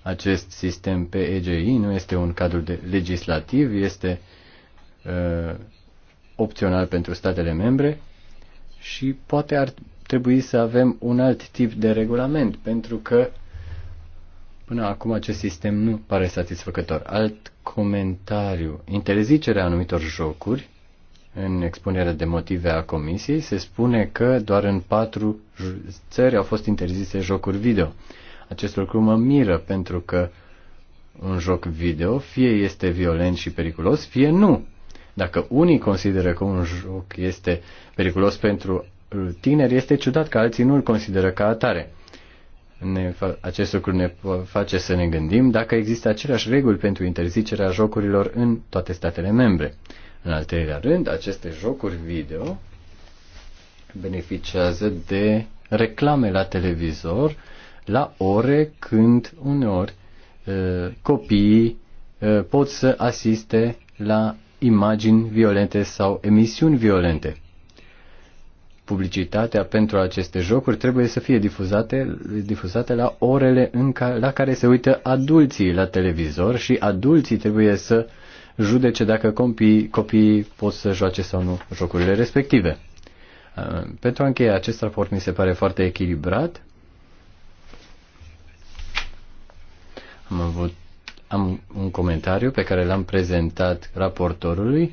Acest sistem PEGI nu este un cadru de legislativ, este uh, opțional pentru statele membre și poate ar trebui să avem un alt tip de regulament, pentru că până acum acest sistem nu pare satisfăcător. Alt comentariu. Interzicerea anumitor jocuri în expunerea de motive a comisiei se spune că doar în patru țări au fost interzise jocuri video. Acest lucru mă miră pentru că un joc video fie este violent și periculos, fie nu. Dacă unii consideră că un joc este periculos pentru tineri, este ciudat că alții nu îl consideră ca atare. Ne, acest lucru ne face să ne gândim dacă există aceleași reguli pentru interzicerea jocurilor în toate statele membre. În al treilea rând, aceste jocuri video beneficiază de reclame la televizor la ore când uneori uh, copiii uh, pot să asiste la imagini violente sau emisiuni violente. Publicitatea pentru aceste jocuri trebuie să fie difuzate, difuzate la orele în ca, la care se uită adulții la televizor și adulții trebuie să judece dacă copii copiii pot să joace sau nu jocurile respective. Pentru a încheia, acest raport mi se pare foarte echilibrat. Am avut am un comentariu pe care l-am prezentat raportorului.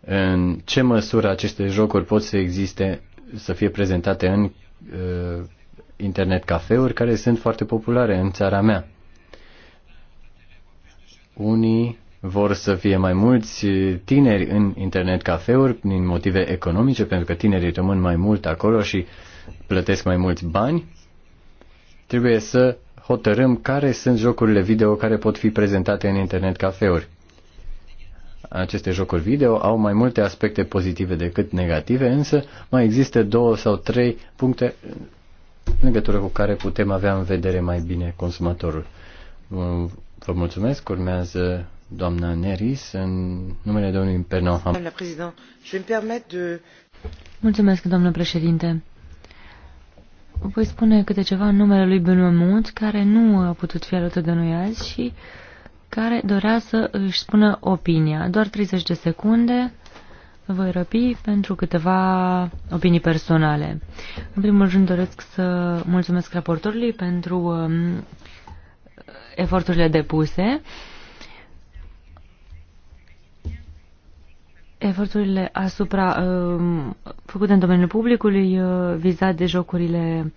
În ce măsură aceste jocuri pot să existe, să fie prezentate în uh, internet cafeuri care sunt foarte populare în țara mea. Unii vor să fie mai mulți tineri în internet cafeuri din motive economice, pentru că tinerii rămân mai mult acolo și plătesc mai mulți bani. Trebuie să hotărâm care sunt jocurile video care pot fi prezentate în internet cafeuri. Aceste jocuri video au mai multe aspecte pozitive decât negative, însă mai există două sau trei puncte în legătură cu care putem avea în vedere mai bine consumatorul. Vă mulțumesc. Urmează doamna Neris în numele domnului Pernoham. Mulțumesc, domnule președinte. Voi spune câte ceva în numele lui Benamut, care nu a putut fi alături de noi azi și care dorea să își spună opinia. Doar 30 de secunde voi răpi pentru câteva opinii personale. În primul rând doresc să mulțumesc raportorului pentru um, eforturile depuse. Uh, Eforturile asupra uh, făcute în domeniul publicului uh, vizat de jocurile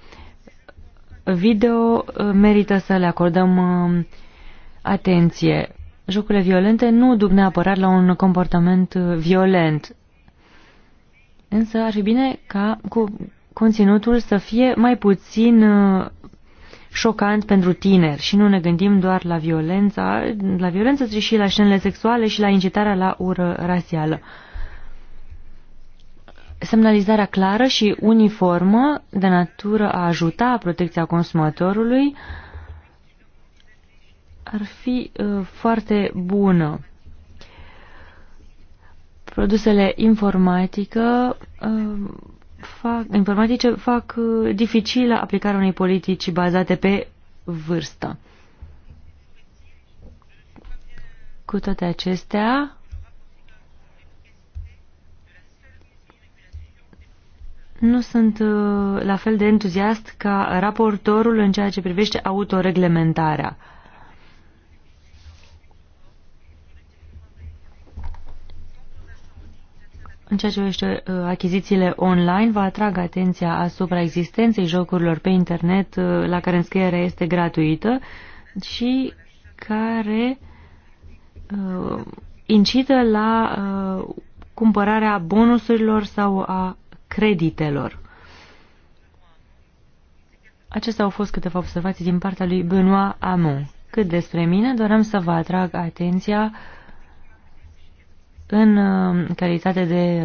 video uh, merită să le acordăm uh, atenție. Jocurile violente nu duc neapărat la un comportament uh, violent, însă ar fi bine ca cu conținutul să fie mai puțin uh, șocant pentru tineri și nu ne gândim doar la violența, la violență, ci și la scenele sexuale și la incitarea la ură rasială. Semnalizarea clară și uniformă de natură a ajuta protecția consumatorului ar fi uh, foarte bună. Produsele informatică uh, fac, informatice fac uh, dificilă aplicarea unei politici bazate pe vârstă. Cu toate acestea, nu sunt uh, la fel de entuziast ca raportorul în ceea ce privește autoreglementarea. În ceea ce privește uh, achizițiile online, vă atrag atenția asupra existenței jocurilor pe internet uh, la care înscrierea este gratuită și care uh, incită la uh, cumpărarea bonusurilor sau a creditelor. Acestea au fost câteva observații din partea lui Benoît Amon. Cât despre mine, doream să vă atrag atenția uh, în uh, calitate de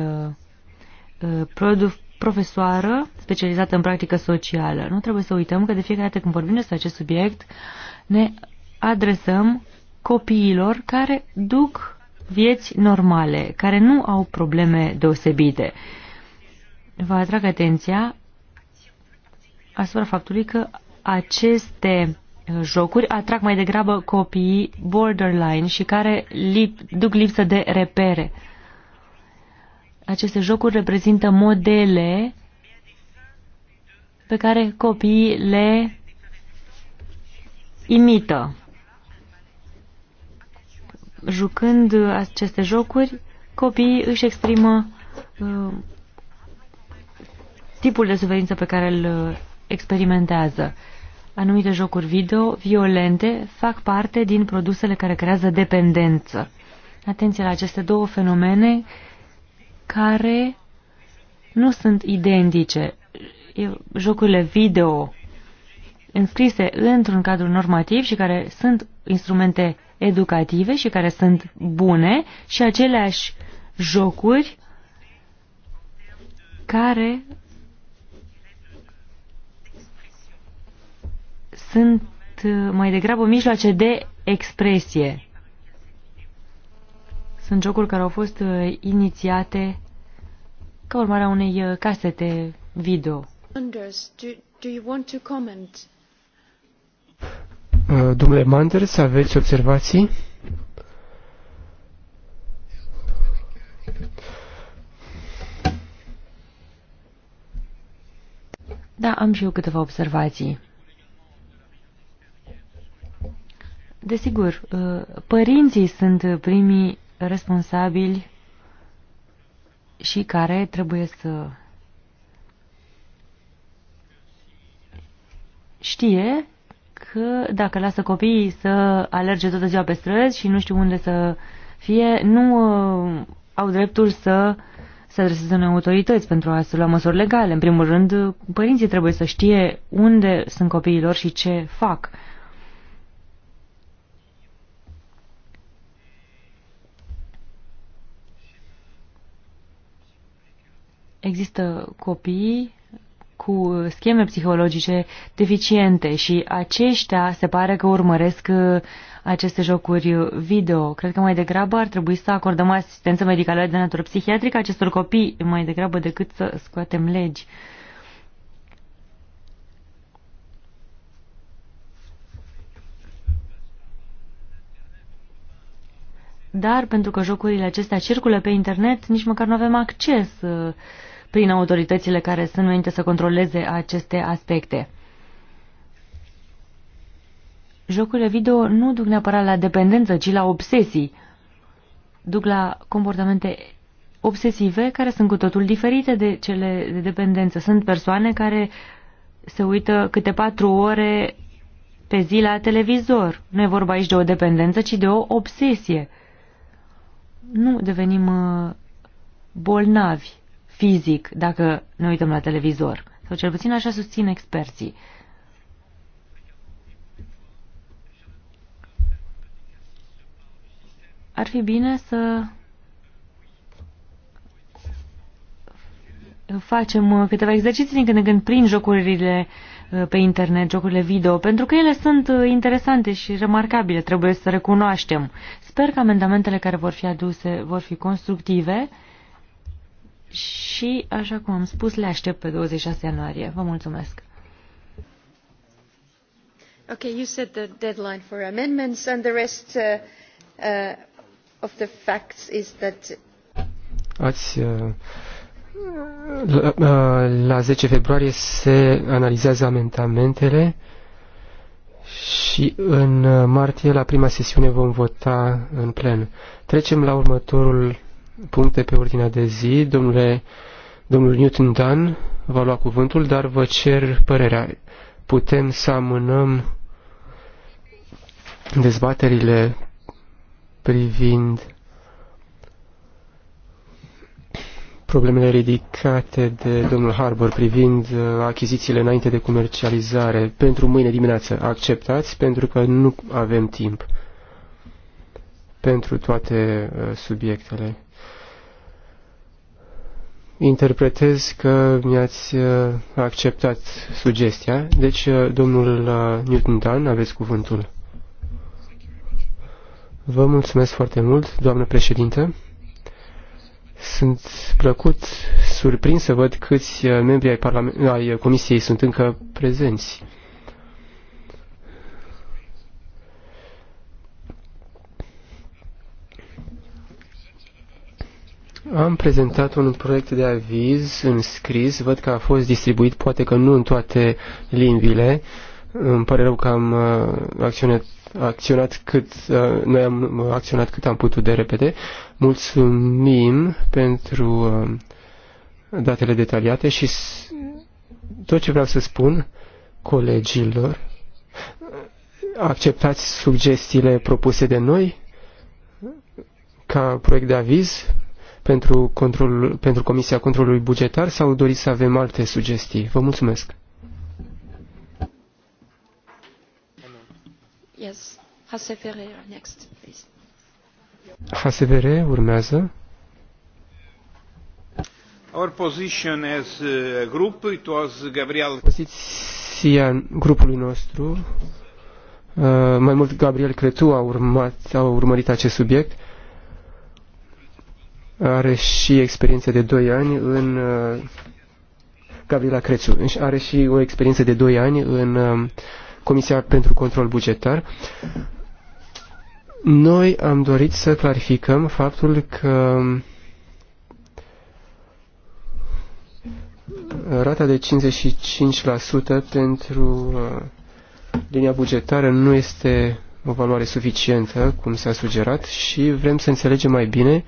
uh, uh, profesoară specializată în practică socială. Nu trebuie să uităm că de fiecare dată când vorbim despre acest subiect, ne adresăm copiilor care duc vieți normale, care nu au probleme deosebite. Vă atrag atenția asupra faptului că aceste jocuri atrag mai degrabă copiii borderline și care lip, duc lipsă de repere. Aceste jocuri reprezintă modele pe care copiii le imită. Jucând aceste jocuri, copiii își exprimă uh, tipul de suferință pe care îl uh, experimentează. Uh, anumite jocuri video violente fac parte din produsele care creează dependență. Atenție la aceste două fenomene care nu sunt identice. Jocurile video înscrise într-un cadru normativ și care sunt instrumente educative și care sunt bune și aceleași jocuri care sunt uh, mai degrabă mijloace de expresie. Sunt jocuri care au fost uh, inițiate ca urmare a unei uh, casete video. Anders, do, do you want to comment? Domnule Manders, aveți observații? Da, am și eu câteva observații. Desigur, uh, părinții sunt primii responsabili și care trebuie să știe că dacă lasă copiii să alerge toată ziua pe străzi și nu știu unde să fie, nu uh, au dreptul să se adreseze în autorități pentru a se lua măsuri legale. În primul rând, părinții trebuie să știe unde sunt copiii lor și ce fac. Există copii cu scheme psihologice deficiente și aceștia se pare că urmăresc uh, aceste jocuri video. Cred că mai degrabă ar trebui să acordăm asistență medicală de natură psihiatrică acestor copii, mai degrabă decât să scoatem legi. Dar pentru că jocurile acestea circulă pe internet, nici măcar nu avem acces uh, prin autoritățile care sunt menite să controleze aceste aspecte. Jocurile video nu duc neapărat la dependență, ci la obsesii. Duc la comportamente obsesive care sunt cu totul diferite de cele de dependență. Sunt persoane care se uită câte patru ore pe zi la televizor. Nu e vorba aici de o dependență, ci de o obsesie. Nu devenim uh, bolnavi fizic dacă ne uităm la televizor. Sau cel puțin așa susțin experții. Ar fi bine să facem câteva exerciții din când în când prin jocurile uh, pe internet, jocurile video, pentru că ele sunt uh, interesante și remarcabile, trebuie să recunoaștem. Sper că amendamentele care vor fi aduse vor fi constructive și, așa cum am spus, le aștept pe 26 ianuarie. Vă mulțumesc. Okay, you said the deadline for amendments and the rest uh, uh, of the facts is that Ați uh, la, uh, la 10 februarie se analizează amendamentele și în martie la prima sesiune vom vota în plen. Trecem la următorul puncte pe ordinea de zi. Domnule, domnul Newton Dan va lua cuvântul, dar vă cer părerea. Putem să amânăm dezbaterile privind problemele ridicate de domnul Harbour privind uh, achizițiile înainte de comercializare pentru mâine dimineață. Acceptați pentru că nu avem timp pentru toate uh, subiectele interpretez că mi-ați uh, acceptat sugestia. Deci, uh, domnul uh, Newton Dan, aveți cuvântul. Vă mulțumesc foarte mult, doamnă președinte. Sunt plăcut, surprins să văd câți membri ai, ai Comisiei sunt încă prezenți. Am prezentat un proiect de aviz scris. văd că a fost distribuit, poate că nu în toate limbile. Îmi pare rău că am uh, acționat, acționat cât, uh, noi am uh, acționat cât am putut de repede. Mulțumim pentru datele detaliate și tot ce vreau să spun colegilor, acceptați sugestiile propuse de noi ca proiect de aviz pentru, control, pentru Comisia Controlului Bugetar sau doriți să avem alte sugestii? Vă mulțumesc. Yes. urmează. Our position as a uh, group, it was Gabriel. Poziția grupului nostru, uh, mai mult Gabriel Cretu a, urmat, a urmărit acest subiect are și experiență de 2 ani în... Uh, Gabriela Crețu are și o experiență de 2 ani în uh, Comisia pentru Control Bugetar. Noi am dorit să clarificăm faptul că uh, rata de 55% pentru linia bugetară nu este o valoare suficientă, cum s-a sugerat, și vrem să înțelegem mai bine uh,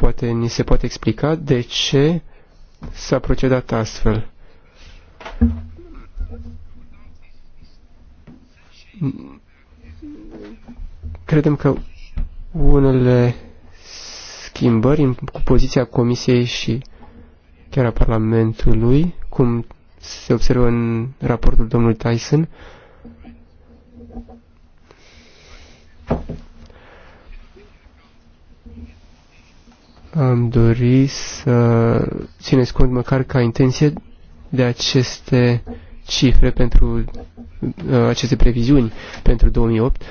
Poate ni se poate explica de ce s-a procedat astfel. Credem că unele schimbări cu poziția Comisiei și chiar a Parlamentului, cum se observă în raportul domnului Tyson, am dori să țineți cont măcar ca intenție de aceste cifre pentru uh, aceste previziuni pentru 2008,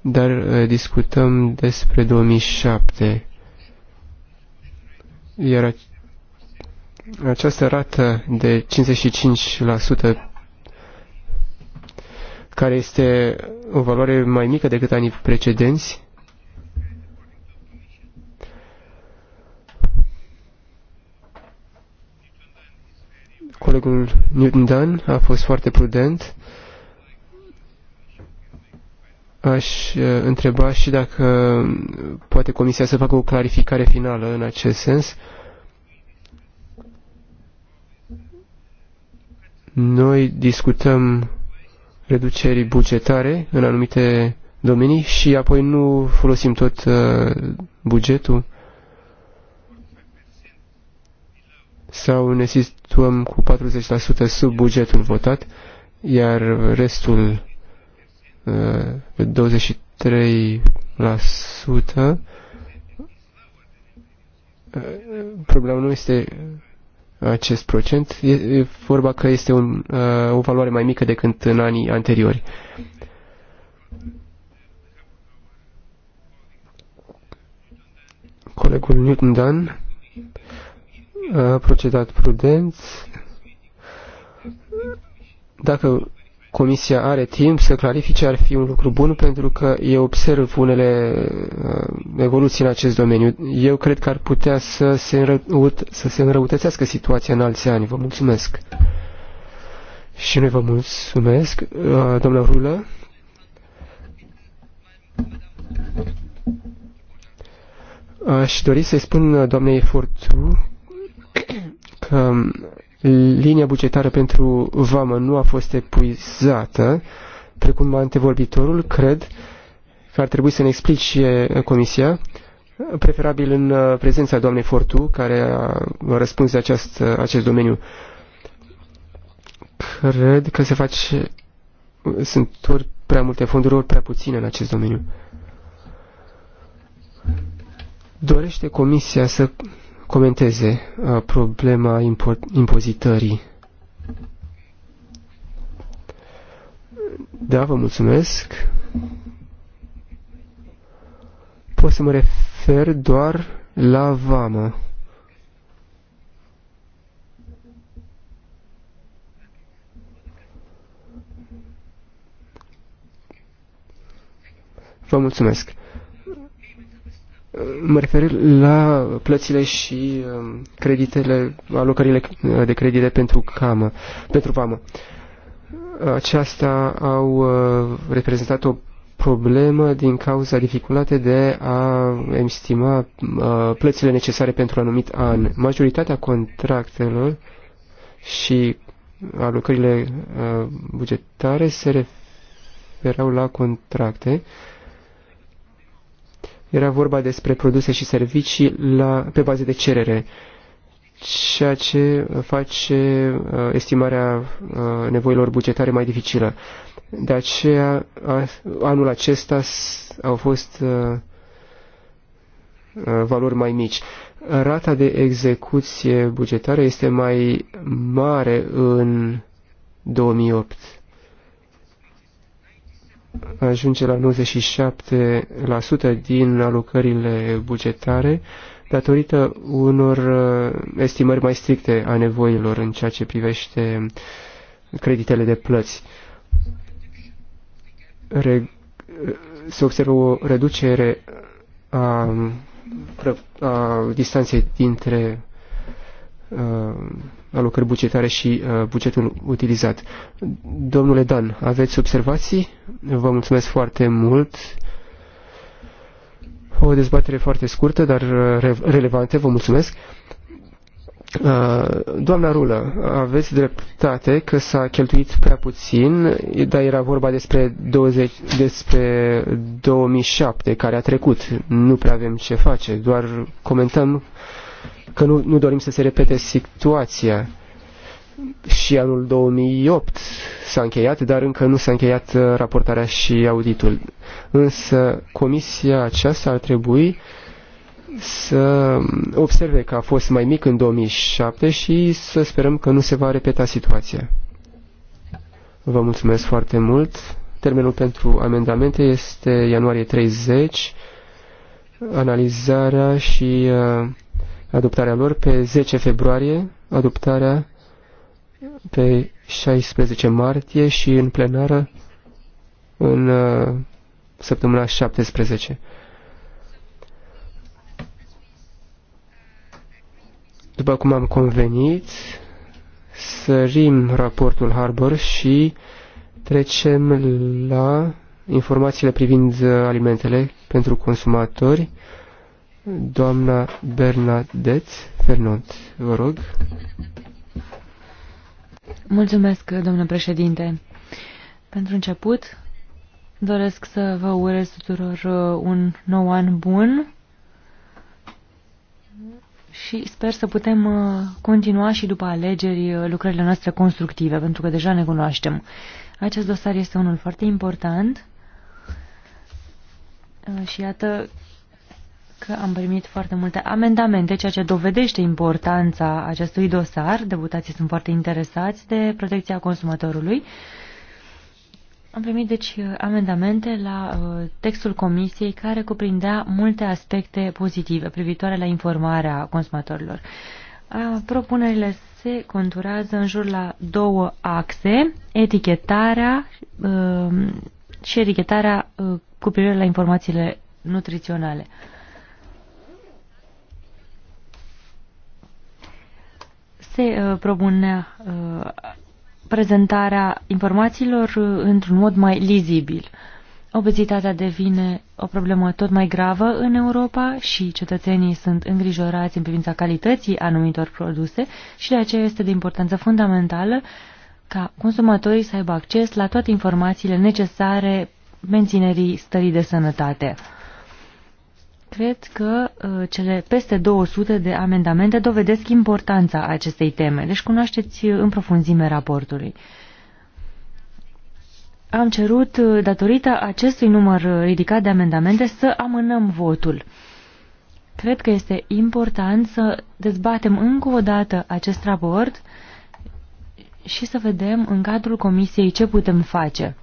dar uh, discutăm despre 2007. Iar această rată de 55% care este o valoare mai mică decât anii precedenți, Colegul Newton Dunn a fost foarte prudent. Aș uh, întreba și dacă uh, poate Comisia să facă o clarificare finală în acest sens. Noi discutăm reducerii bugetare în anumite domenii și apoi nu folosim tot uh, bugetul. sau ne situăm cu 40% sub bugetul votat, iar restul 23% uh, uh, problema nu este acest procent, e vorba că este un, uh, o valoare mai mică decât în anii anteriori. Colegul Newton Dan a uh, procedat prudent. Dacă Comisia are timp să clarifice, ar fi un lucru bun pentru că eu observ unele uh, evoluții în acest domeniu. Eu cred că ar putea să se, înrăut, să se înrăutățească situația în alți ani. Vă mulțumesc. Și noi vă mulțumesc, uh, doamna Rulă. Aș dori să-i spun doamnei Fortu că linia bugetară pentru vamă nu a fost epuizată, precum antevorbitorul, cred că ar trebui să ne explici Comisia, preferabil în uh, prezența doamnei Fortu, care a răspuns de acest, uh, acest domeniu. Cred că se face, sunt ori prea multe fonduri, ori prea puține în acest domeniu. Dorește Comisia să comenteze uh, problema impo impozitării. Da, vă mulțumesc. Pot să mă refer doar la vamă. Vă mulțumesc. Mă refer la plățile și um, creditele, alocările uh, de credite pentru, camă, pentru vamă. Aceasta au uh, reprezentat o problemă din cauza dificultate de a estima uh, plățile necesare pentru un anumit an. Majoritatea contractelor și alocările bugetare se referau la contracte uh, era vorba despre produse și servicii la, pe bază de cerere, ceea ce face uh, estimarea uh, nevoilor bugetare mai dificilă. De aceea, a, anul acesta au fost uh, uh, valori mai mici. Rata de execuție bugetară este mai mare în 2008 ajunge la 97% din alocările bugetare datorită unor uh, estimări mai stricte a nevoilor în ceea ce privește creditele de plăți. Re uh, se observă o reducere a, a distanței dintre uh, alocări bugetare și uh, bugetul utilizat. Domnule Dan, aveți observații? Vă mulțumesc foarte mult. O dezbatere foarte scurtă, dar uh, relevante, relevantă. Vă mulțumesc. Uh, doamna Rulă, aveți dreptate că s-a cheltuit prea puțin, dar era vorba despre, 20, despre 2007 care a trecut. Nu prea avem ce face, doar comentăm că nu, nu dorim să se repete situația. Și anul 2008 s-a încheiat, dar încă nu s-a încheiat uh, raportarea și auditul. Însă comisia aceasta ar trebui să um, observe că a fost mai mic în 2007 și să sperăm că nu se va repeta situația. Vă mulțumesc foarte mult. Termenul pentru amendamente este ianuarie 30. Analizarea și uh, adoptarea lor, pe 10 februarie adoptarea, pe 16 martie și în plenară în uh, săptămâna 17. După cum am convenit, sărim raportul Harbour și trecem la informațiile privind uh, alimentele pentru consumatori. Doamna Bernadette Fernand, vă rog. Mulțumesc, domnule președinte. Pentru început, doresc să vă urez tuturor uh, un nou an bun și sper să putem uh, continua și după alegeri uh, lucrările noastre constructive, pentru că deja ne cunoaștem. Acest dosar este unul foarte important și iată că am primit foarte multe amendamente, ceea ce dovedește importanța acestui dosar. Deputații sunt foarte interesați de protecția consumatorului. Am primit, deci, amendamente la uh, textul comisiei care cuprindea multe aspecte pozitive privitoare la informarea consumatorilor. Propunerile se conturează în jur la două axe, etichetarea uh, și etichetarea uh, cu privire la informațiile nutriționale. se uh, propunea uh, prezentarea informațiilor uh, într-un mod mai lizibil. Obezitatea devine o problemă tot mai gravă în Europa și cetățenii sunt îngrijorați în privința calității anumitor produse și de aceea este de importanță fundamentală ca consumatorii să aibă acces la toate informațiile necesare menținerii stării de sănătate. Cred că uh, cele peste 200 de amendamente dovedesc importanța acestei teme, deci cunoașteți uh, în profunzime raportului. Am cerut, uh, datorită acestui număr ridicat de amendamente, să amânăm votul. Cred că este important să dezbatem încă o dată acest raport și să vedem în cadrul comisiei ce putem face.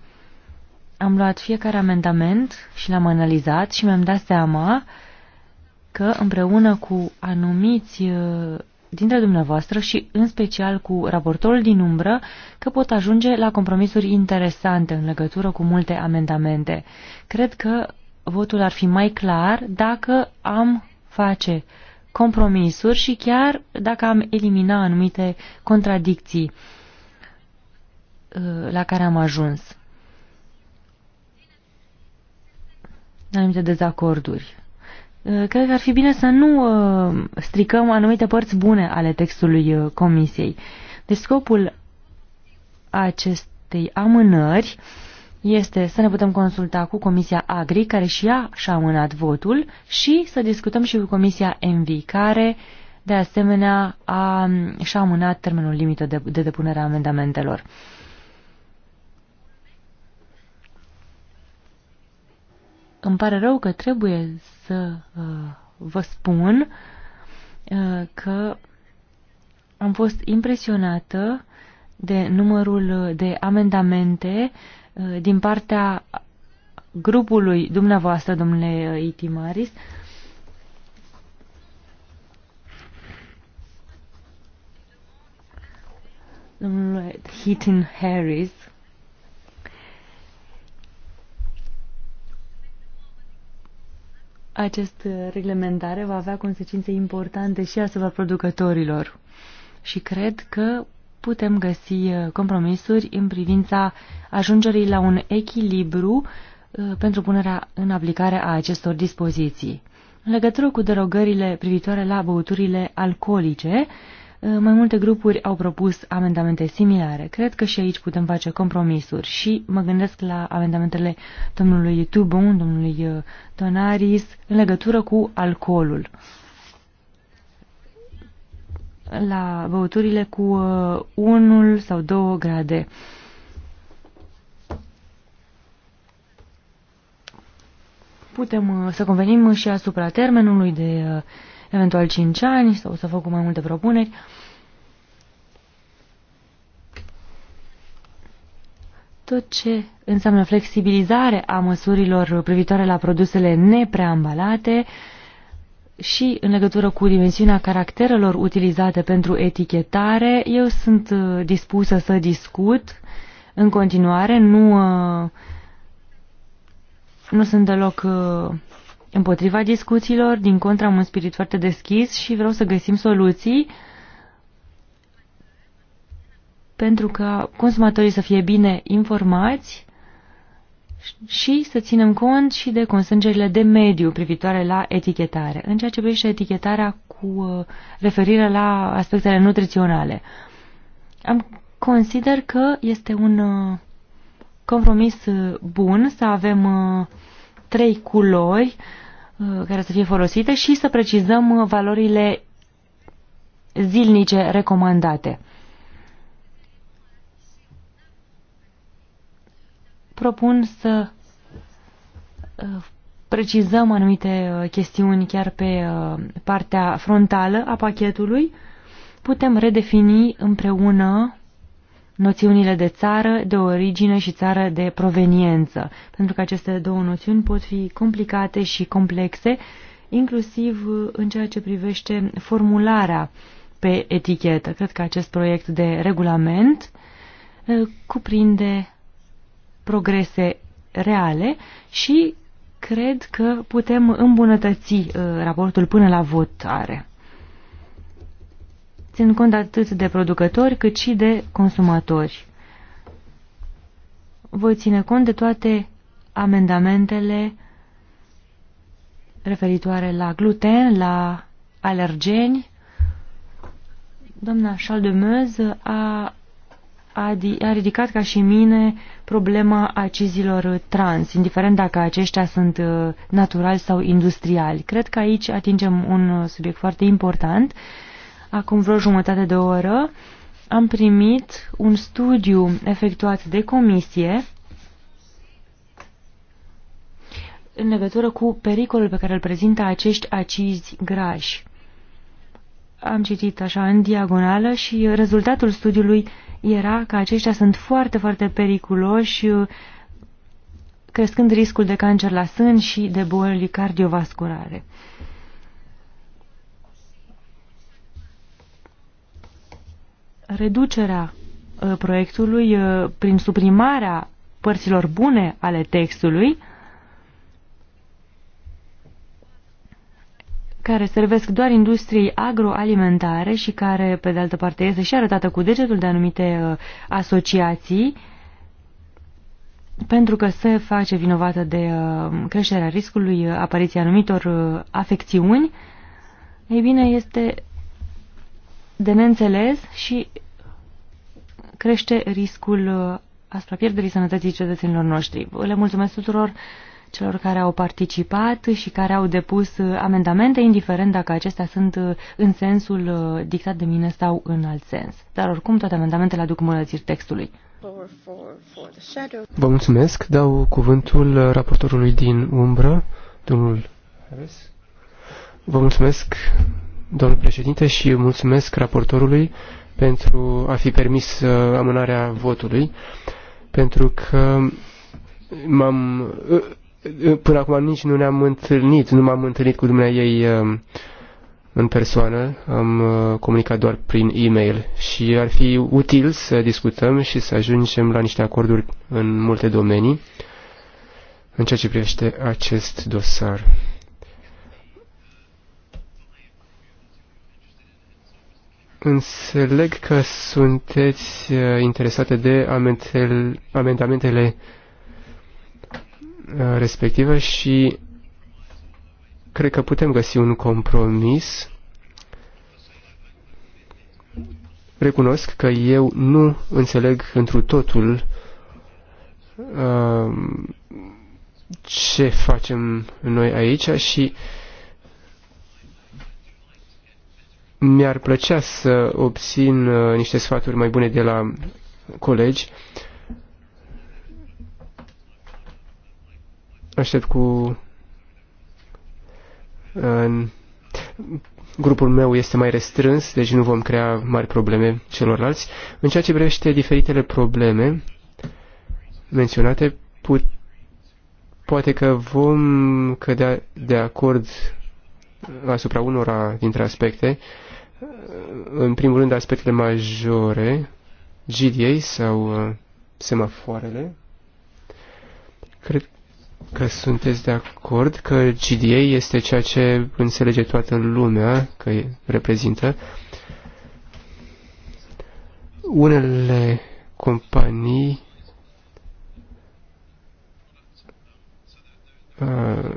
Am luat fiecare amendament și l-am analizat și mi-am dat seama că împreună cu anumiți uh, dintre dumneavoastră și în special cu raportorul din umbră că pot ajunge la compromisuri interesante în legătură cu multe amendamente. Cred că votul ar fi mai clar dacă am face compromisuri și chiar dacă am elimina anumite contradicții uh, la care am ajuns. anumite dezacorduri. Uh, cred că ar fi bine să nu uh, stricăm anumite părți bune ale textului uh, Comisiei. Deci scopul acestei amânări este să ne putem consulta cu Comisia Agri, care și ea și-a amânat votul, și să discutăm și cu Comisia MV, care de asemenea a, și-a amânat termenul limită de, de depunere a amendamentelor. Îmi pare rău că trebuie să uh, vă spun uh, că am fost impresionată de numărul de amendamente uh, din partea grupului dumneavoastră, domnule Itimaris. Domnule Heaton Harris, Acest uh, reglementare va avea consecințe importante și asupra producătorilor. Și cred că putem găsi uh, compromisuri în privința ajungerii la un echilibru uh, pentru punerea în aplicare a acestor dispoziții. În legătură cu derogările privitoare la băuturile alcoolice, mai multe grupuri au propus amendamente similare. Cred că și aici putem face compromisuri și mă gândesc la amendamentele domnului Tubon, domnului uh, Tonaris, în legătură cu alcoolul. La băuturile cu uh, unul sau două grade. Putem uh, să convenim și asupra termenului de uh, eventual 5 ani sau să fac cu mai multe propuneri. Tot ce înseamnă flexibilizare a măsurilor privitoare la produsele nepreambalate și în legătură cu dimensiunea caracterelor utilizate pentru etichetare, eu sunt uh, dispusă să discut în continuare, nu, uh, nu sunt deloc uh, împotriva discuțiilor, din contra am un spirit foarte deschis și vreau să găsim soluții pentru ca consumatorii să fie bine informați și să ținem cont și de consângerile de mediu privitoare la etichetare, în ceea ce privește etichetarea cu uh, referire la aspectele nutriționale. Am consider că este un uh, compromis uh, bun să avem trei culori uh, care să fie folosite și să precizăm uh, valorile zilnice recomandate. Propun să uh, precizăm anumite chestiuni chiar pe partea frontală a pachetului. Putem redefini împreună noțiunile de țară, de origine și țară de proveniență, pentru că aceste două noțiuni pot fi complicate și complexe, inclusiv în ceea ce privește formularea pe etichetă. Cred că acest proiect de regulament cuprinde progrese reale și cred că putem îmbunătăți raportul până la votare țin cont atât de producători cât și de consumatori. Voi ține cont de toate amendamentele referitoare la gluten, la alergeni. Doamna Meuse a, a, a ridicat ca și mine problema acizilor trans, indiferent dacă aceștia sunt uh, naturali sau industriali. Cred că aici atingem un uh, subiect foarte important acum vreo jumătate de oră, am primit un studiu efectuat de comisie în legătură cu pericolul pe care îl prezintă acești acizi grași. Am citit așa în diagonală și rezultatul studiului era că aceștia sunt foarte, foarte periculoși, crescând riscul de cancer la sân și de boli cardiovasculare. reducerea uh, proiectului uh, prin suprimarea părților bune ale textului care servesc doar industriei agroalimentare și care, pe de altă parte, este și arătată cu degetul de anumite uh, asociații pentru că se face vinovată de creșterea riscului apariției anumitor afecțiuni, ei bine, este de neînțeles și crește riscul uh, asupra pierderii sănătății cetățenilor noștri. Le mulțumesc tuturor celor care au participat și care au depus uh, amendamente, indiferent dacă acestea sunt uh, în sensul dictat de mine sau în alt sens. Dar oricum toate amendamentele aduc mulățiri textului. Vă mulțumesc. Dau cuvântul raportorului din umbră, domnul Harris. Vă mulțumesc, domnul președinte, și mulțumesc raportorului pentru a fi permis uh, amânarea votului, pentru că m-am, uh, uh, până acum nici nu ne-am întâlnit, nu m-am întâlnit cu dumneai ei în persoană, am comunicat doar prin e-mail și ar fi util să discutăm și să ajungem la niște acorduri în multe domenii în ceea ce privește acest dosar. Înțeleg că sunteți uh, interesate de amendamentele uh, respective și cred că putem găsi un compromis. Recunosc că eu nu înțeleg întru totul uh, ce facem noi aici și uh, Mi-ar plăcea să obțin uh, niște sfaturi mai bune de la colegi. Aștept cu grupul meu este mai restrâns, deci nu vom crea mari probleme celorlalți. În ceea ce privește diferitele probleme menționate, put, poate că vom cădea de acord asupra unora dintre aspecte în primul rând, aspectele majore, GDA sau uh, semafoarele. Cred că sunteți de acord că GDA este ceea ce înțelege toată lumea că reprezintă. Unele companii uh,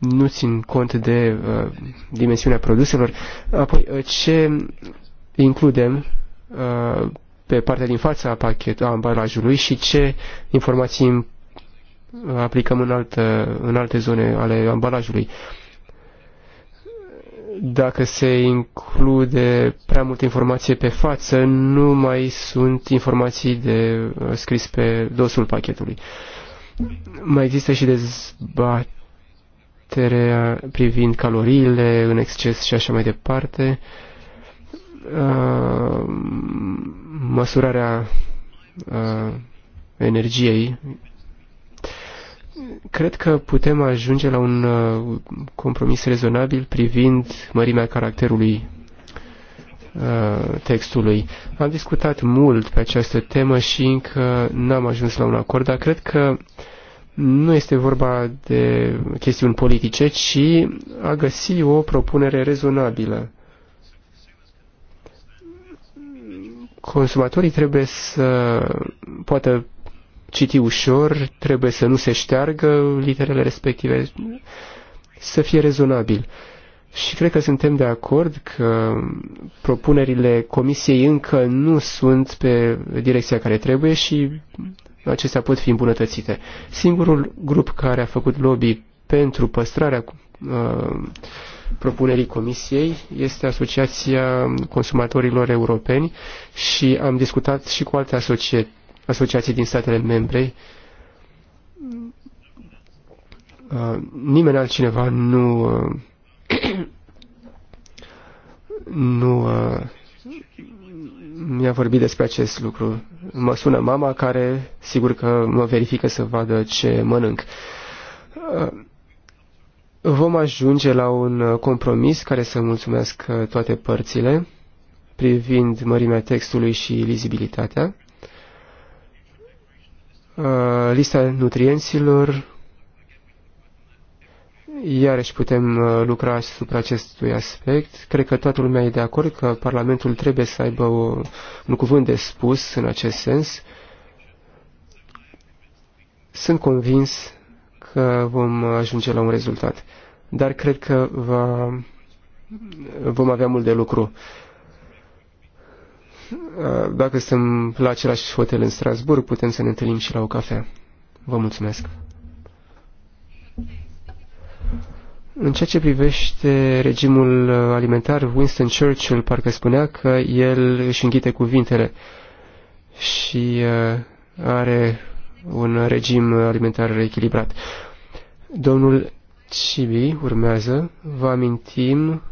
nu țin cont de uh, dimensiunea produselor. Apoi, uh, ce includem uh, pe partea din fața a pachet, a ambalajului și ce informații aplicăm în, altă, în alte zone ale ambalajului. Dacă se include prea multă informație pe față, nu mai sunt informații de uh, scris pe dosul pachetului. Mai există și dezbat dezbaterea privind caloriile în exces și așa mai departe, uh, măsurarea uh, energiei, cred că putem ajunge la un uh, compromis rezonabil privind mărimea caracterului textului. Am discutat mult pe această temă și încă n-am ajuns la un acord, dar cred că uh, nu este vorba de chestiuni politice, ci a găsi o propunere rezonabilă. Consumatorii trebuie să poată citi ușor, trebuie să nu se șteargă literele respective, să fie rezonabil. Și cred că suntem de acord că propunerile comisiei încă nu sunt pe direcția care trebuie și acestea pot fi îmbunătățite. Singurul grup care a făcut lobby pentru păstrarea uh, propunerii comisiei este Asociația Consumatorilor Europeni și am discutat și cu alte asocie, asociații din statele membre. Uh, nimeni altcineva nu uh, nu uh, mi-a vorbit despre acest lucru. Mă sună mama care, sigur că mă verifică să vadă ce mănânc. Uh, vom ajunge la un compromis care să mulțumesc uh, toate părțile privind mărimea textului și lizibilitatea, uh, lista nutrienților, iarăși putem uh, lucra asupra acestui aspect. Cred că toată lumea e de acord că Parlamentul trebuie să aibă o, uh, un cuvânt de spus în acest sens. Sunt convins că vom ajunge la un rezultat, dar cred că va, vom avea mult de lucru. Uh, dacă suntem la același hotel în Strasburg, putem să ne întâlnim și la o cafea. Vă mulțumesc! În ceea ce privește regimul uh, alimentar, Winston Churchill parcă spunea că el își înghite cuvintele și uh, are un regim alimentar echilibrat. Domnul Cibi urmează. Vă amintim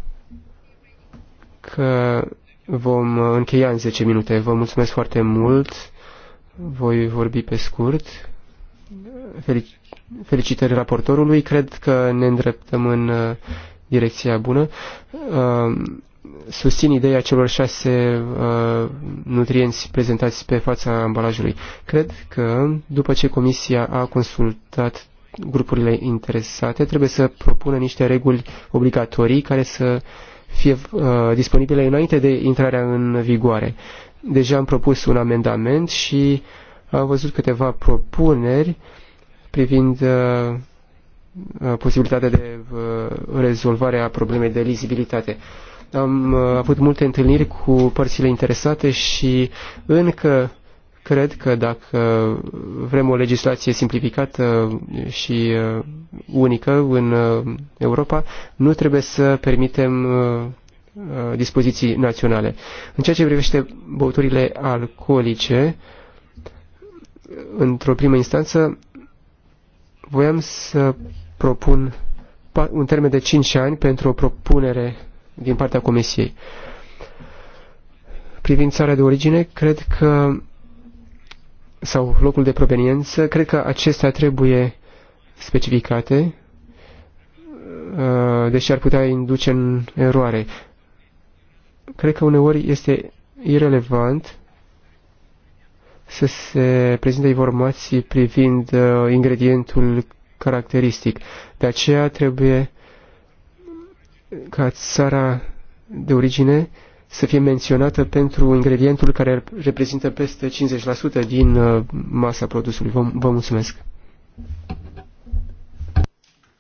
că vom încheia în 10 minute. Vă mulțumesc foarte mult. Voi vorbi pe scurt felicitări raportorului. Cred că ne îndreptăm în uh, direcția bună. Uh, susțin ideea celor șase uh, nutrienți prezentați pe fața ambalajului. Cred că după ce Comisia a consultat grupurile interesate, trebuie să propună niște reguli obligatorii care să fie uh, disponibile înainte de intrarea în vigoare. Deja am propus un amendament și am văzut câteva propuneri uh, privind uh, uh, posibilitatea de uh, rezolvare a problemei de lizibilitate. Am avut multe întâlniri cu părțile interesate și încă cred că dacă vrem o legislație simplificată și unică în Europa, nu trebuie să permitem dispoziții naționale. În ceea ce privește băuturile alcoolice, într-o primă instanță, voiam să propun un termen de 5 ani pentru o propunere din partea Comisiei. Privind țara de origine, cred că sau locul de proveniență, cred că acestea trebuie specificate, uh, deși ar putea induce în eroare. Cred că uneori este irelevant să se prezinte informații privind uh, ingredientul caracteristic. De aceea trebuie ca țara de origine să fie menționată pentru ingredientul care reprezintă peste 50% din uh, masa produsului. Vă, vă mulțumesc.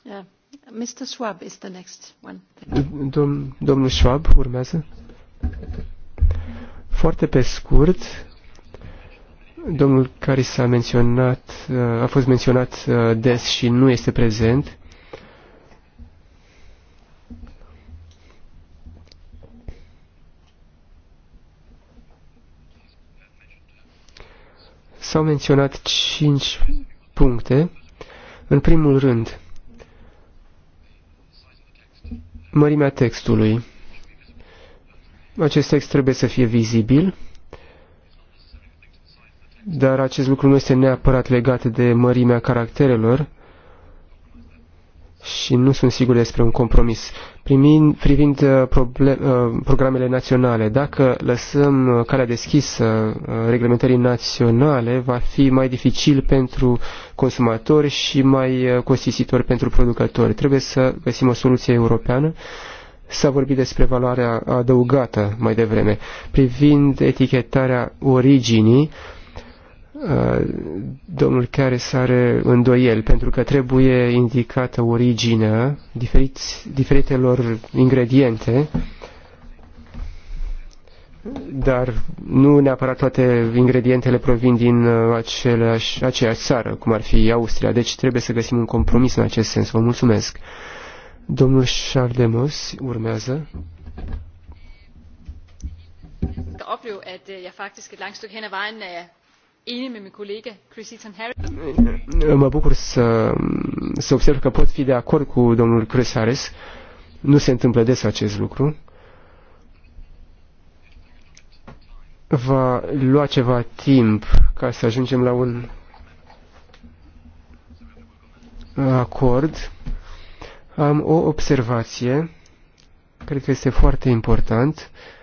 Yeah. Mr. Schwab is the next one. domnul Schwab urmează. Foarte pe scurt, Domnul care s-a menționat, a fost menționat uh, des și nu este prezent. S-au menționat cinci puncte. În primul rând, mărimea textului. Acest text trebuie să fie vizibil dar acest lucru nu este neapărat legat de mărimea caracterelor și nu sunt sigur despre un compromis. Primind, privind uh, problem, uh, programele naționale, dacă lăsăm uh, calea deschisă reglementării naționale, va fi mai dificil pentru consumatori și mai costisitor pentru producători. Trebuie să găsim o soluție europeană. S-a vorbit despre valoarea adăugată mai devreme. Privind etichetarea originii, Uh, domnul care are îndoiel, pentru că trebuie indicată originea diferiți, diferitelor ingrediente, dar nu neapărat toate ingredientele provin din uh, aceleași, aceeași țară, cum ar fi Austria, deci trebuie să găsim un compromis în acest sens. Vă mulțumesc. Domnul Chardemos urmează Jeg opleve at øh, jeg faktisk et langt stykke hen ad vejen er Mă bucur să, să observ că pot fi de acord cu domnul Chris Harris. Nu se întâmplă des acest lucru. Va lua ceva timp ca să ajungem la un acord. Am o observație, cred că este foarte important. Uh,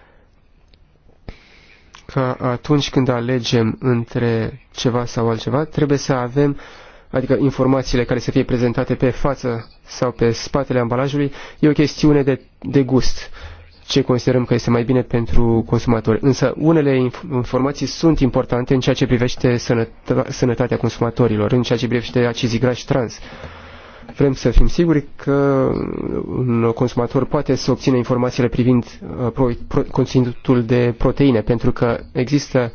că atunci când alegem între ceva sau altceva, trebuie să avem, adică informațiile care să fie prezentate pe față sau pe spatele ambalajului, e o chestiune de, de gust ce considerăm că este mai bine pentru consumatori. Însă unele informații sunt importante în ceea ce privește sănătatea consumatorilor, în ceea ce privește acizii grași trans. Uh, Vrem să fim siguri că un consumator poate să obțină informațiile privind uh, conținutul de proteine, pentru că există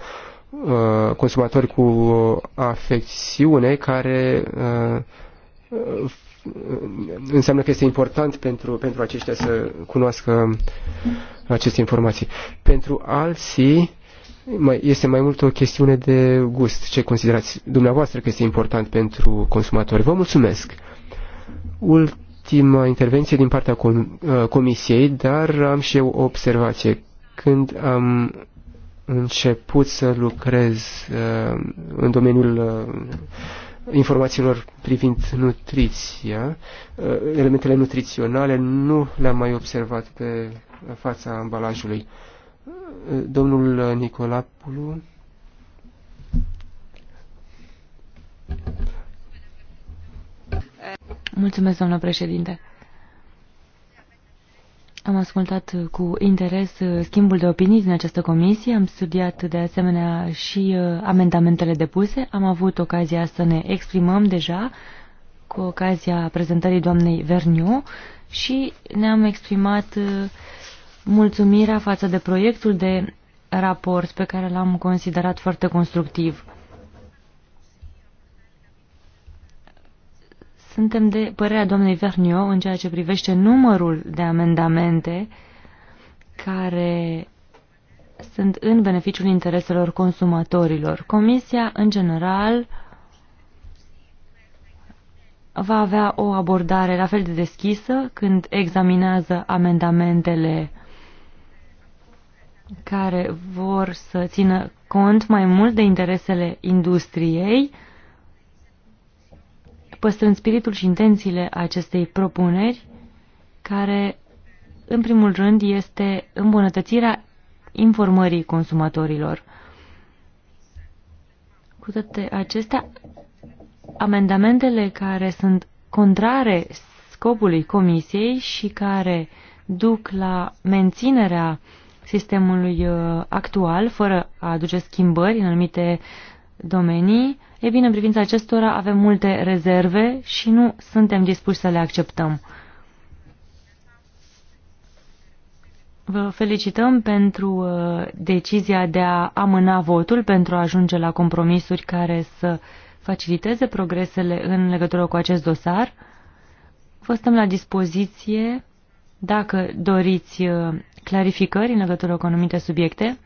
uh, consumatori cu afecțiune care uh, înseamnă că este important pentru, pentru aceștia să cunoască aceste informații. Pentru alții mai, este mai mult o chestiune de gust. Ce considerați dumneavoastră că este important pentru consumatori? Vă mulțumesc! ultima intervenție din partea com uh, Comisiei, dar am și eu o observație. Când am început să lucrez uh, în domeniul uh, informațiilor privind nutriția, uh, elementele nutriționale nu le-am mai observat pe fața ambalajului. Uh, domnul Nicolapulu Mulțumesc, doamnă președinte. Am ascultat cu interes uh, schimbul de opinii din această comisie, am studiat de asemenea și uh, amendamentele depuse, am avut ocazia să ne exprimăm deja cu ocazia prezentării doamnei Verniu și ne-am exprimat uh, mulțumirea față de proiectul de raport pe care l-am considerat foarte constructiv. Suntem de părerea doamnei Vernio în ceea ce privește numărul de amendamente care sunt în beneficiul intereselor consumatorilor. Comisia, în general, va avea o abordare la fel de deschisă când examinează amendamentele care vor să țină cont mai mult de interesele industriei, păstrând spiritul și intențiile acestei propuneri, care, în primul rând, este îmbunătățirea informării consumatorilor. Cu toate acestea, amendamentele care sunt contrare scopului comisiei și care duc la menținerea sistemului uh, actual, fără a aduce schimbări în anumite domenii, e bine, în privința acestora avem multe rezerve și nu suntem dispuși să le acceptăm. Vă felicităm pentru uh, decizia de a amâna votul pentru a ajunge la compromisuri care să faciliteze progresele în legătură cu acest dosar. Vă stăm la dispoziție dacă doriți uh, clarificări în legătură cu anumite subiecte.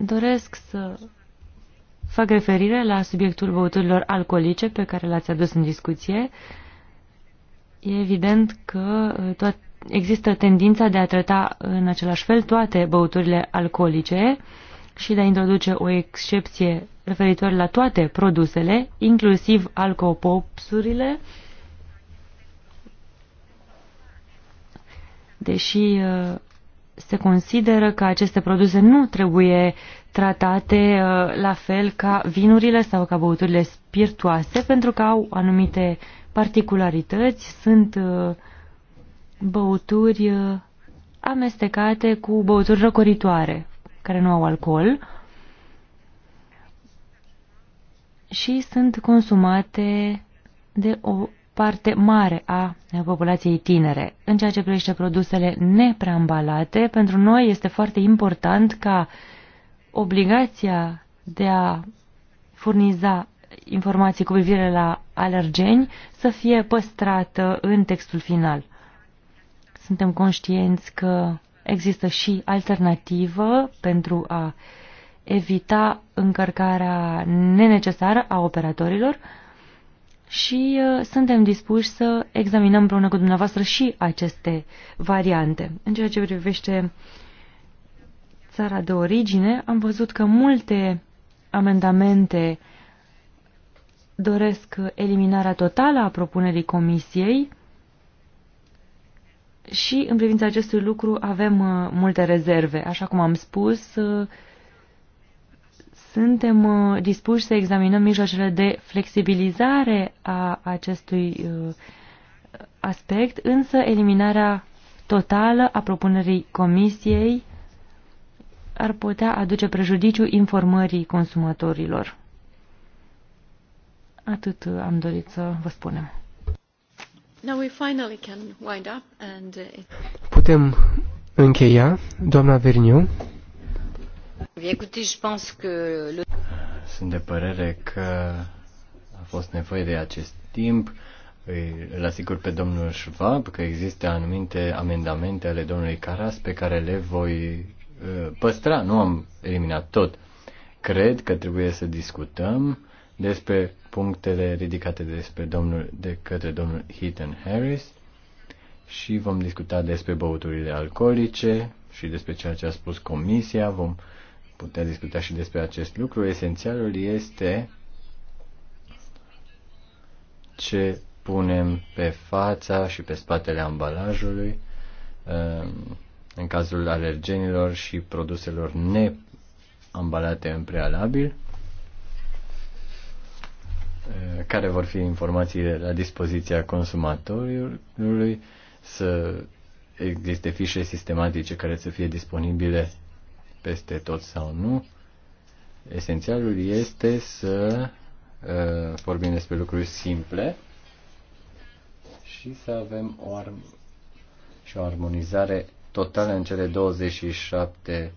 Doresc să fac referire la subiectul băuturilor alcoolice pe care l-ați adus în discuție. E evident că uh, toat, există tendința de a trata în același fel toate băuturile alcoolice și de a introduce o excepție referitoare la toate produsele, inclusiv alcopopsurile, deși uh, se consideră că aceste produse nu trebuie tratate uh, la fel ca vinurile sau ca băuturile spiritoase pentru că au anumite particularități, sunt uh, băuturi uh, amestecate cu băuturi răcoritoare care nu au alcool și sunt consumate de o parte mare a populației tinere. În ceea ce privește produsele nepreambalate, pentru noi este foarte important ca obligația de a furniza informații cu privire la alergeni să fie păstrată în textul final. Suntem conștienți că există și alternativă pentru a evita încărcarea nenecesară a operatorilor, și uh, suntem dispuși să examinăm împreună cu dumneavoastră și aceste variante. În ceea ce privește țara de origine, am văzut că multe amendamente doresc eliminarea totală a propunerii comisiei și în privința acestui lucru avem uh, multe rezerve. Așa cum am spus, uh, suntem uh, dispuși să examinăm mijloacele de flexibilizare a acestui uh, aspect, însă eliminarea totală a propunerii Comisiei ar putea aduce prejudiciu informării consumatorilor. Atât uh, am dorit să vă spunem. Putem încheia, doamna Verniu. Sunt de părere că a fost nevoie de acest timp. Îl asigur pe domnul Schwab că există anumite amendamente ale domnului Caras pe care le voi ă, păstra. Nu am eliminat tot. Cred că trebuie să discutăm despre punctele ridicate despre domnul, de către domnul Heaton Harris și vom discuta despre băuturile alcoolice și despre ceea ce a spus comisia. Vom uh, putea discuta și despre acest lucru. Esențialul este ce punem pe fața și pe spatele ambalajului um, în cazul alergenilor și produselor neambalate în prealabil, uh, care vor fi informații la dispoziția consumatorului, să existe fișe sistematice care să fie disponibile peste tot sau nu. Esențialul este să uh, vorbim despre lucruri simple și să avem o ar- și o armonizare totală în cele 27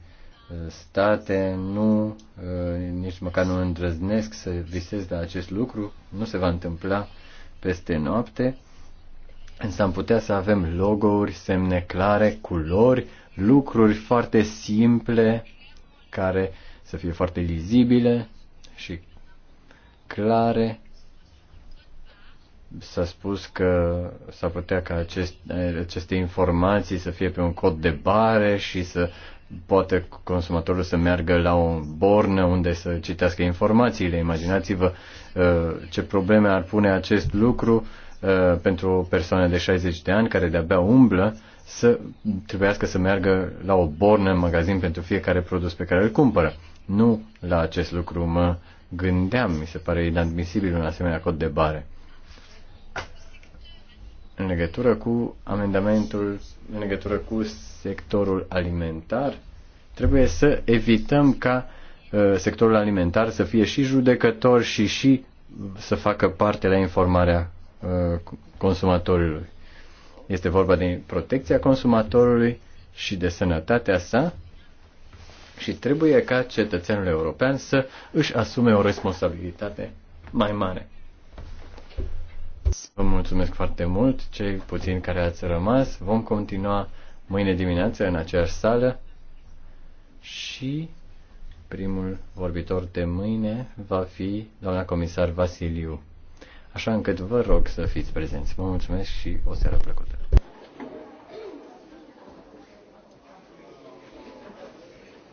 uh, state, nu, uh, nici măcar nu îndrăznesc să visez la acest lucru, nu se va întâmpla peste noapte, însă am putea să avem logo-uri, semne clare, culori, lucruri foarte simple care să fie foarte lizibile și clare. S-a spus că s a putea ca acest, aceste informații să fie pe un cod de bare și să poate consumatorul să meargă la o bornă unde să citească informațiile. Imaginați-vă uh, ce probleme ar pune acest lucru uh, pentru o persoană de 60 de ani care de-abia umblă să trebuiască să meargă la o bornă în magazin pentru fiecare produs pe care îl cumpără. Nu la acest lucru mă gândeam, mi se pare inadmisibil un asemenea cod de bare. În legătură cu amendamentul, în legătură cu sectorul alimentar, trebuie să evităm ca uh, sectorul alimentar să fie și judecător și și să facă parte la informarea uh, consumatorilor. Este vorba de protecția consumatorului și de sănătatea sa și trebuie ca cetățeanul european să își asume o responsabilitate mai mare. Vă mulțumesc foarte mult, cei puțini care ați rămas. Vom continua mâine dimineață în aceeași sală și primul vorbitor de mâine va fi doamna comisar Vasiliu. Așa încât vă rog să fiți prezenți. Vă mulțumesc și o seară plăcută.